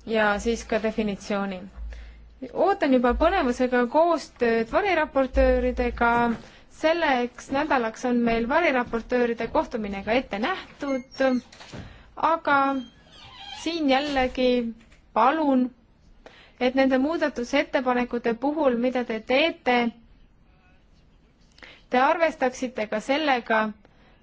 ja siis ka definitsiooni. ootan juba põnevusega koostööd variraportööridega, selleks nädalaks on meil variraportööride kohtumine ka ette nähtud aga siin jällegi palun, et nende muudatusettepanekute puhul, mida te teete, te arvestaksite ka sellega,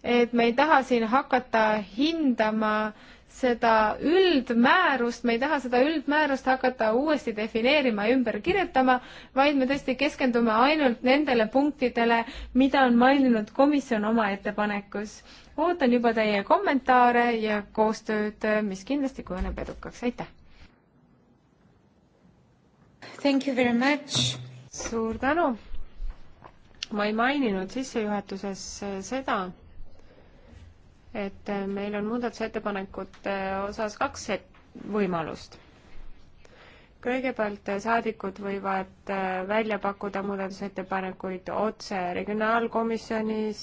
et me ei taha siin hakata hindama äh, seda üldmäärust, me ei taha seda üldmäärust hakata uuesti defineerima ja ümber kirjutama, vaid me tõesti keskendume ainult nendele punktidele, mida on maininud komisjon oma ettepanekus. ootan juba teie kommentaare ja koostööd, mis kindlasti kujuneb edukaks, aitäh! Thank you very much! suur tänu! ma ei maininud sissejuhatuses seda, et äh, meil on muudatusettepanekute äh, osas kaks võimalust. kõigepealt äh, saadikud võivad välja pakkuda muudatusettepanekuid otse Regionaalkomisjonis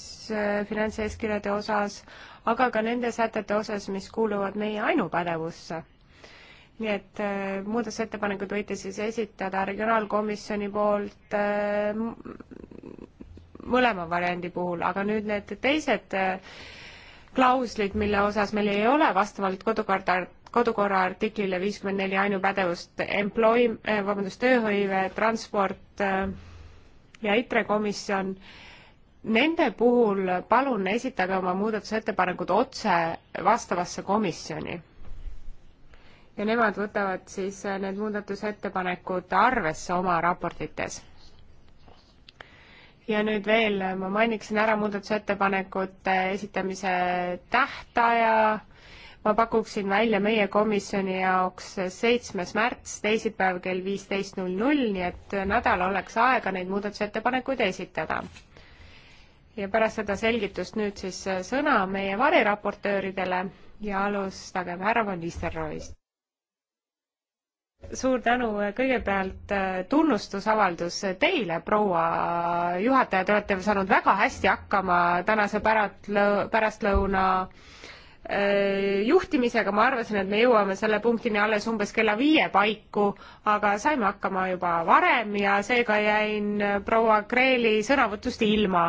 finantseeskirjade osas, aga ka nende sätete osas, mis kuuluvad meie ainupädevusse. nii et muudatusettepanekud võite siis esitada Regionaalkomisjoni poolt mõlema variandi puhul, aga nüüd need teised äh, klauslid, mille osas meil ei ole vastavalt kodukorda, kodukorra artiklile viiskümmend neli ainupädevust, employ-, eh, vabandust, tööhõive, transport eh, ja ITRE komisjon, nende puhul palun esitage oma muudatusettepanekud otse vastavasse komisjoni. ja nemad võtavad siis eh, need muudatusettepanekud arvesse oma raportites ja nüüd veel ma mainiksin ära muudatusettepanekute esitamise tähtaja. ma pakuksin välja meie komisjoni jaoks seitsmes märts, teisipäev kell viisteist null null, nii et nädal oleks aega neid muudatusettepanekuid esitada. ja pärast seda selgitust nüüd siis sõna meie variraportööridele ja alustagem härra Van Nistelrooist suur tänu, kõigepealt äh, tunnustusavaldus teile, proua juhataja, te olete saanud väga hästi hakkama tänase päratlõ-, pärastlõuna äh, juhtimisega, ma arvasin, et me jõuame selle punktini alles umbes kella viie paiku, aga saime hakkama juba varem ja seega jäin äh, proua Kreeli sõnavõtust ilma.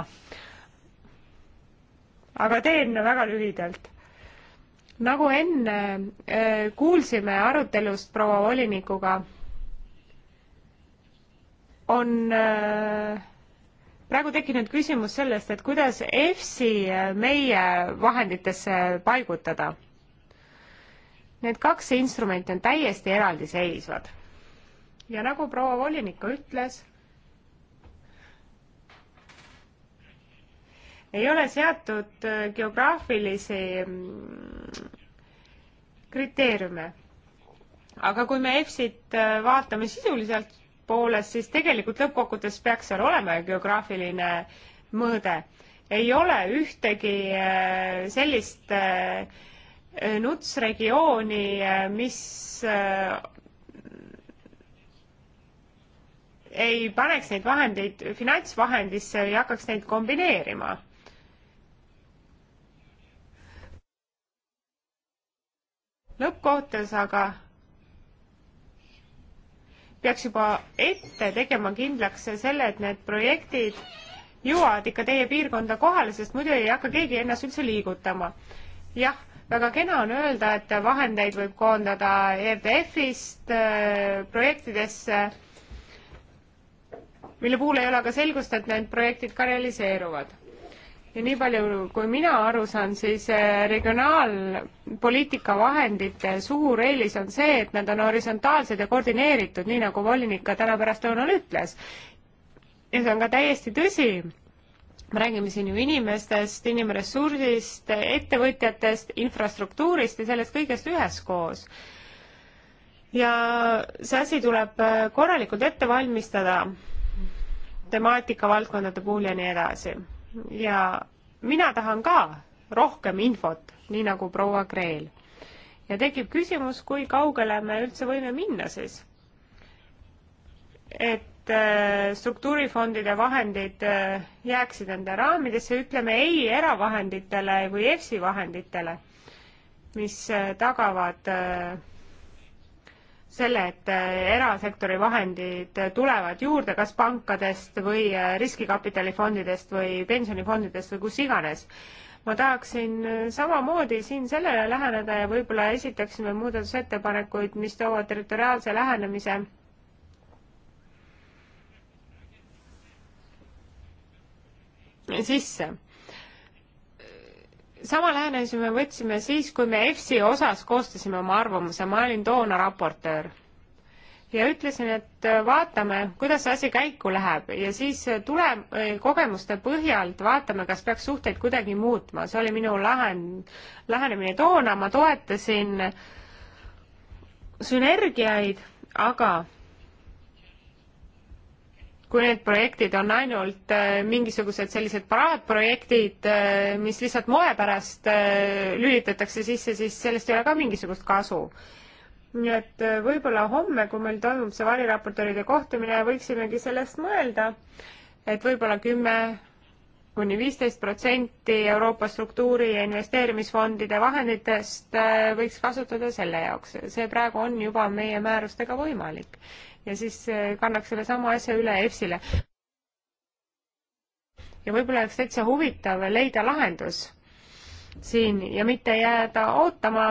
aga teen väga lühidalt nagu enne äh, kuulsime arutelust proua volinikuga, on äh, praegu tekkinud küsimus sellest, et kuidas EFSI äh, meie vahenditesse paigutada. Need kaks instrumenti on täiesti eraldiseisvad. ja nagu proua volinik ka ütles ei ole seatud äh, geograafilisi mm, kriteeriume. aga kui me EFSit äh, vaatame sisuliselt poolest, siis tegelikult lõppkokkuvõttes peaks seal olema geograafiline mõõde. ei ole ühtegi äh, sellist nutsregiooni, mis ei paneks neid vahendeid finantsvahendisse või hakkaks neid kombineerima lõppkokkuvõttes aga peaks juba ette tegema kindlaks selle, et need projektid jõuavad ikka teie piirkonda kohale, sest muidu ei hakka keegi ennast üldse liigutama. jah, väga kena on öelda, et vahendeid võib koondada ERDF-ist äh, projektidesse, mille puhul ei ole ka selgust, et need projektid ka realiseeruvad ja nii palju, kui mina aru saan, siis eh, regionaalpoliitika vahendite suur eelis on see, et nad on horisontaalsed ja koordineeritud, nii nagu volinik ka täna pärastlõunal ütles. ja see on ka täiesti tõsi me räägime siin ju inimestest, inimressursist, ettevõtjatest, infrastruktuurist ja sellest kõigest üheskoos. ja see asi tuleb eh, korralikult ette valmistada temaatikavaldkondade puhul ja nii edasi ja mina tahan ka rohkem infot, nii nagu proua Kreel. ja tekib küsimus, kui kaugele me üldse võime minna siis. et äh, struktuurifondide vahendid äh, jääksid enda raamidesse, ütleme ei eravahenditele või EFSI vahenditele, mis äh, tagavad äh, selle, et äh, erasektori vahendid äh, tulevad juurde kas pankadest või äh, riskikapitalifondidest või pensionifondidest või kus iganes. ma tahaksin samamoodi siin sellele läheneda ja võib-olla esitaksime muudatusettepanekuid, mis toovad territoriaalse lähenemise sisse sama lähenemise me võtsime siis, kui me EFSi osas koostasime oma arvamuse, ma olin toona raportöör. ja ütlesin, et äh, vaatame, kuidas see asi käiku läheb ja siis äh, tule-, äh, kogemuste põhjalt vaatame, kas peaks suhteid kuidagi muutma, see oli minu lahen-, lähenemine toona, ma toetasin sünergiaid, aga kui need projektid on ainult äh, mingisugused sellised paraadprojektid, äh, mis lihtsalt moe pärast äh, lülitatakse sisse, siis sellest ei ole ka mingisugust kasu. nii et võib-olla homme, kui meil toimub see variraportööride kohtumine, võiksimegi sellest mõelda, et võib-olla kümme kuni viisteist protsenti Euroopa struktuuri- ja investeerimisfondide vahenditest võiks kasutada selle jaoks. see praegu on juba meie määrustega võimalik ja siis eh, kannaks selle sama asja üle EFSile. ja võib-olla oleks täitsa huvitav leida lahendus siin ja mitte jääda ootama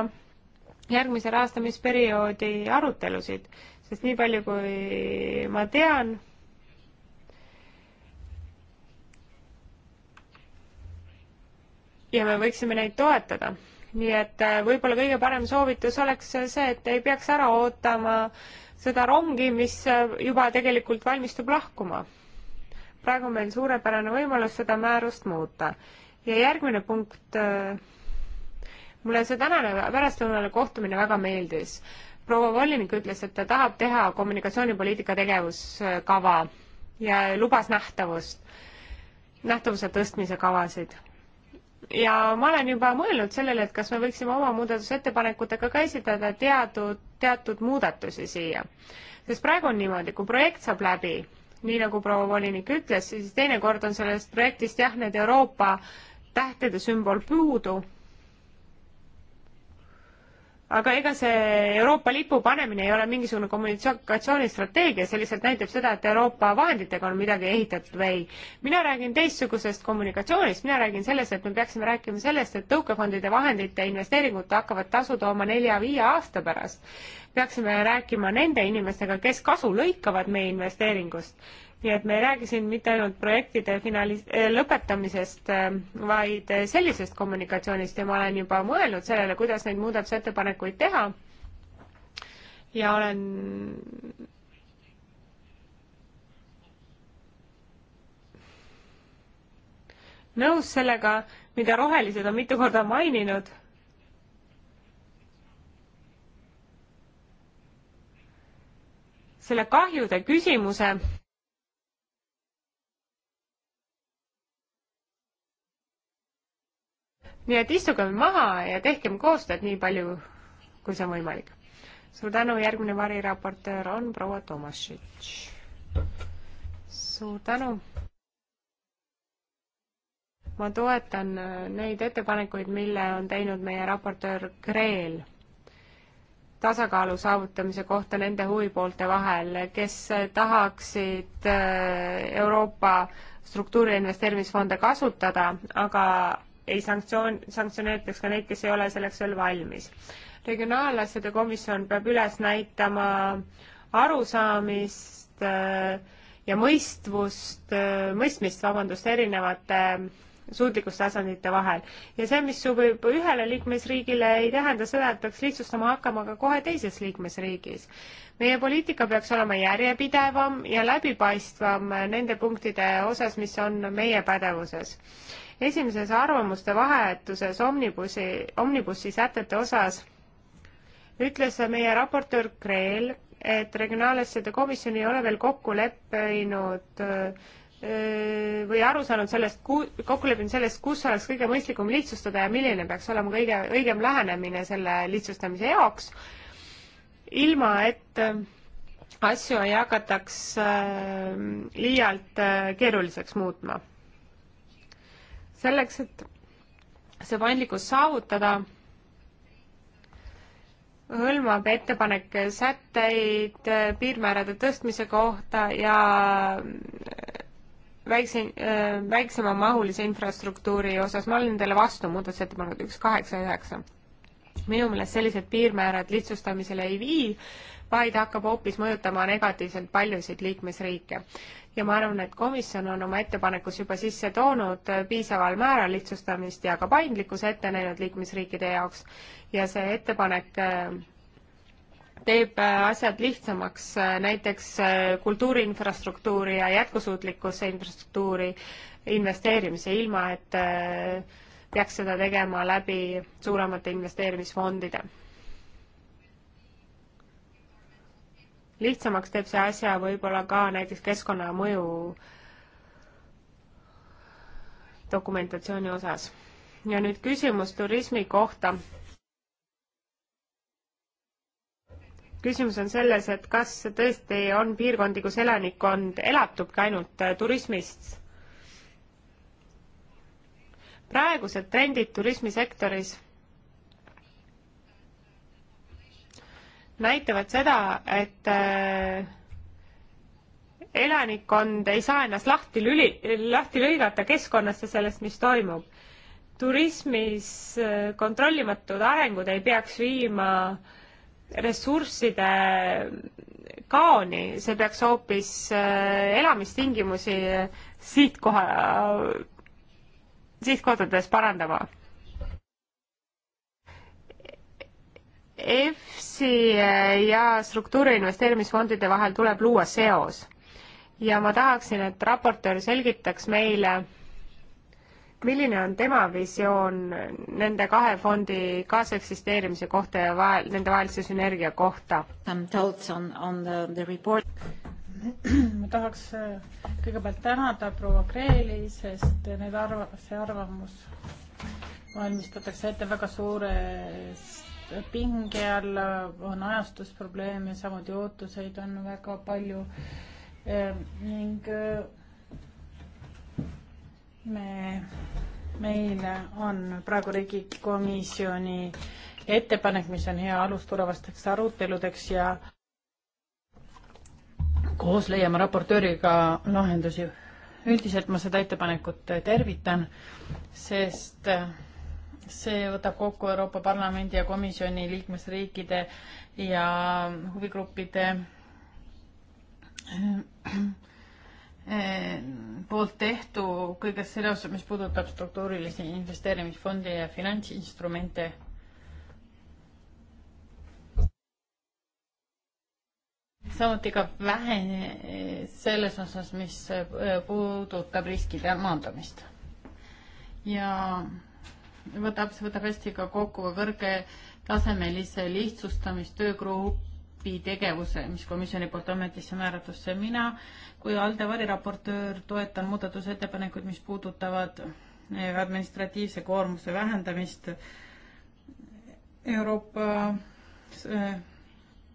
järgmise rahastamisperioodi arutelusid, sest nii palju, kui ma tean, ja me võiksime neid toetada. nii et eh, võib-olla kõige parem soovitus oleks see, et ei peaks ära ootama äh, seda rongi, mis äh, juba tegelikult valmistub lahkuma. praegu on meil suurepärane võimalus seda määrust muuta. ja järgmine punkt, äh, mulle see tänane pärastlõunane kohtumine väga meeldis. proua volinik ütles, et ta tahab teha kommunikatsioonipoliitika tegevuskava ja lubas nähtavust, nähtavuse tõstmise kavasid ja ma olen juba mõelnud sellele, et kas me võiksime oma muudatusettepanekutega ka esitada teatud, teatud muudatusi siia. sest praegu on niimoodi, kui projekt saab läbi, nii nagu proua volinik ütles, siis teinekord on sellest projektist jah, need Euroopa tähtede sümbol puudu aga ega see Euroopa lipu panemine ei ole mingisugune kommunikatsioonistrateegia, see lihtsalt näitab seda, et Euroopa vahenditega on midagi ehitatud või ei. mina räägin teistsugusest kommunikatsioonist, mina räägin sellest, et me peaksime rääkima sellest, et tõukefondide vahendite investeeringud hakkavad tasu tooma nelja-viie aasta pärast. peaksime rääkima nende inimestega, kes kasu lõikavad meie investeeringust nii et me ei räägi siin mitte ainult projektide finalis-, eh, lõpetamisest, eh, vaid eh, sellisest kommunikatsioonist ja ma olen juba mõelnud sellele, kuidas neid muudatusettepanekuid teha ja olen nõus sellega, mida rohelised on mitu korda maininud selle kahjude küsimuse nii et istugem maha ja tehkem koostööd nii palju, kui see on võimalik. suur tänu, järgmine variraportöör on proua Tomašitš. suur tänu. ma toetan äh, neid ettepanekuid, mille on teinud meie raportöör Kreel tasakaalu saavutamise kohta nende huvipoolte vahel, kes tahaksid äh, Euroopa struktuuri investeerimisfonde kasutada, aga ei sanktsioon, sanktsioneeritaks ka neid, kes ei ole selleks veel valmis. regionaalasjade komisjon peab üles näitama arusaamist äh, ja mõistvust, äh, mõistmist, vabandust, erinevate äh, suutlikkustasandite vahel. ja see, mis sobib ühele liikmesriigile, ei tähenda seda, et peaks lihtsustama hakkama ka kohe teises liikmesriigis. meie poliitika peaks olema järjepidevam ja läbipaistvam nende punktide osas, mis on meie pädevuses esimeses arvamuste vahetuses Omnibusi, Omnibussi sätete osas ütles meie raportöör Kreel, et regionaalasjade komisjon ei ole veel kokku leppinud või aru saanud sellest, kokku leppinud sellest, kus oleks kõige mõistlikum lihtsustada ja milline peaks olema kõige õigem lähenemine selle lihtsustamise jaoks, ilma et asju ei hakataks liialt keeruliseks muutma selleks, et see paindlikkus saavutada, hõlmab ettepanek sätteid äh, piirmäärade tõstmise kohta ja äh, väikse, äh, väiksemamahulise infrastruktuuri osas, ma olin teile vastu, muudatusettepanekud üks, kaheksa, üheksa. minu meelest sellised piirmäärad lihtsustamisele ei vii, vaid hakkab hoopis mõjutama negatiivselt paljusid liikmesriike. ja ma arvan, et komisjon on oma ettepanekus juba sisse toonud piisaval määral lihtsustamist ja ka paindlikkuse ette näinud liikmesriikide jaoks ja see ettepanek äh, teeb äh, asjad lihtsamaks, äh, näiteks kultuuriinfrastruktuuri ja jätkusuutlikkusse infrastruktuuri investeerimise, ilma et peaks seda tegema läbi suuremate investeerimisfondide lihtsamaks teeb see asja võib-olla ka näiteks keskkonnamõju dokumentatsiooni osas. ja nüüd küsimus turismi kohta. küsimus on selles, et kas tõesti on piirkondi, kus elanikkond elatubki ainult turismist? praegused trendid turismisektoris näitavad seda, et äh, elanikkond ei saa ennast lahti lüli-, lahti lõigata keskkonnast ja sellest, mis toimub. turismis äh, kontrollimatud arengud ei peaks viima ressursside kaoni, see peaks hoopis äh, elamistingimusi sihtkoha, sihtkohtades parandama EFSI eh, ja struktuuriinvesteerimisfondide vahel tuleb luua seos ja ma tahaksin, et raportöör selgitaks meile, milline on tema visioon nende kahe fondi kaaseksisteerimise kohta ja vahel, nende vahelise sünergia kohta? ma tahaks eh, kõigepealt tänada proua Kreeli, sest need arv-, see arvamus valmistatakse ette väga suures pinge all, on ajastusprobleeme, samuti ootuseid on väga palju ehm, ning äh, me, meil on praegu Riigikomisjoni ettepanek, mis on hea alus tulevasteks aruteludeks ja koos leiame raportööriga lahendusi. üldiselt ma seda ettepanekut tervitan, sest äh, see võtab kokku Euroopa Parlamendi ja komisjoni liikmesriikide ja huvigruppide eh, poolt tehtu kõigest selle osas, mis puudutab struktuurilisi investeerimisfonde ja finantsinstrumente. samuti ka vähe selles osas, mis puudutab riskide maandamist. ja võtab, see võtab hästi ka kokku ka kõrgetasemelise lihtsustamistöögrupi tegevuse, mis komisjoni poolt ametisse määratusse. mina kui ALDE variraportöör toetan muudatusettepanekuid, mis puudutavad administratiivse koormuse vähendamist Euroopa äh,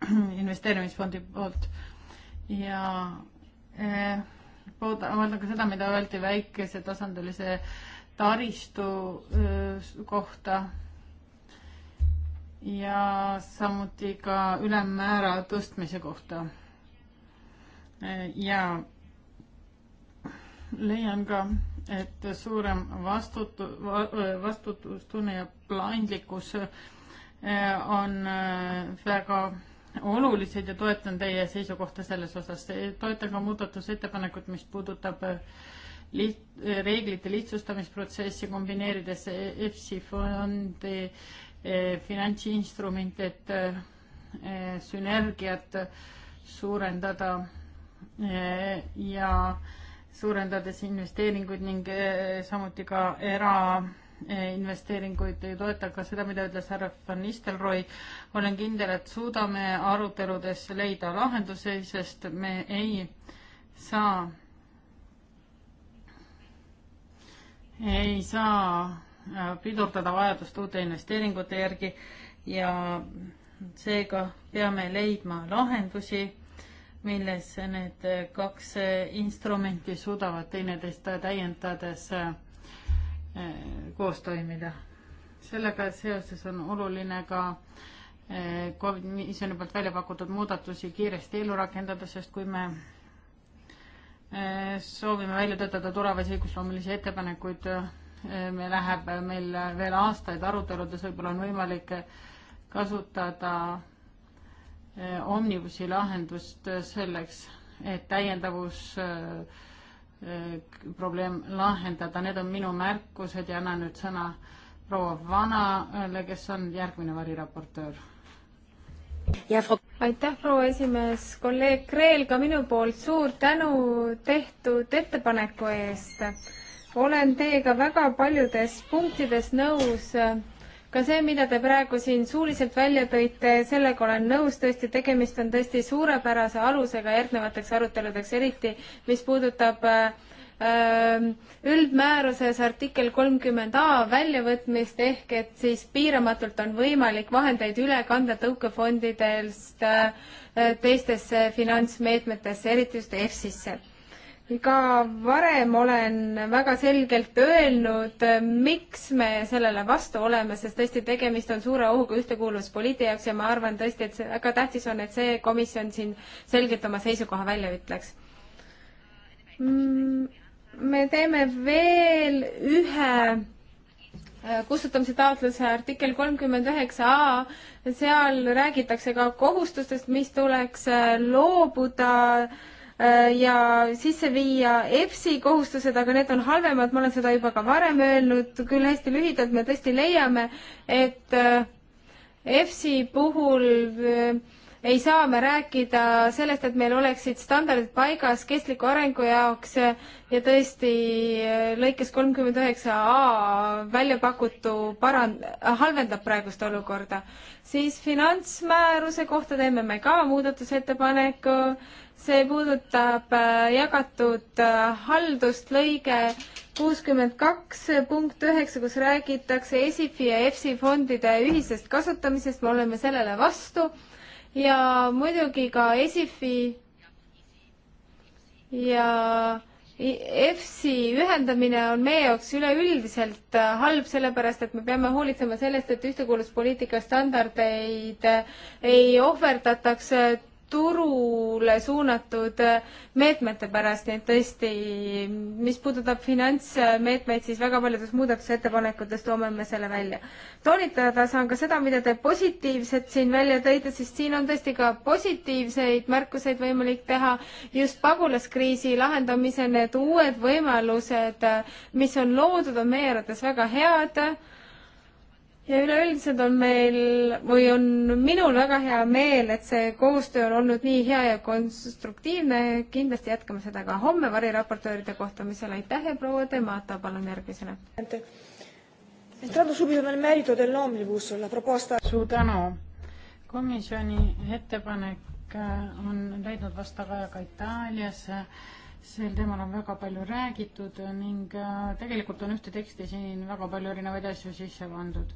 investeerimisfondi poolt ja äh, avaldan ka seda, mida öeldi väikesetasandilise taristu kohta ja samuti ka ülemmäära tõstmise kohta. ja leian ka, et suurem vastutu-, vastutustunne ja plaanlikkus on väga olulised ja toetan teie seisukohta selles osas. toetan ka muudatusettepanekut, mis puudutab äh, liht-, reeglite lihtsustamisprotsessi, kombineerides e-, EFSI fondi e, finantsinstrumente, et e, sünergiat suurendada e, ja suurendades investeeringuid ning e, samuti ka erainvesteeringuid e, toetab ka seda, mida ütles härra Van Nistelrooy. olen kindel, et suudame aruteludes leida lahendusi, sest me ei saa ei saa äh, pidurdada vajadust uute investeeringute järgi ja seega peame leidma lahendusi, milles need kaks instrumenti suudavad teineteist täiendades äh, koos toimida. sellega seoses on oluline ka komisjoni äh, poolt välja pakutud muudatusi kiiresti ellu rakendada, sest kui me Äh, soovime välja töötada tulevasi õigusloomilisi ettepanekuid. Äh, me läheb meil veel aastaid aruteludes, võib-olla on võimalik kasutada äh, omnibusi lahendust selleks, et täiendavus probleem lahendada, need on minu märkused ja annan nüüd sõna proua Vanale, kes on järgmine variraportöör aitäh, proua esimees, kolleeg Kreel ka minu poolt suur tänu tehtud ettepaneku eest. olen teiega väga paljudes punktides nõus. ka see, mida te praegu siin suuliselt välja tõite, sellega olen nõus, tõesti, tegemist on tõesti suurepärase alusega järgnevateks aruteludeks, eriti mis puudutab äh, üldmääruses artikkel kolmkümmend A väljavõtmist ehk et siis piiramatult on võimalik vahendeid üle kanda tõukefondidest teistesse finantsmeetmetesse, eriti just EFSisse. ka varem olen väga selgelt öelnud, miks me sellele vastu oleme, sest tõesti tegemist on suure ohuga ühtekuuluvuspoliitika jaoks ja ma arvan tõesti, et see väga tähtis on, et see komisjon siin selgelt oma seisukoha välja ütleks mm me teeme veel ühe äh, kustutamise taotluse artikkel kolmkümmend üheksa A, seal räägitakse ka kohustustest, mis tuleks äh, loobuda äh, ja sisse viia EPS-i kohustused, aga need on halvemad, ma olen seda juba ka varem öelnud, küll hästi lühidalt, me tõesti leiame, et EPS-i puhul äh, ei saa me rääkida sellest, et meil oleksid standardid paigas kestliku arengu jaoks ja tõesti eh, lõikes kolmkümmend üheksa A välja pakutu parand-, halvendab praegust olukorda. siis finantsmääruse kohta teeme me ka muudatusettepaneku, see puudutab eh, jagatud eh, haldust, lõige kuuskümmend kaks punkt üheksa, kus räägitakse ESIF-i ja EFSI fondide ühisest kasutamisest, me oleme sellele vastu ja muidugi ka ESIFi ja EFSi ühendamine on meie jaoks üleüldiselt äh, halb, sellepärast et me peame hoolitsema sellest, et ühtekuuluvuspoliitika standardeid äh, ei ohverdataks turule suunatud meetmete pärast, nii et tõesti, mis puudutab finantsmeetmeid, siis väga paljudes muudatusettepanekutes toome me selle välja. toonitada saan ka seda, mida te positiivset siin välja tõite, sest siin on tõesti ka positiivseid märkuseid võimalik teha just pagulaskriisi lahendamise, need uued võimalused, mis on loodud, on meie arvates väga head ja üleüldiselt on meil või on minul väga hea meel, et see koostöö on olnud nii hea ja konstruktiivne. kindlasti jätkame seda ka homme variraportööride kohtumisel. aitäh ja proua Demata, palun järgmisena. suur tänu. komisjoni ettepanek äh, on leidnud vastakaja ka Itaalias sel teemal on väga palju räägitud ning äh, tegelikult on ühte teksti siin väga palju erinevaid asju sisse pandud.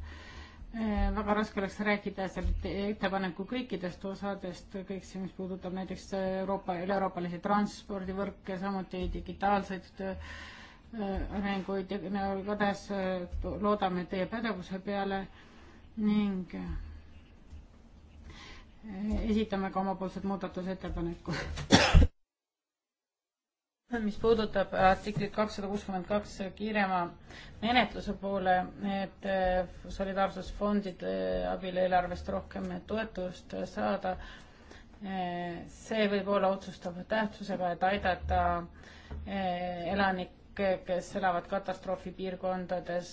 Äh, väga raske oleks rääkida selle ettepaneku kõikidest osadest, kõik see, mis puudutab näiteks äh, Euroopa, üle-euroopalisi transpordivõrke, samuti digitaalseid arenguid ja igatahes loodame teie pädevuse peale ning esitame ka omapoolsed muudatusettepanekud mis puudutab artiklit kakssada kuuskümmend kaks kiirema menetluse poole, et eh, solidaarsusfondide eh, abil eelarvest rohkem toetust saada, eh, see võib olla otsustava tähtsusega, et aidata elanikke, kes elavad katastroofipiirkondades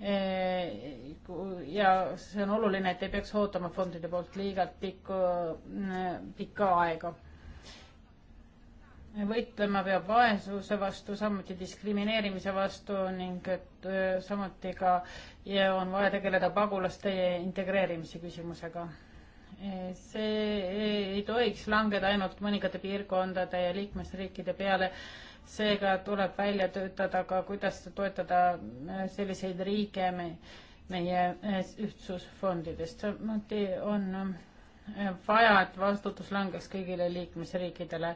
ja see on oluline, et ei peaks ootama fondide poolt liigalt pikku, mm, pikka aega võitlema peab vaesuse vastu, samuti diskrimineerimise vastu ning et samuti ka ja on vaja tegeleda pagulaste integreerimise küsimusega. E, see e, ei tohiks langeda ainult mõningate piirkondade ja liikmesriikide peale, seega tuleb välja töötada ka, kuidas toetada e, selliseid riike me, meie ühtsusfondidest, samuti on vaja, et vastutus langeks kõigile liikmesriikidele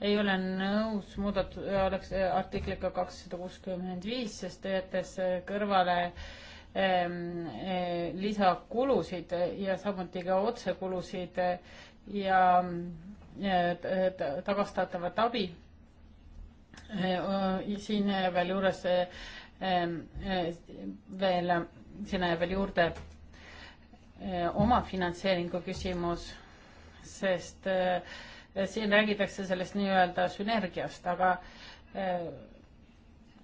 ei ole nõus muudat-, oleks äh, artikliga kakssada kuuskümmend viis, sest te jättes äh, kõrvale ähm, äh, lisakulusid ja samuti ka otsekulusid äh, ja äh, tagastatavat abi äh,. siin jääb veel juures ähm, veel, sinna jääb veel juurde omafinantseeringu küsimus, sest äh, siin räägitakse sellest nii-öelda sünergiast, aga eh,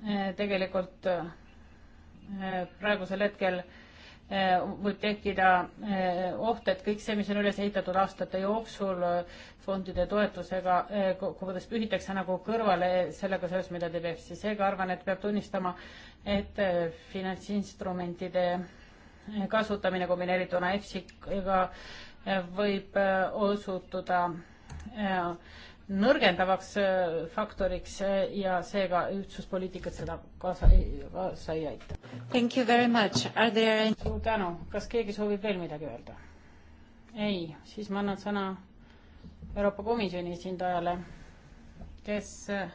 eh, tegelikult eh, praegusel hetkel võib tekkida oht, et kõik see, mis on üles ehitatud aastate jooksul fondide toetusega, kuidas pühitakse nagu kõrvale sellega seoses, mida teeb EFSI. seega arvan, et peab tunnistama, et finantsinstrumentide kasutamine kombineerituna EFSI-ga võib osutuda nõrgendavaks äh, faktoriks äh, ja seega ühtsuspoliitikat seda kaasa ei, kaasa ei aita. Thank you very much, are there any suur tänu, kas keegi soovib veel midagi öelda? ei, siis ma annan sõna Euroopa Komisjoni esindajale, kes äh,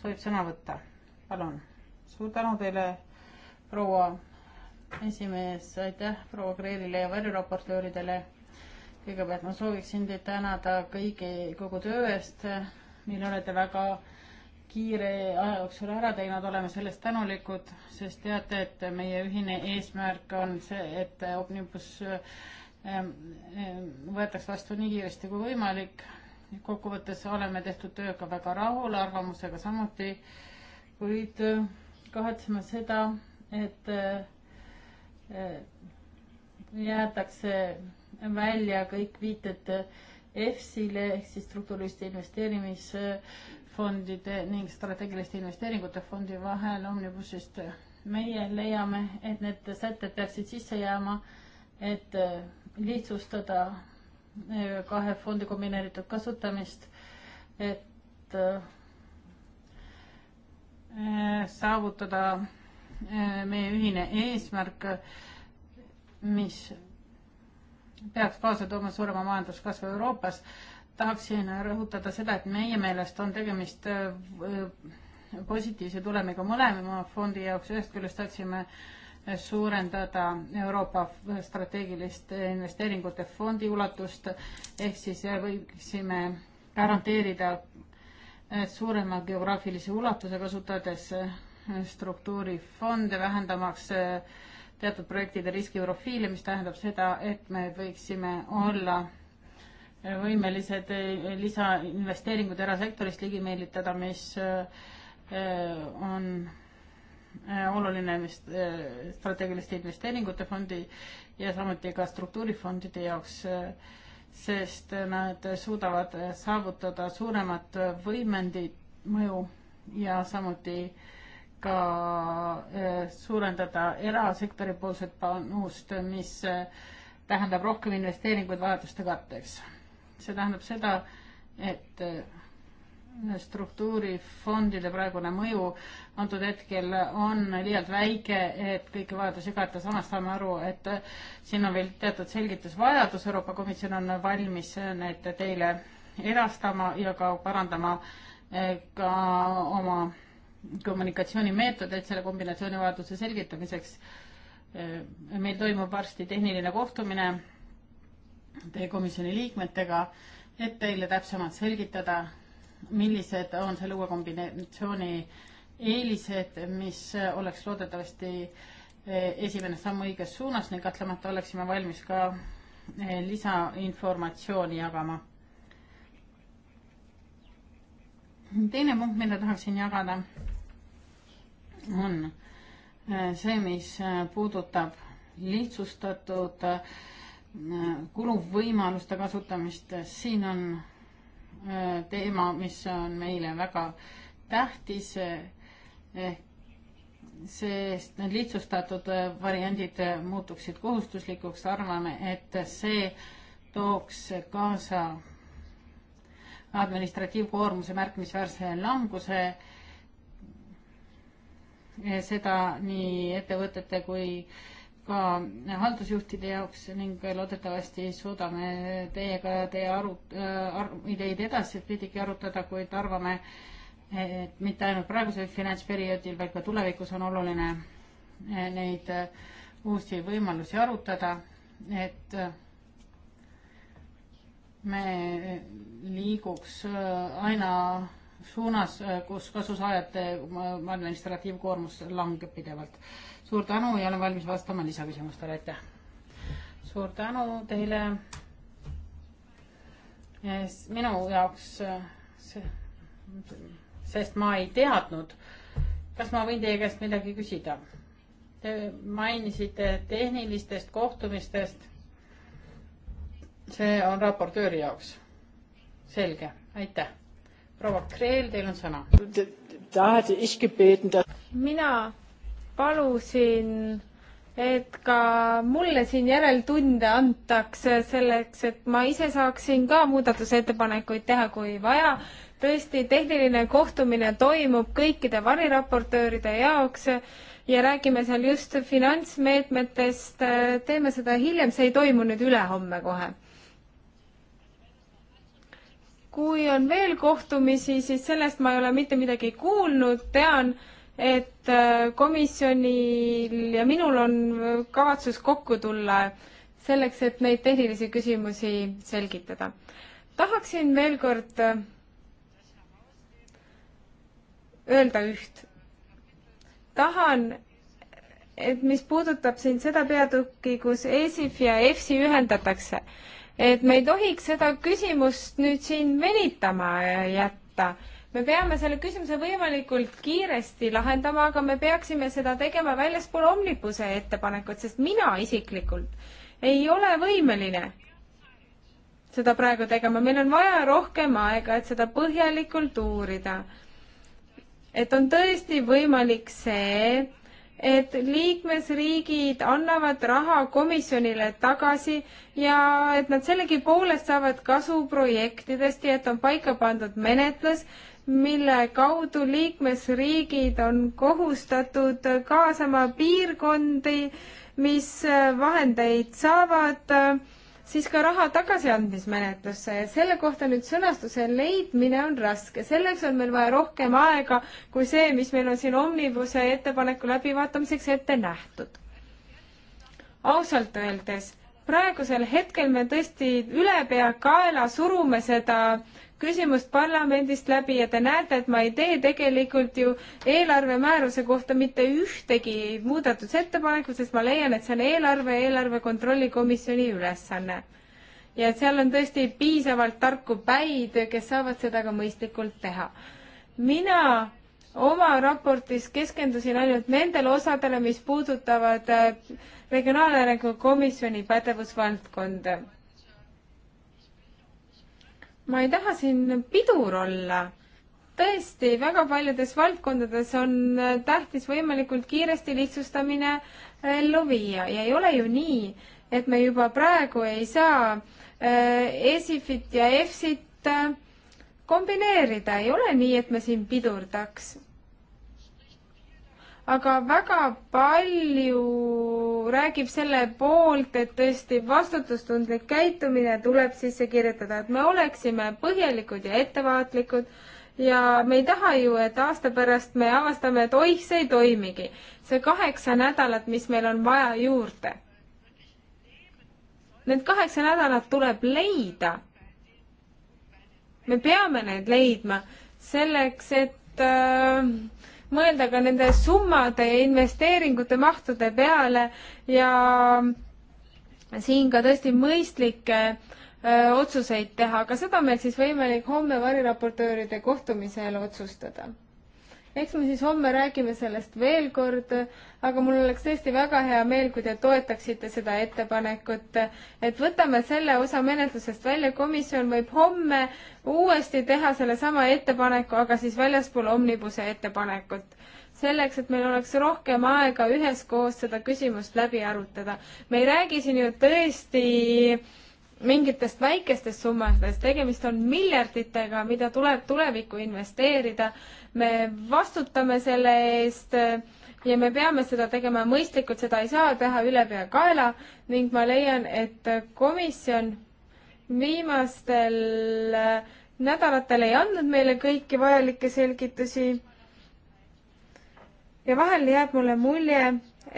soovib sõna võtta, palun. suur tänu teile, proua esimees, aitäh proua Kreelile ja variraportööridele kõigepealt ma sooviksin teid tänada kõigi, kogu töö eest, mille olete väga kiire aja jooksul ära teinud, oleme sellest tänulikud, sest teate, et meie ühine eesmärk on see, et Omnibus ähm, ähm, võetaks vastu nii kiiresti kui võimalik. kokkuvõttes oleme tehtud tööga väga rahul, arvamusega samuti, kuid äh, kahetseme seda, et äh, äh, jäetakse välja kõik viited EFSile ehk siis struktuuriliste investeerimisfondide ning strateegiliste investeeringute fondi vahel omnibusist. meie leiame, et need sätted peaksid sisse jääma, et äh, lihtsustada äh, kahe fondi kombineeritud kasutamist, et äh, saavutada meie ühine eesmärk, mis peaks kaasa tooma suurema majanduskasvu Euroopas, tahaksin rõhutada seda, et meie meelest on tegemist äh, positiivse tulemiga mõlema fondi jaoks, ühest küljest tahtsime suurendada Euroopa strateegiliste investeeringute fondi ulatust, ehk siis võiksime garanteerida äh, suurema geograafilise ulatuse, kasutades äh, struktuurifonde, vähendamaks äh, teatud projektide riskiprofiili, mis tähendab seda, et me võiksime olla võimelised eh, lisainvesteeringud erasektorist ligi meelitada, mis eh, on eh, oluline invest-, strateegiliste investeeringute fondi ja samuti ka struktuurifondide jaoks, sest nad suudavad saavutada suuremat võimendit, mõju ja samuti äh, ka äh, suurendada erasektori poolset panust, mis äh, tähendab rohkem investeeringuid vajaduste katteks. see tähendab seda, et äh, struktuurifondide praegune mõju antud hetkel on liialt väike, et kõiki vajadusi katta, samas saame aru, et siin on veel teatud selgitusvajadus, Euroopa Komisjon on valmis need teile edastama ja ka parandama ka oma kommunikatsioonimeetodeid selle kombinatsiooni vajaduse selgitamiseks. Äh, meil toimub varsti tehniline kohtumine teie komisjoni liikmetega, et teile täpsemalt selgitada, millised on selle uue kombinatsiooni eelised, mis oleks loodetavasti äh, esimene samm õiges suunas ning kahtlemata oleksime valmis ka äh, lisainformatsiooni jagama. teine punkt, mida tahaksin jagada on äh, see, mis äh, puudutab lihtsustatud äh, kuluvõimaluste kasutamist, siin on teema, mis on meile väga tähtis, eh, sest need lihtsustatud variandid muutuksid kohustuslikuks, arvame, et see tooks kaasa administratiivkoormuse märkimisväärse languse Eh, seda nii ettevõtete kui ka haldusjuhtide jaoks ning loodetavasti suudame teiega teie arut- eh, ar,, ideid edaspidigi arutada, kuid arvame, et mitte ainult praegusel finantsperioodil, vaid ka tulevikus on oluline eh, neid uusi võimalusi arutada, et me liiguks aina suunas, äh, kus kasusaajate äh, administratiivkoormus langeb pidevalt. suur tänu ja olen valmis vastama lisaküsimustele, aitäh. suur tänu teile. minu jaoks, äh, sest ma ei teadnud, kas ma võin teie käest midagi küsida? Te mainisite tehnilistest kohtumistest. see on raportööri jaoks. selge, aitäh proua Kreel, teil on sõna. mina palusin, et ka mulle siin järeltunde antaks selleks, et ma ise saaksin ka muudatusettepanekuid teha, kui vaja. tõesti, tehniline kohtumine toimub kõikide variraportööride jaoks ja räägime seal just finantsmeetmetest. teeme seda hiljem, see ei toimu nüüd ülehomme kohe kui on veel kohtumisi, siis sellest ma ei ole mitte midagi kuulnud, tean, et äh, komisjonil ja minul on kavatsus kokku tulla selleks, et neid tehnilisi küsimusi selgitada. tahaksin veel kord äh, öelda üht. tahan, et mis puudutab siin seda peatükki, kus ESIF ja EFSI ühendatakse et me ei tohiks seda küsimust nüüd siin venitama jätta. me peame selle küsimuse võimalikult kiiresti lahendama, aga me peaksime seda tegema väljaspool Omnibuse ettepanekut, sest mina isiklikult ei ole võimeline seda praegu tegema, meil on vaja rohkem aega, et seda põhjalikult uurida. et on tõesti võimalik see, et liikmesriigid annavad raha komisjonile tagasi ja et nad sellegipoolest saavad kasu projektidest ja et on paika pandud menetlus, mille kaudu liikmesriigid on kohustatud kaasama piirkondi, mis vahendeid saavad siis ka raha tagasiandmismenetlusse ja selle kohta nüüd sõnastuse leidmine on raske. selleks on meil vaja rohkem aega kui see, mis meil on siin Omnibuse ettepaneku läbivaatamiseks ette nähtud. ausalt öeldes, praegusel hetkel me tõesti ülepeakaela surume seda äh, küsimust parlamendist läbi ja te näete, et ma ei tee tegelikult ju eelarvemääruse kohta mitte ühtegi muudatusettepanekut, sest ma leian, et see on eelarve, eelarve kontrolli komisjoni ülesanne. ja et seal on tõesti piisavalt tarku päid, kes saavad seda ka mõistlikult teha. mina oma raportis keskendusin ainult nendele osadele, mis puudutavad äh, regionaalarengu komisjoni pädevusvaldkonda ma ei taha siin pidur olla. tõesti, väga paljudes valdkondades on äh, tähtis võimalikult kiiresti lihtsustamine äh, ellu viia ja ei ole ju nii, et me juba praegu ei saa äh, ESIF-it ja EFSit kombineerida, ei ole nii, et me siin pidurdaks aga väga palju räägib selle poolt, et tõesti vastutustundlik käitumine tuleb sisse kirjutada, et me oleksime põhjalikud ja ettevaatlikud ja me ei taha ju, et aasta pärast me avastame, et oih, see ei toimigi. see kaheksa nädalat, mis meil on vaja juurde. Need kaheksa nädalat tuleb leida. me peame need leidma selleks, et äh, mõelda ka nende summade ja investeeringute mahtude peale ja siin ka tõesti mõistlikke öö, otsuseid teha, aga seda on meil siis võimalik homme variraportööride kohtumisel otsustada eks me siis homme räägime sellest veel kord, aga mul oleks tõesti väga hea meel, kui te toetaksite seda ettepanekut, et võtame selle osa menetlusest välja, komisjon võib homme uuesti teha sellesama ettepaneku, aga siis väljaspool omnibuse ettepanekut selleks, et meil oleks rohkem aega üheskoos seda küsimust läbi arutada. me ei räägi siin ju tõesti äh, mingitest väikestest summadest, tegemist on miljarditega, mida tuleb tulevikku investeerida. me vastutame selle eest ja me peame seda tegema mõistlikult, seda ei saa teha ülepeakaela ning ma leian, et komisjon viimastel nädalatel ei andnud meile kõiki vajalikke selgitusi. ja vahel jääb mulle mulje,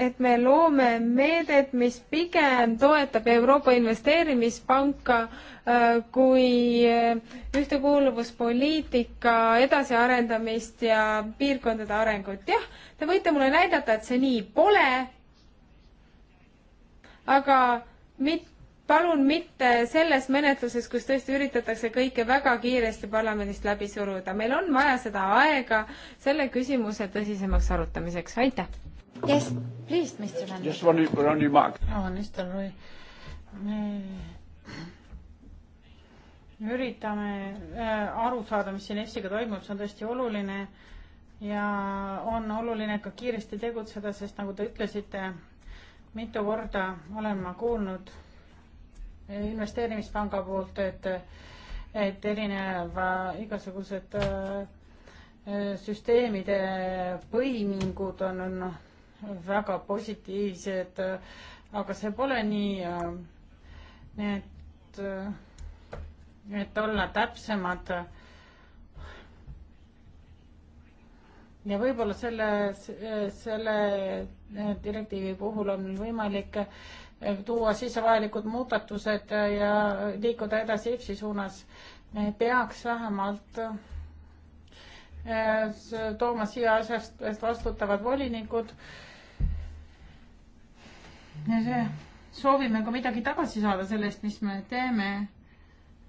et me loome meedet, mis pigem toetab Euroopa Investeerimispanka äh, kui äh, ühtekuuluvuspoliitika edasiarendamist ja piirkondade arengut. jah, te võite mulle näidata, et see nii pole, aga mit-, palun mitte selles menetluses, kus tõesti üritatakse kõike väga kiiresti parlamendist läbi suruda. meil on vaja seda aega selle küsimuse tõsisemaks arutamiseks. aitäh! Yes, please, Mr. Van. Just one, one remark. no, Mr. Roy, me üritame äh, aru saada, mis siin Eestiga toimub, see on tõesti oluline ja on oluline ka kiiresti tegutseda, sest nagu te ütlesite, mitu korda olen ma kuulnud investeerimispanga poolt, et, et erinev igasugused äh, süsteemide põimingud on, on noh, väga positiivsed, aga see pole nii, et, et olla täpsemad. ja võib-olla selle, selle direktiivi puhul on võimalik tuua sisse vajalikud muudatused ja liikuda edasi EFSi suunas. me peaks vähemalt tooma siia asjast vastutavad volinikud. soovime ka midagi tagasi saada sellest, mis me teeme.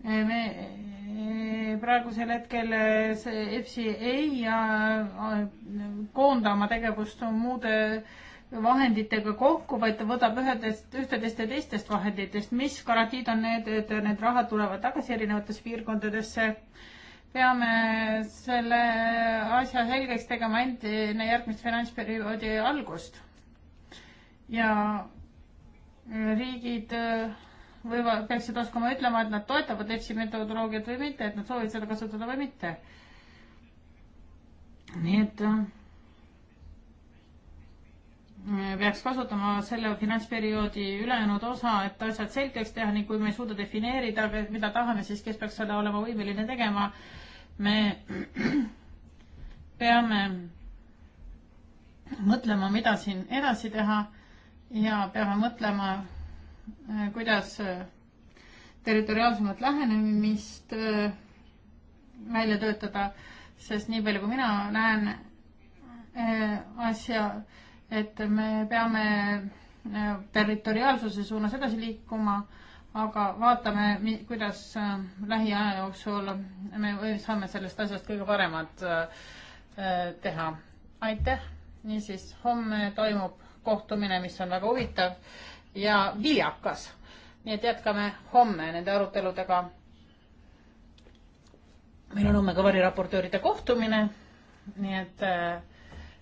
E, me e, praegusel hetkel e, see EPSi ei koonda oma tegevust muude vahenditega kokku, vaid ta võtab ühedest, ühtedest ja teistest vahenditest, mis garantiid on need, et need rahad tulevad tagasi erinevatesse piirkondadesse äh, peame selle asja selgeks tegema enne järgmist finantsperioodi algust. ja riigid äh, võivad, peaksid oskama ütlema, et nad toetavad EFSI metodoloogiat või mitte, et nad soovivad seda kasutada või mitte. nii et äh, peaks kasutama selle finantsperioodi ülejäänud osa, et asjad selgeks teha ning kui me ei suuda defineerida, mida tahame, siis kes peaks seda olema võimeline tegema me peame mõtlema, mida siin edasi teha ja peame mõtlema, äh, kuidas äh, territoriaalsemat lähenemist äh, välja töötada, sest nii palju, kui mina näen asja, et me peame territoriaalsuse suunas edasi liikuma aga vaatame, kuidas äh, lähiaja jooksul me saame sellest asjast kõige paremat äh, äh, teha. aitäh, niisiis homme toimub kohtumine, mis on väga huvitav ja viljakas. nii et jätkame homme nende aruteludega. meil on homme ka variraportööride kohtumine, nii et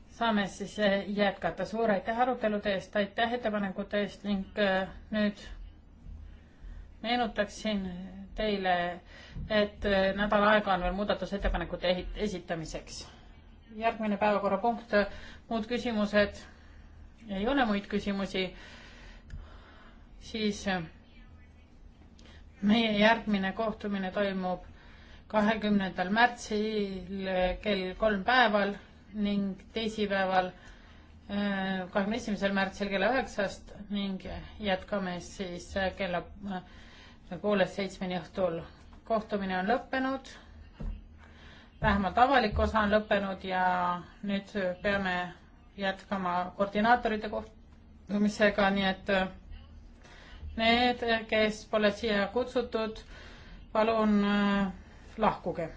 saame siis jätkata. suur aitäh arutelude eest, aitäh ettepanekute eest ning nüüd meenutaksin teile, et eh, nädal aega on veel muudatusettepanekute esitamiseks. järgmine päevakorrapunkt, muud küsimused, ei ole muid küsimusi, siis eh, meie järgmine kohtumine toimub kahekümnendal märtsil eh, kell kolm päeval ning teisipäeval, kahekümne esimesel märtsil kella üheksast ning jätkame siis kella poole seitsmeni õhtul. kohtumine on lõppenud, vähemalt avalik osa on lõppenud ja nüüd peame jätkama koordinaatorite kohtumisega, nii et äh, need, kes pole siia kutsutud, palun äh, lahkuge.